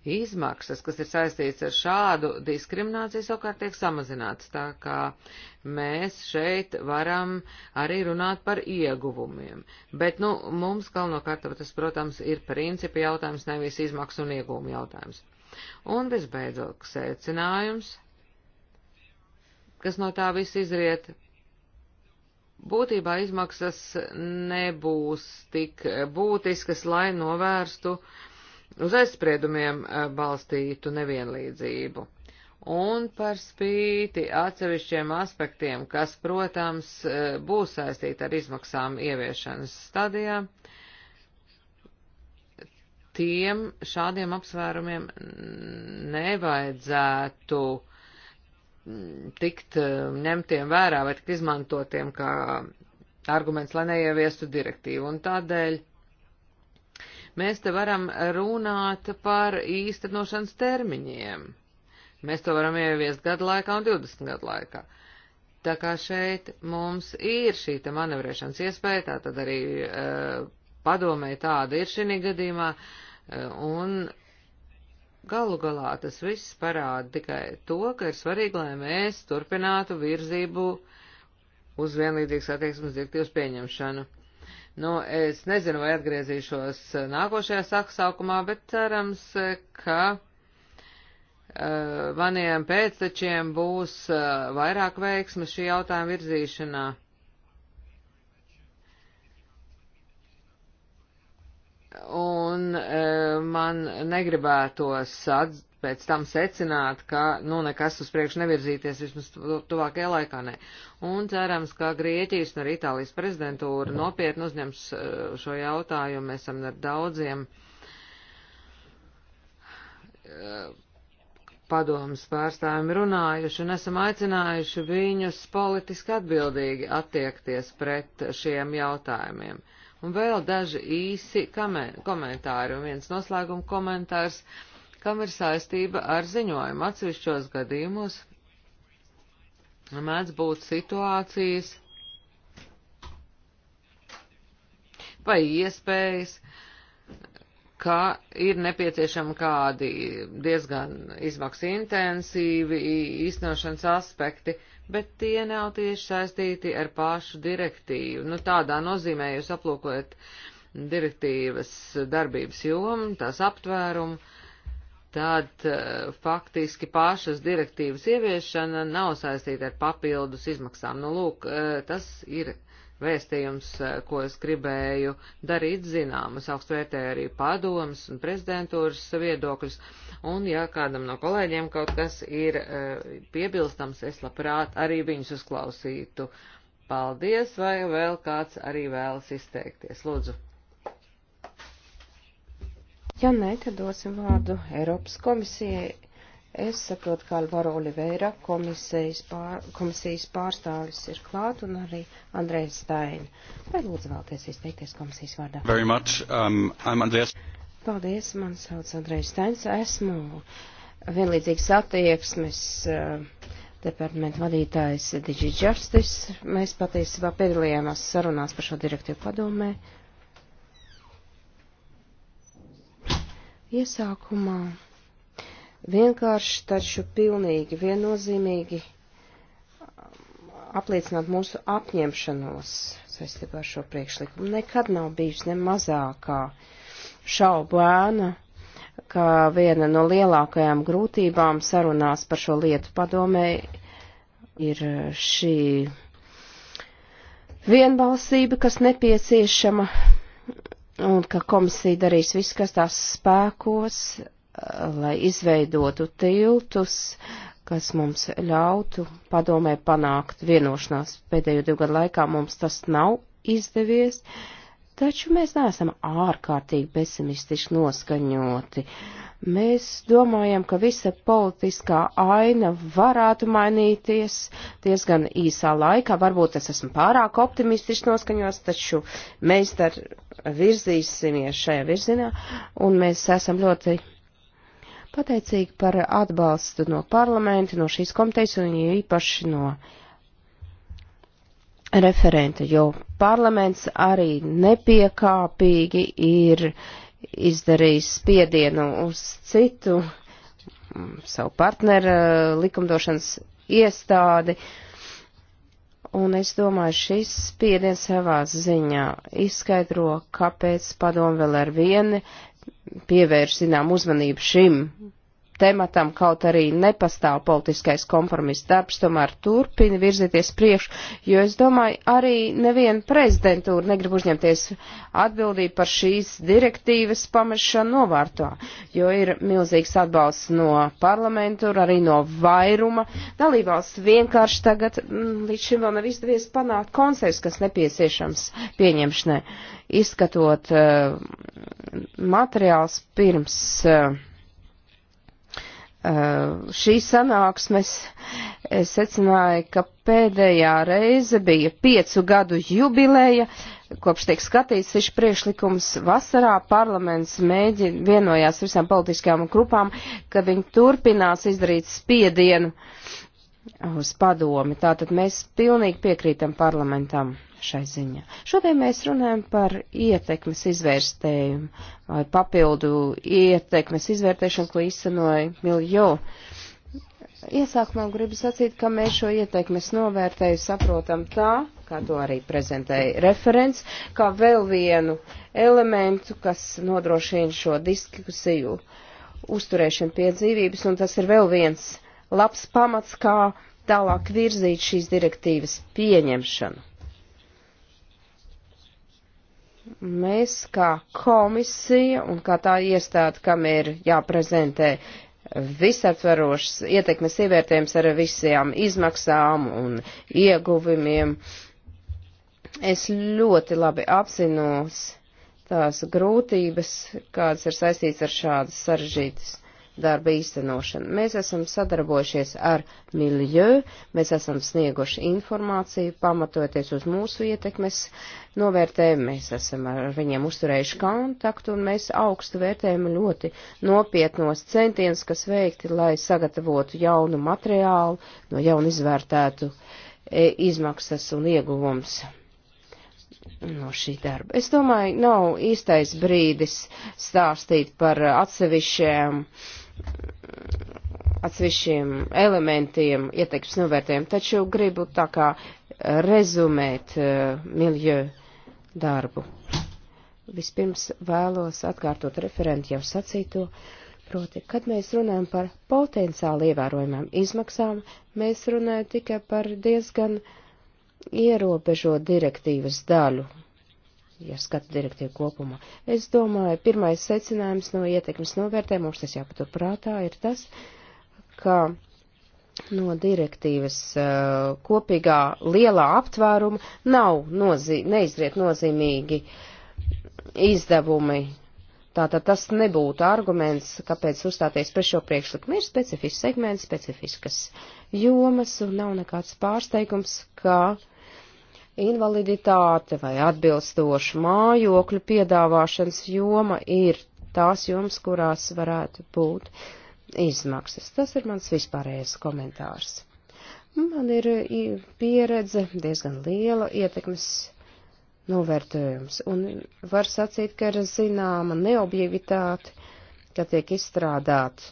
Izmaksas, kas ir saistīts ar šādu diskrimināciju, savukārt tiek samazināts, tā kā mēs šeit varam arī runāt par ieguvumiem. Bet, nu, mums galvenokārt tas, protams, ir principi jautājums, nevis izmaksu un ieguvumu jautājums. Un visbeidzot, secinājums, kas no tā viss izriet, būtībā izmaksas nebūs tik būtiskas, lai novērstu uh, uz aizspriedumiem eh, balstītu nevienlīdzību. Un par spīti atsevišķiem aspektiem, kas, protams, eh, būs saistīti ar izmaksām ieviešanas stadijā, tiem šādiem apsvērumiem nevajadzētu mm, tikt eh, ņemtiem vērā vai tikt izmantotiem kā arguments, lai neieviestu direktīvu. Un tādēļ Mēs te varam runāt par īstenošanas termiņiem. Mēs to varam ieviest gadu laikā un 20 gadu laikā. Tā kā šeit mums ir šī te manevrēšanas iespēja, tā tad arī e, padomē tāda ir šī gadījumā, e, un galu galā tas viss parāda tikai to, ka ir svarīgi, lai mēs turpinātu virzību uz vienlīdzīgas attieksmes direktīvas pieņemšanu. Nu, es nezinu, vai atgriezīšos nākošajā saksaukumā, bet cerams, ka uh, maniem pēctečiem būs uh, vairāk veiksmes šī jautājuma virzīšanā. Un uh, man negribētos atz pēc tam secināt, ka, nu, nekas uz priekšu nevirzīties vismaz tuvākajā laikā nē. Un cerams, ka Grieķijas un arī Itālijas prezidentūra nopietni uzņems eh, šo jautājumu. Mēs esam ar daudziem eh, padomas pārstāvjiem runājuši un esam aicinājuši viņus politiski atbildīgi attiekties pret šiem jautājumiem. Un vēl daži īsi komentāri un viens noslēguma komentārs. Uh, kam ir saistība ar ziņojumu. Atsevišķos gadījumos mēdz būt situācijas vai iespējas, ka ir nepieciešami kādi diezgan izmaksu intensīvi īstenošanas aspekti, bet tie nav tieši saistīti ar pašu direktīvu. Nu, tādā nozīmē jūs aplūkojat direktīvas darbības jomu, tās aptvērumu, tad eh, faktiski pašas direktīvas ieviešana nav saistīta ar papildus izmaksām. Nu, lūk, eh, tas ir vēstījums, eh, ko es gribēju darīt zinām. Es augstu vērtēju arī padomas un prezidentūras viedokļus, un ja kādam no kolēģiem kaut kas ir piebilstams, es labprāt arī viņus uzklausītu. Paldies, vai vēl kāds arī vēlas izteikties? Lūdzu. Ja nē, tad dosim vārdu Eiropas komisijai. Es saprotu, ka Alvaro Oliveira komisijas, pār, komisijas pārstāvis ir klāt un arī Andrēs Staini. Vai lūdzu vēlties izteikties komisijas vārdā? Very much. Um, I'm Andrēs. Paldies, man sauc Andrēs Stains. Esmu vienlīdzīgs attieksmes uh, departamentu vadītājs Digi Justice. Mēs patiesībā piedalījāmies sarunās par šo direktīvu padomē. Uh, Iesākumā vienkārši taču pilnīgi viennozīmīgi apliecināt mūsu apņemšanos saistībā ar šo priekšlikumu. Nekad nav bijusi ne mazākā šaubu ēna, ka viena no lielākajām grūtībām sarunās par šo lietu padomē ir šī vienbalsība, kas nepieciešama un ka komisija darīs visu, kas tās spēkos, eh, lai izveidotu tiltus, kas mums ļautu padomē panākt vienošanās. Pēdējo divu gadu laikā mums tas nav izdevies. Uh, Taču mēs neesam ārkārtīgi pesimistiski noskaņoti. Mēs domājam, ka visa politiskā aina varētu mainīties diezgan īsā laikā. Varbūt es esmu pārāk optimistiski noskaņots, taču mēs dar virzīsimies šajā virzienā un mēs esam ļoti pateicīgi par atbalstu no parlamenta, no šīs komitejas un īpaši no referenta, jo parlaments arī nepiekāpīgi ir izdarījis spiedienu uz citu mm, savu partneru eh, likumdošanas iestādi. Un es domāju, šis spiediens savā ziņā izskaidro, kāpēc padomu vēl ar vieni pievērš zinām uzmanību šim tematam, kaut arī nepastāv politiskais kompromiss darbs, tomēr turpina virzīties priekš, jo es domāju, arī neviena prezidentūra negrib uzņemties atbildību par šīs direktīvas pamešanu novārtā, jo ir milzīgs atbalsts no parlamentūra, arī no vairuma. Dalībvalsts vienkārši tagad m, mm, līdz šim vēl nav izdevies panākt konsensus, kas nepieciešams pieņemšanai, izskatot uh, materiāls pirms. Uh, Eh, šīs sanāksmes es eh, secināju, ka pēdējā reize bija piecu gadu jubileja, kopš tiek skatīts šis priekšlikums vasarā. Parlaments mēģina vienojās visām politiskajām grupām, ka viņi turpinās izdarīt spiedienu uz padomi. Tātad mēs pilnīgi piekrītam parlamentam šai ziņā. Šodien mēs runājam par ietekmes izvērstējumu vai papildu ietekmes izvērtēšanu, ko izsanoja Miljo. Iesākumā gribu sacīt, ka mēs šo ietekmes novērtēju saprotam tā, kā to arī prezentēja referents, kā vēl vienu elementu, kas nodrošina šo diskusiju uzturēšanu pie dzīvības, un tas ir vēl viens labs pamats, kā tālāk virzīt šīs direktīvas pieņemšanu. Mēs kā komisija un kā tā iestāde, kam ir jāprezentē visaptvarošs ietekmes ievērtējums ar visām izmaksām un ieguvumiem. Es ļoti labi apzinos tās grūtības, kādas ir saistīts ar šādas sarežģītas darba īstenošanu. Mēs esam sadarbojušies ar miljö, mēs esam snieguši informāciju, pamatoties uz mūsu ietekmes novērtējumu, mēs esam ar viņiem uzturējuši kontaktu un mēs augstu vērtējam ļoti nopietnos centienus, kas veikti, lai sagatavotu jaunu materiālu, no jaunu izvērtētu e, izmaksas un ieguvums no šī darba. Es domāju, nav īstais brīdis stāstīt par atsevišķiem uh, atsevišķiem elementiem ieteikums novērtējumu, taču gribu tā kā rezumēt uh, eh, milju darbu. Vispirms vēlos atkārtot referentu jau sacīto, proti, kad mēs runājam par potenciāli ievērojumām izmaksām, mēs runājam tikai par diezgan ierobežo direktīvas daļu, ja skatu direktīvu kopumā. Es domāju, pirmais secinājums no ietekmes novērtē, mums tas jāpatur prātā, ir tas, ka no direktīvas uh, kopīgā lielā aptvēruma nav nozī neizriet nozīmīgi izdevumi. Tātad tas nebūtu arguments, kāpēc uzstāties pret šo priekšlikumu. Ir specifisks segments, specifiskas jomas un nav nekāds pārsteigums, ka uh, invaliditāte vai atbilstoša mājokļu piedāvāšanas joma ir tās jomas, kurās varētu būt izmaksas. Tas ir mans vispārējais komentārs. Man ir pieredze diezgan liela ietekmes novērtējums, un var sacīt, ka ir zināma neobjektivitāte, ka tiek izstrādāt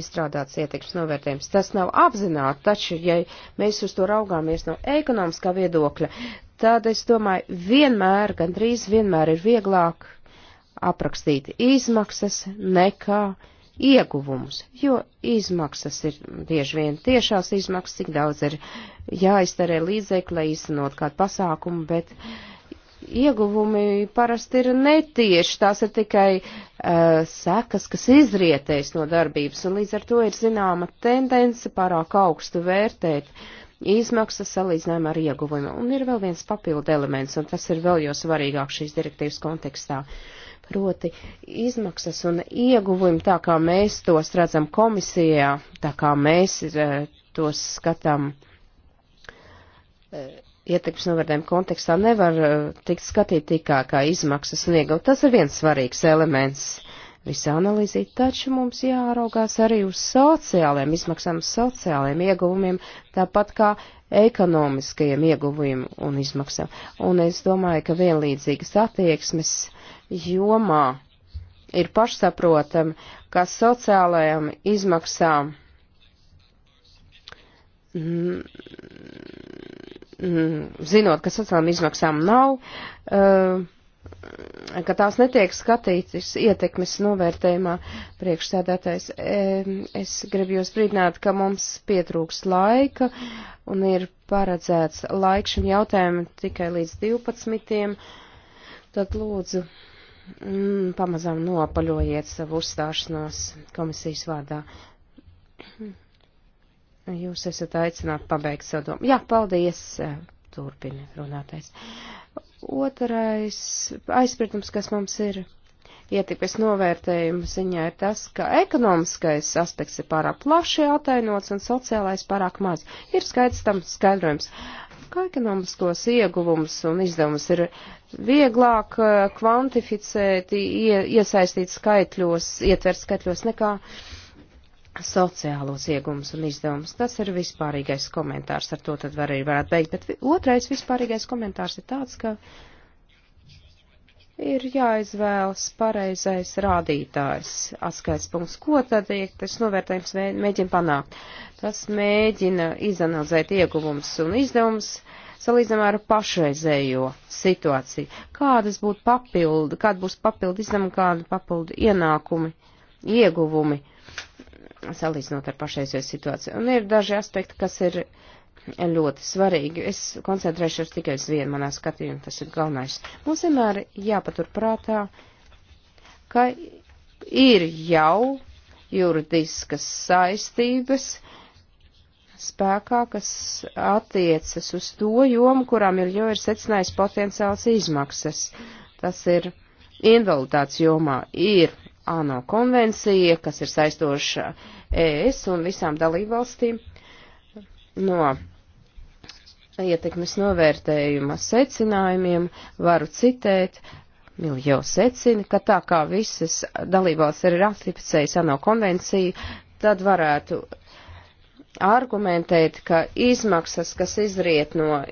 izstrādāts ietekmes novērtējums. Tas nav apzināti, taču, ja mēs uz to raugāmies no ekonomiskā viedokļa, tad es domāju, vienmēr, gandrīz vienmēr ir vieglāk aprakstīt izmaksas nekā ieguvumus, jo izmaksas ir bieži vien tiešās izmaksas, cik daudz ir jāizterē līdzekļi, lai īstenot kādu pasākumu, bet uh, ieguvumi parasti ir netieši, tās ir tikai uh, sekas, kas izrietējas no darbības, un līdz ar to ir zināma tendence pārāk augstu vērtēt izmaksas salīdzinājumā ar ieguvumu. Un ir vēl viens papildu elements, un tas ir vēl jau svarīgāk šīs direktīvas kontekstā. Proti izmaksas un ieguvumi, tā kā mēs tos redzam komisijā, tā kā mēs uh, tos skatām. Uh, ietekmes novērtējuma kontekstā nevar eh, tikt skatīt tikā kā izmaksas un iegūt. Tas ir viens svarīgs elements visā analīzī, taču mums jāraugās arī uz sociālajiem izmaksām, sociālajiem ieguvumiem, tāpat kā ekonomiskajiem ieguvumiem un izmaksām. Un es domāju, ka vienlīdzīgas attieksmes jomā ir pašsaprotami, ka sociālajām izmaksām Mm, zinot, ka sociālām izmaksām nav, eh, ka tās netiek skatītas ietekmes novērtējumā priekšsēdētājs. Es gribu jūs brīdināt, ka mums pietrūks laika un ir paredzēts laiks šim jautājumam tikai līdz 12. Tad lūdzu mm, pamazām nopaļojiet savu uzstāšanos komisijas vārdā. Jūs esat aicināti pabeigt savu domu. Jā, paldies, eh, turpina runātais. Otrais aizpratums, kas mums ir ietekmes novērtējuma ziņā, ir tas, ka ekonomiskais aspekts ir pārāk plaši atainots un sociālais pārāk maz. Ir skaidrs tam skaidrojums, ka ekonomiskos ieguvumus un izdevumus ir vieglāk eh, kvantificēt, iesaistīt skaitļos, ietvert skaitļos nekā. Uh, sociālos iegums un izdevums. Tas ir vispārīgais komentārs, ar to tad var arī varētu beigt. Bet otrais vispārīgais komentārs ir tāds, ka ir jāizvēlas pareizais rādītājs, atskaits punkts, ko tad tas novērtējums mēģina panākt. Tas mēģina izanalizēt ieguvums un izdevums salīdzinām ar pašreizējo situāciju. Kādas būtu papildu, kāda būs papildu izdevumi, kāda papildu ienākumi, ieguvumi salīdzinot ar pašreizējo situāciju. Un ir daži aspekti, kas ir ļoti svarīgi. Es koncentrēšos tikai uz vienu manā skatījumā, tas ir galvenais. Mums vienmēr jāpatur prātā, ka ir jau juridiskas saistības spēkā, kas attiecas uz to jomu, kurām ir jau ir secinājis potenciāls izmaksas. Tas ir invaliditātes jomā ir ANO konvencija, kas ir saistoša ES un visām dalībvalstīm no ietekmes novērtējuma secinājumiem varu citēt, Miljo secina, ka tā kā visas dalībvalsts ir ratificējusi ANO konvenciju, tad varētu argumentēt, ka izmaksas, kas izriet no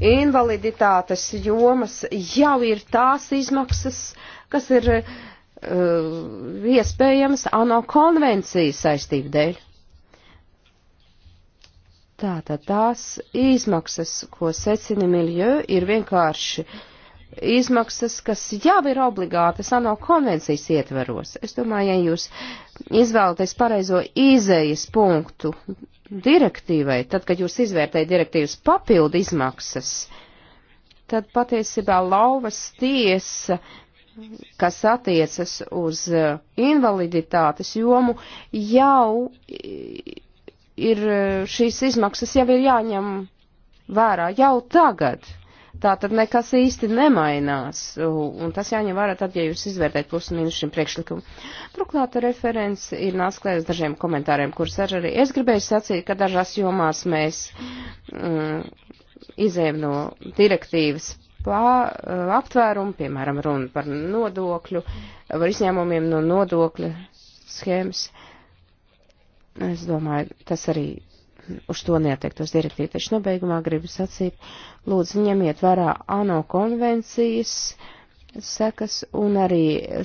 invaliditātes jomas, jau ir tās izmaksas, kas ir uh, uh, iespējams ANO konvencijas saistību dēļ. Tātad tās izmaksas, ko secina miljö, ir vienkārši izmaksas, kas jau ir obligātas ANO konvencijas ietveros. Es domāju, ja jūs izvēlaties pareizo izējas punktu direktīvai, tad, kad jūs izvērtējat direktīvas papildu izmaksas, tad patiesībā lauvas tiesa uh, kas attiecas uz e, invaliditātes jomu, jau ir e, šīs izmaksas jau ir jāņem vērā jau tagad. Tā tad nekas īsti nemainās, un tas jāņem vērā tad, ja jūs izvērtējat plus un mīnus šim priekšlikumam. Turklāt referents ir nāks klēs dažiem komentāriem, kurus arī es gribēju sacīt, ka dažās jomās mēs mm, izējam no direktīvas plā, eh, aptvērumu, piemēram, runa par nodokļu, par izņēmumiem no nodokļa schēmas. Es domāju, tas arī uz to neatiektos direktīvi, taču nobeigumā gribu sacīt, lūdzu, ņemiet vērā ANO konvencijas sekas un arī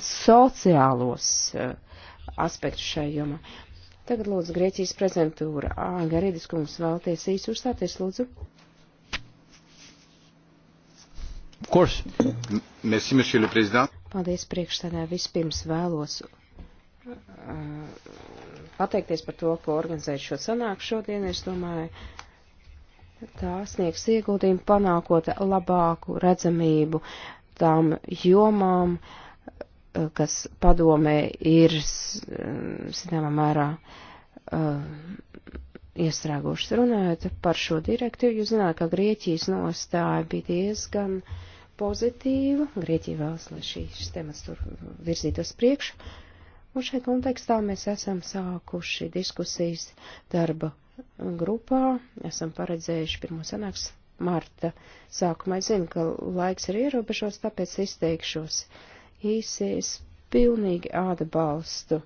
sociālos uh, aspektus šai jomā. Tagad lūdzu Grieķijas prezentūra. Ā, Garidis, kungs vēlties īsi uzstāties, lūdzu. Of course. Merci, monsieur le président. Paldies, priekšsēdē. Vispirms vēlos uh, pateikties par to, ko organizēju šo sanāku šodien. Es domāju, tā sniegs ieguldījumu panākot labāku redzamību tām jomām, uh, kas padomē ir, uh, zināmā mērā, uh, iestrēgušas runājot par šo direktīvu. Jūs zināt, ka Grieķijas nostāja bija diezgan uh, pozitīva. Grieķija vēlas, lai šīs temats tur virzītos priekšu. Un šai kontekstā mēs esam sākuši diskusijas darba grupā, esam paredzējuši pirmo sanāks marta sākumā. Es zinu, ka laiks ir ierobežots, tāpēc izteikšos īsi. Es pilnīgi atbalstu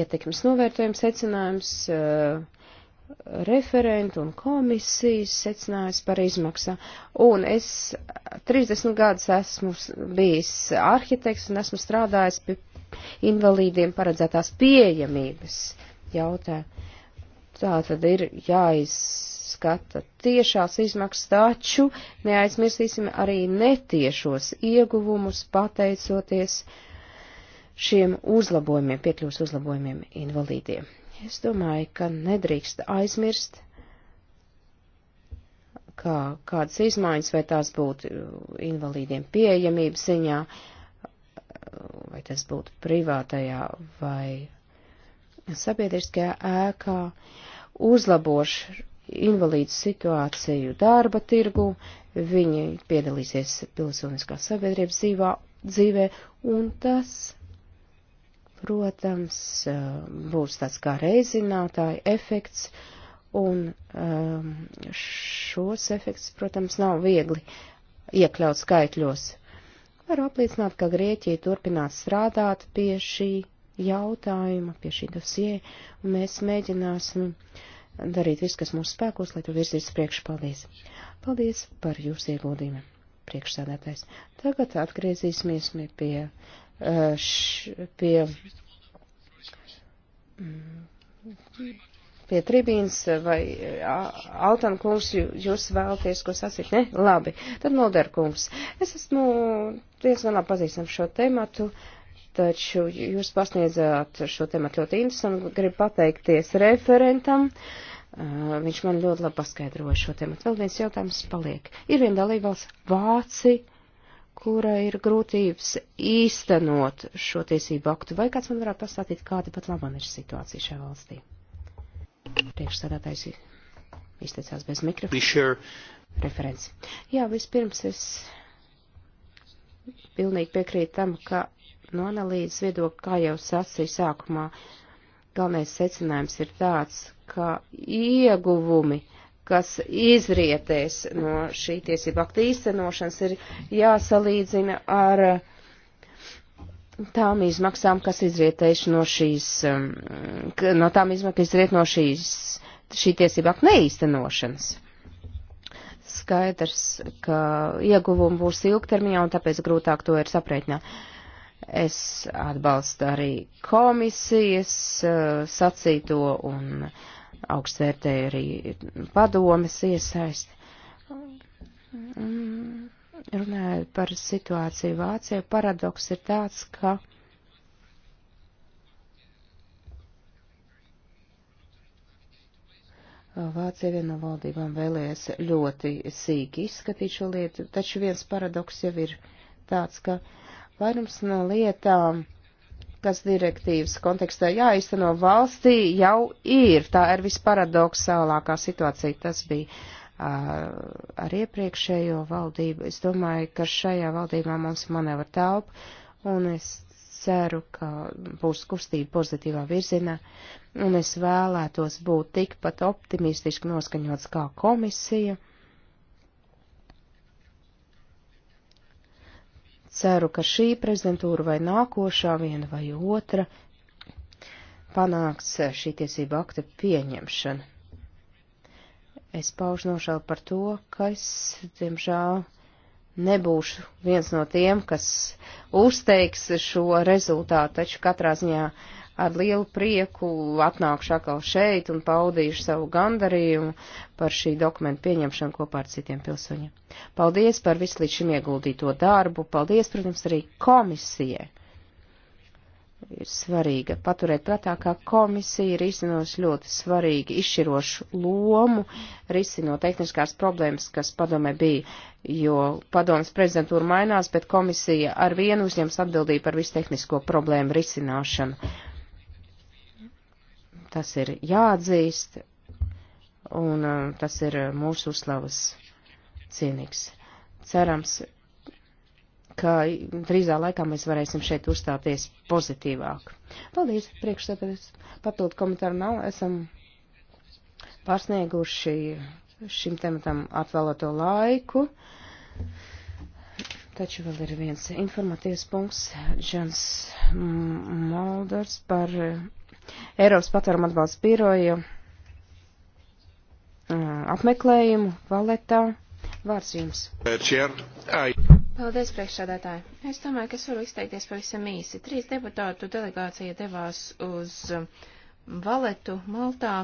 ietekmes novērtējums, secinājums. Uh, referentu un komisijas secinājums par izmaksā. Un es 30 gadus esmu bijis arhitekts un esmu strādājis pie invalīdiem paredzētās pieejamības jautājumu. Tā tad ir jāizskata tiešās izmaksas, taču neaizmirsīsim arī netiešos ieguvumus pateicoties šiem uzlabojumiem, piekļūs uzlabojumiem invalīdiem. Es domāju, ka nedrīkst aizmirst, kā, kādas izmaiņas, vai tās būtu invalīdiem pieejamības ziņā, vai tas būtu privātajā vai sabiedriskajā ēkā, uzlabošu invalīdu situāciju darba tirgu, viņi piedalīsies pilsoniskā sabiedrības dzīvā, dzīvē, un tas Protams, būs tāds kā reizinātāja efekts, un šos efekts, protams, nav viegli iekļaut skaitļos. Varu apliecināt, ka Grieķija turpinās strādāt pie šī jautājuma, pie šī dosie, un mēs mēģināsim darīt visu, kas mūsu spēkos, lai to virzītu priekšu. Paldies! Paldies par jūsu ieguldījumu, priekšsēdētājs. Tagad atgriezīsimies pie š, pie, pie tribīnas vai Altan kungs, jūs vēlaties, ko sasīt, ne? Labi, tad Mulder kungs. Es esmu diezgan labi pazīstam šo tematu. Taču jūs pasniedzāt šo tematu ļoti interesanti. Gribu pateikties referentam. Uh, viņš man ļoti labi paskaidroja šo tematu. Vēl viens jautājums paliek. Ir viena dalībvalsts Vācija kura ir grūtības īstenot šo tiesību aktu. Vai kāds man varētu pastāstīt, kāda pat labam ir situācija šajā valstī? Priekšsēdētājs izteicās bez mikrofona. Sure. Referenci. Jā, vispirms es pilnīgi piekrītu tam, ka no analīzes viedokļa, kā jau sacīju sākumā, galvenais secinājums ir tāds, ka ieguvumi uh, kas izrietēs no šī tiesību akta īstenošanas, ir jāsalīdzina ar tām izmaksām, kas izrietējuši no šīs, um, no tām izmaksām, kas izriet no šīs, šī tiesību akta neīstenošanas. Skaidrs, ka ieguvumi būs ilgtermiņā un tāpēc grūtāk to ir saprēķināt. Es atbalstu arī komisijas uh, sacīto un uh, augstvērtēja arī padomes iesaisti. Runājot par situāciju Vācijā, paradoks ir tāds, ka Vācija viena no valdībām vēlējas ļoti sīki izskatīt šo lietu, taču viens paradoks jau ir tāds, ka vairums no lietām uh, kas direktīvas kontekstā jāizteno valstī, jau ir. Tā ir visparadoxālākā situācija. Tas bija uh, ar iepriekšējo valdību. Es domāju, ka šajā valdībā mums manevra telpa, un es ceru, ka būs kustība pozitīvā virzienā, un es vēlētos būt tikpat optimistiski noskaņots kā komisija Ceru, ka šī prezidentūra vai nākošā viena vai otra panāks šī tiesība akta pieņemšana. Es paužu nožēlu par to, ka es, diemžēl, nebūšu viens no tiem, kas uzteiks šo rezultātu, taču katrā ziņā ar lielu prieku atnākšu atkal šeit un paudīšu savu gandarījumu par šī dokumenta pieņemšanu kopā ar citiem pilsoņiem. Paldies par visu līdz šim ieguldīto darbu, paldies, protams, arī komisijai. Ir svarīga paturēt prātā, ka komisija ir izcinojusi ļoti svarīgi izšķirošu lomu, risinot tehniskās problēmas, kas padomē bija, jo padomas prezidentūra mainās, bet komisija ar vienu uzņems atbildību par visu tehnisko problēmu risināšanu tas ir jāatzīst, un uh, tas ir uh, mūsu uzslavas cienīgs. Cerams, ka drīzā laikā mēs varēsim šeit uzstāties pozitīvāk. Paldies, priekšstādājs. Papildu komentāru nav, esam pārsnieguši šim tematam atvēlēto laiku. Taču vēl ir viens informatīvs punkts. Džans Malders par Eiropas patvērumu atbalsta biroju apmeklējumu valetā. Vārds jums. Paldies, priekšsādātāji. Es domāju, ka es varu izteikties pavisam īsi. Trīs deputātu delegācija devās uz valetu Maltā.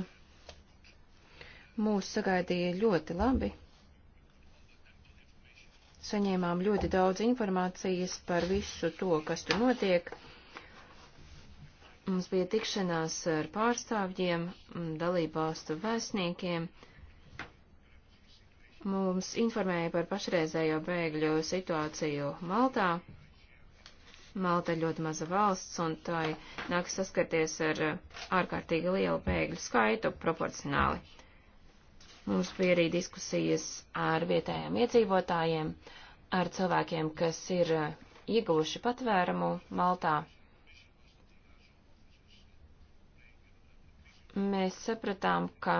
Mūs sagaidīja ļoti labi. Saņēmām ļoti daudz informācijas par visu to, kas tur notiek. Mums bija tikšanās ar pārstāvjiem, mm, dalībvalstu vēstniekiem. Mums informēja par pašreizējo bēgļu situāciju Maltā. Malta ir ļoti maza valsts, un tai nāks saskarties ar ārkārtīgi lielu bēgļu skaitu proporcionāli. Mums bija arī diskusijas ar vietējiem iedzīvotājiem, ar cilvēkiem, kas ir ieguvuši patvērumu Maltā Mēs sapratām, ka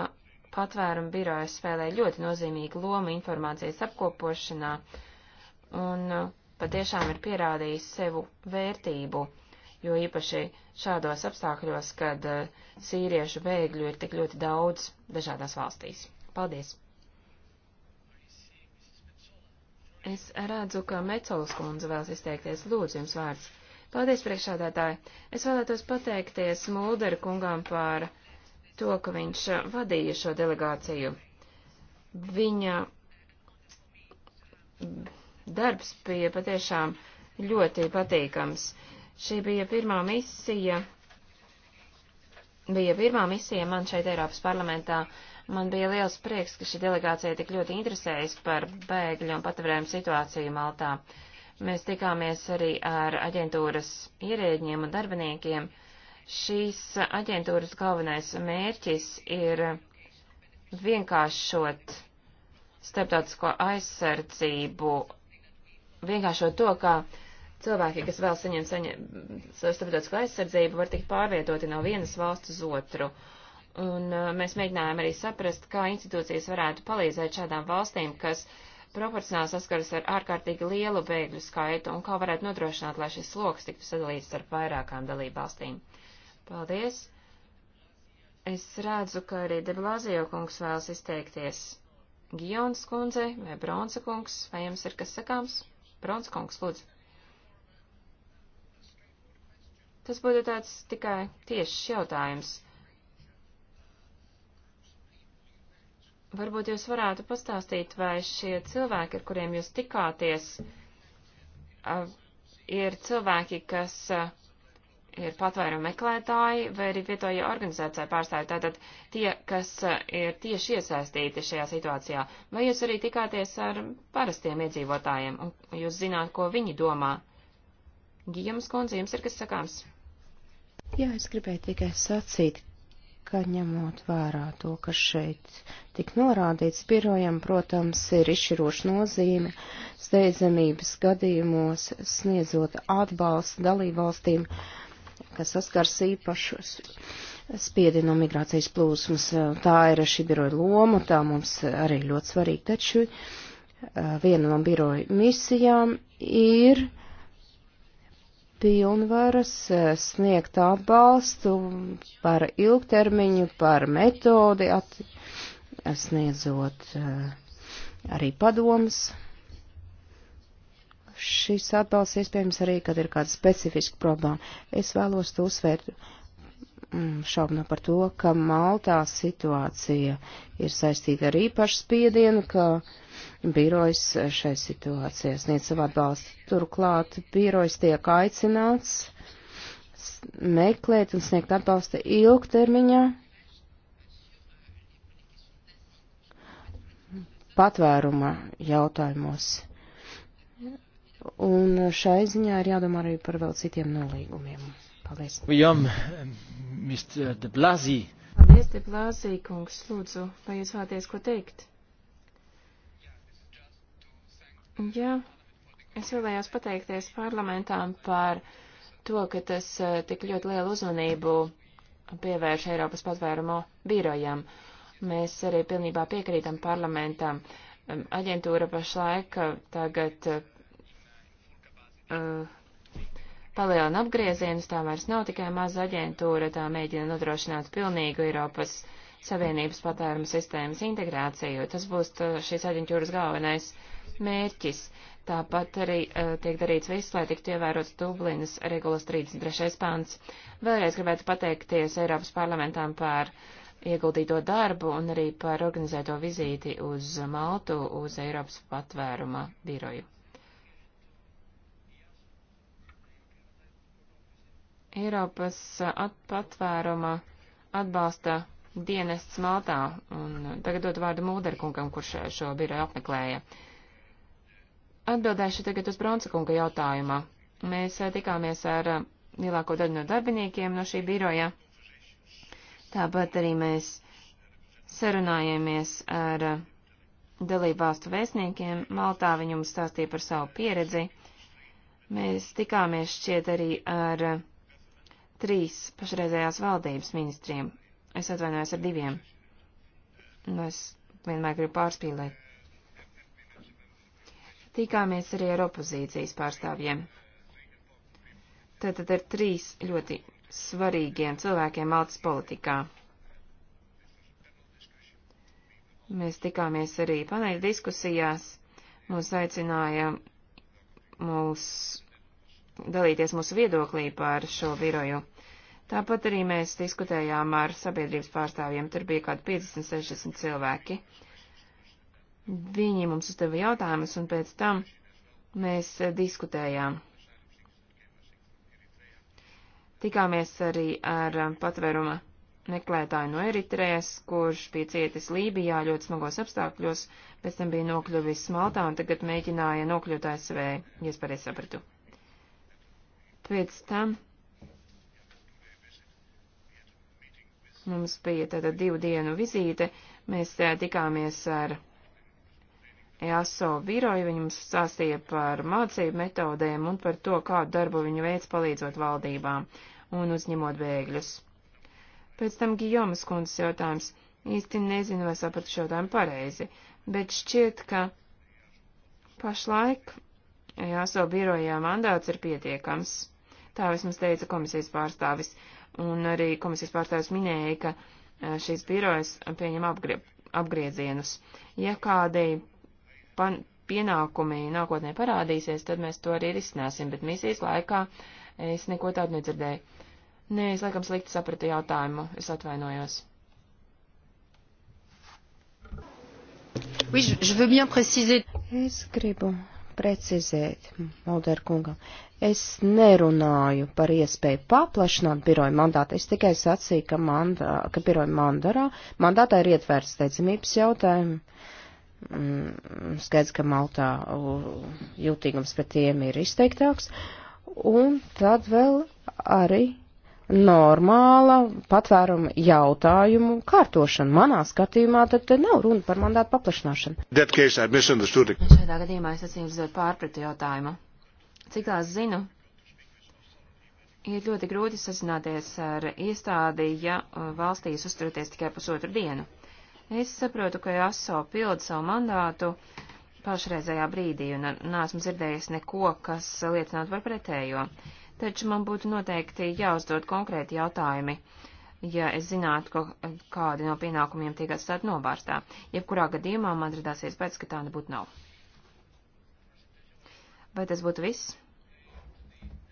patvērumu biroja spēlē ļoti nozīmīgu lomu informācijas apkopošanā un uh, patiešām ir pierādījis sevu vērtību, jo īpaši šādos apstākļos, kad uh, sīriešu bēgļu ir tik ļoti daudz dažādās valstīs. Paldies! Es redzu, ka Mecolas kundze vēlas izteikties. Lūdzu, jums vārds. Paldies, priekšādātāji. Es vēlētos pateikties Mulderu kungām par to, ka viņš eh, vadīja šo delegāciju. Viņa darbs bija patiešām ļoti patīkams. Šī bija pirmā misija, bija pirmā misija man šeit Eiropas parlamentā. Man bija liels prieks, ka šī delegācija tik ļoti interesējas par bēgļu un patvērumu situāciju Maltā. Mēs tikāmies arī ar aģentūras ierēģiem un darbiniekiem. Uh, Šīs aģentūras galvenais mērķis ir vienkāršot starptautisko aizsardzību, vienkāršot to, ka cilvēki, kas vēl saņem, saņem savu starptautisko aizsardzību, var tikt pārvietoti no vienas valsts uz otru. Un uh, mēs mēģinājām arī saprast, kā institūcijas varētu palīdzēt šādām valstīm, kas proporcionāli saskaras ar ārkārtīgi lielu bēgļu skaitu un kā varētu nodrošināt, lai šis sloks tiktu sadalīts starp vairākām dalībvalstīm. Paldies! Es redzu, ka arī Deblāzijo kungs vēlas izteikties. Gijons kundze vai Bronsa kungs, vai jums ir kas sakāms? Bronsa kungs, lūdzu. Tas būtu tāds tikai tiešs jautājums. Varbūt jūs varētu pastāstīt, vai šie cilvēki, ar kuriem jūs tikāties, ir cilvēki, kas ir patvērumu meklētāji vai arī vietējā organizācija pārstāvji, tātad tie, kas eh, ir tieši iesaistīti šajā situācijā, vai jūs arī tikāties ar parastiem iedzīvotājiem un jūs zināt, ko viņi domā? Gijomas kundze, jums ir kas sakāms? Jā, es gribēju tikai sacīt, ka ņemot vērā to, kas šeit tik norādīts, birojam, protams, ir izšķiroša nozīme steidzamības gadījumos sniedzot atbalstu dalībvalstīm. valstīm kas saskars īpašus spiedienu no migrācijas plūsmas. Tā ir šī biroja loma, tā mums arī ļoti svarīga. Taču viena no biroja misijām ir pilnvaras sniegt atbalstu par ilgtermiņu, par metodi, at, sniedzot arī padomas šis atbalsts iespējams arī, kad ir kāda specifiska problēma. Es vēlos to uzsvērt mm, šaubnu par to, ka Maltā situācija ir saistīta ar īpašu spiedienu, ka birojs šai situācijai sniedz savu atbalstu. Turklāt birojs tiek aicināts meklēt un sniegt atbalsta ilgtermiņā patvēruma jautājumos. Un šai ziņā ir jādomā arī par vēl citiem nolīgumiem. Paldies. Jom, Mr. De Blazī. Paldies, De Blazī, kungs. Lūdzu, vai jūs vēlaties ko teikt? Jā, es vēlējos pateikties parlamentām par to, ka tas eh, tik ļoti lielu uzmanību pievērš Eiropas patvērumu birojam. Mēs arī pilnībā piekrītam parlamentam. Aģentūra pašlaik eh, tagad uh, palielina apgriezienus, tā vairs nav tikai maza aģentūra, tā mēģina nodrošināt pilnīgu Eiropas Savienības patēruma sistēmas integrāciju. Tas būs šīs aģentūras galvenais mērķis. Tāpat arī uh, tiek darīts viss, lai tiktu ievērots Dublinas regulas 33. pants. Vēlreiz gribētu pateikties Eiropas parlamentām par ieguldīto darbu un arī par organizēto vizīti uz Maltu, uz Eiropas patvēruma biroju. Eiropas uh, patvēruma atbalsta dienests Maltā, un uh, tagad dot vārdu Mūderkungam, kurš uh, šo biroju apmeklēja. Atbildēšu tagad uz Bronsakunga jautājumā. Mēs tikāmies ar lielāko daļu no darbiniekiem no šī biroja. Tāpat arī mēs sarunājāmies ar dalību valstu vēstniekiem. Maltā viņi mums stāstīja par savu pieredzi. Mēs tikāmies šķiet arī ar trīs pašreizējās valdības ministriem. Es atvainojos ar diviem. Nu, es vienmēr gribu pārspīlēt. Tikāmies arī ar opozīcijas pārstāvjiem. Tātad ar trīs ļoti svarīgiem cilvēkiem Maltas politikā. Mēs tikāmies arī paneļa diskusijās, mūs aicināja mūs dalīties mūsu viedoklī par šo viroju. Tāpat arī mēs diskutējām ar sabiedrības pārstāvjiem, tur bija kādi 50-60 cilvēki. Viņi mums uzdeva jautājumus, un pēc tam mēs eh, diskutējām. Tikāmies arī ar eh, patvēruma meklētāju no Eritrejas, kurš bija cietis Lībijā ļoti smagos apstākļos, pēc tam bija nokļuvis Maltā un tagad mēģināja nokļūt ASV, ja es pareizi sapratu. Pēc tam mums bija tāda divu dienu vizīte, mēs tā, eh, tikāmies ar EASO biroju, viņi mums stāstīja par mācību metodēm un par to, kādu darbu viņi veic palīdzot valdībām un uzņemot bēgļus. Pēc tam Gijomas kundzes jautājums. Īsti nezinu, vai sapratu šo jautājumu pareizi, bet šķiet, ka pašlaik EASO birojā mandāts ir pietiekams. Tā vismaz teica komisijas pārstāvis. Un arī komisijas pārstāvis minēja, ka e, šīs birojas pieņem apgrie, apgriezienus. Ja kādi pan, pienākumi nākotnē parādīsies, tad mēs to arī risināsim, bet misijas laikā es neko tādu nedzirdēju. Nē, es laikam slikti sapratu jautājumu, es atvainojos. Oui, je, je veux bien préciser. Es gribu precizēt Mulder kungam. Es nerunāju par iespēju paplašināt biroja mandātu. Es tikai sacīju, ka, mandā, ka biroja mandarā, mandātā ir ietverts steidzamības jautājumi. Mm, skaidrs, ka Maltā uh, jūtīgums pret tiem ir izteiktāks. Un tad vēl arī normāla patvēruma jautājumu kārtošana. Manā skatījumā tad nav runa par mandātu paplašināšanu. Šajā gadījumā es esmu uzdot pārpratu jautājumu. Cik tās zinu, ir ļoti grūti sazināties ar iestādi, ja uh, valstīs uzturēties tikai pusotru dienu. Es saprotu, ka ASO pild savu mandātu pašreizējā brīdī, un nesmu dzirdējis neko, kas liecinātu par pretējo. Uh, taču man būtu noteikti jāuzdod konkrēti jautājumi, ja es zinātu, ka kādi no pienākumiem tiek atstāt novārstā. Jebkurā gadījumā man radāsies pēc, ka tā nebūtu nav. Vai tas būtu viss?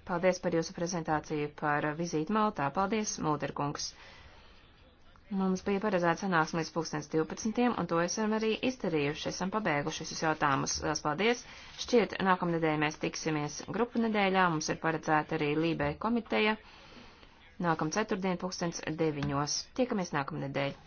Paldies par jūsu prezentāciju par vizīti Maltā. Paldies, Mūderkungs. kungs. Mums bija paredzēta sanāksme līdz pulkstens 12, un to esam arī izdarījuši. Esam pabeiguši visus jautājumus. Lielas paldies! Šķiet, nākamnedēļ mēs tiksimies grupu nedēļā. Mums ir paredzēta arī Lībē komiteja. Nākam ceturtdien pulkstens 9. Tiekamies nākamnedēļ!